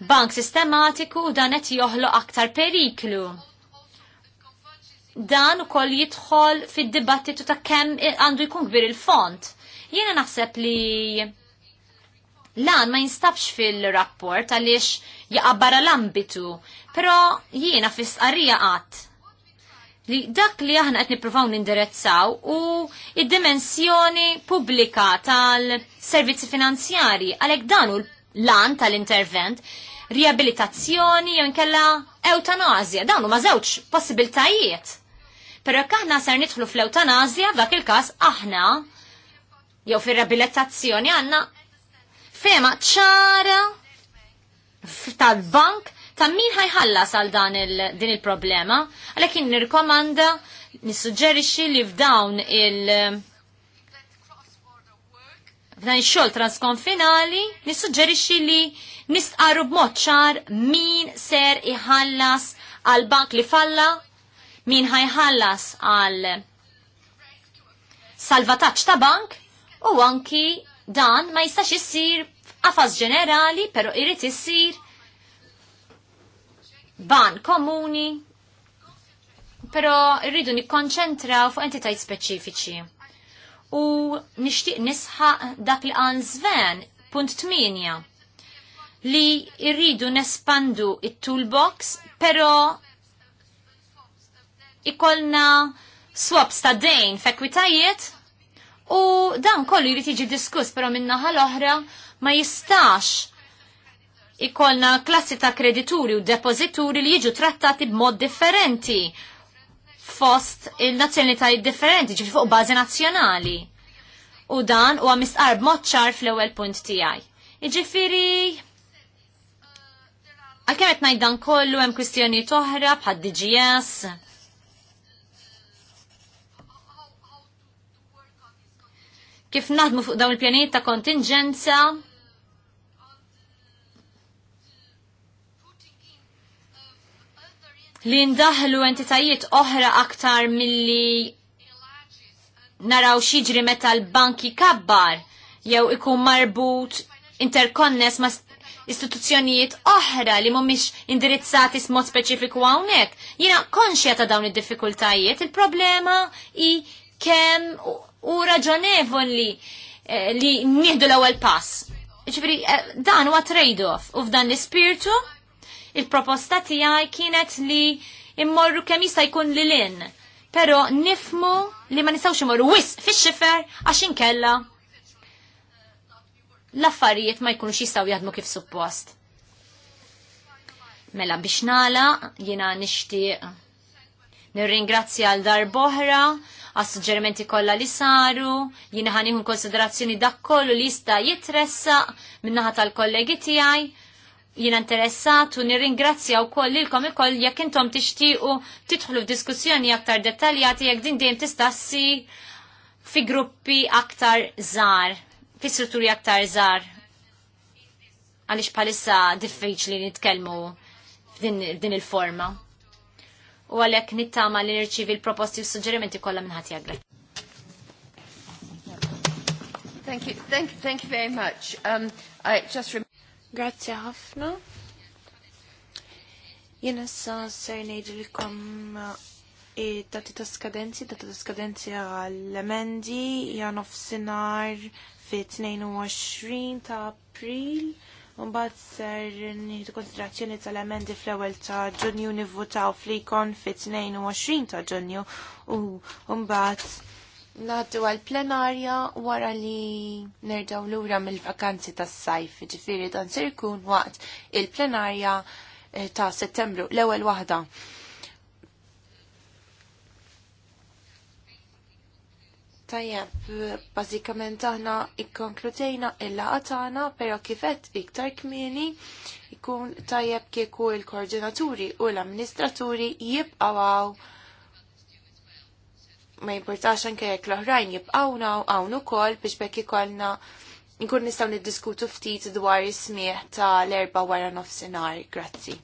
bank sistematiku dan qed joħloq aktar periklu. Dan ukoll jidħol fid-dibattitu ta' kemm għandu jkun kbir il-font. Jiena naħseb li lan ma jinstabx fil-rapport għaliex jaqabbara l-ambitu, però jiena fis-qarrija qatt li dak li aħna qed nippruvaw nindirezzaw u id-dimensjoni pubblika tal-servizzi finanzjari għalhekk dan u l lan tal-intervent, riabilitazzjoni jew inkella eutanazja. Dawn huma żewġ possibiltajiet. Però jekk aħna ser nidħlu fl-eutanazja f'dak il-każ aħna jew fir-riabilitazzjoni għandna fema ċara tal-bank ta' min ħajħallas għal dan din il-problema, għalhekk nirkomanda nissuġġerixxi li f'dawn il- f'dan xol xogħol transkonfinali nissuġġerixxi li nistqarru b'mod ċar min ser iħallas għal bank li falla, min ħajħallas għal salvataġġ ta' bank u anki dan ma jistax issir f'qafas ġenerali, però irid issir ban komuni, però rridu nikkonċentraw fuq entitajt speċifiċi u nixtieq nisħaq dak li għan zven, punt 8, li irridu nespandu il toolbox pero ikolna swaps ta' dejn fekwitajiet u dan kollu jrid jiġi diskuss però minnaħa l-oħra ma jistax ikolna klassi ta' kredituri u depozituri li jiġu trattati b'mod differenti fost il-nazzjonalitajiet differenti, ġifi fuq bażi nazzjonali. U dan huwa mistqarb mod ċar fl-ewwel punt tiegħi. Jiġifieri għalkemm qed ngħid dan kollu hemm kwistjonijiet oħra bħad DGS. Kif naħdmu fuq dawn il-pjanijiet ta' kontingenza, li ndaħlu entitajiet oħra aktar milli naraw xiġri meta l-banki kabbar jew ikun marbut interkonness ma' istituzzjonijiet oħra li mhumiex indirizzati smod speċifiku hawnhekk. Jiena konxja ta' dawn id-diffikultajiet, il-problema i kemm u raġonevoli eh, li nieħdu l-ewwel pass. Ġifieri eh, dan huwa trade-off u f'dan l-ispirtu Il-proposta tiegħi kienet li immorru kemm jista' jkun li lin. Però nifmu li ma nistgħux imorru wis fix-xifer għax inkella l-affarijiet ma jkunux jistgħu jaħdmu kif suppost. Mela biex nala jiena nixtieq nirringrazzja għal darboħra, għas suġġerimenti kollha li saru, jien ħanieħu konsiderazzjoni dak kollu li jista' jitressa minnaħat tal-kollegi tiegħi jina interessat u nirringrazzja u koll lilkom ikoll jekk intom tixtiequ titħlu diskussjoni aktar dettaljati jekk din dejjem tistassi fi gruppi aktar żgħar, fi strutturi aktar żgħar. Għaliex bħalissa diffiċli nitkellmu f'din il-forma. U għalhekk nittama li nirċivi l-proposti u suġġerimenti kollha minn ħadd Thank you, thank, thank you very much. Um, I just Grazzi ħafna. Jena sa ser ngħidilkom eh, dati ta' skadenzi, dati ta' skadenzi għall-emendi, jan nofsinhar sinar fi 22 ta' april, un bat ser nħidu konsiderazzjoni tal-emendi fl-ewel ta' ġunju nivvotaw fl-ikon fi 22 ta' ġunju, u un Naħdu għal plenarja wara li nerġaw lura mill-vakanzi tas sajf ġifiri dan sirkun waqt il-plenarja eh, ta' settembru, l-ewel wahda. Tajjeb, bażikament aħna ikkonkludejna il-laqa tagħna, però kifet iktar kmieni ikun tajjeb kieku il-koordinaturi u l-amministraturi jibqgħu ma jimportax anke jekk l-oħrajn jibqawna u għawnu kol biex bekk ikollna nkun nistaw niddiskutu ftit dwar is ta' l-erba wara nofsinhar. Grazzi.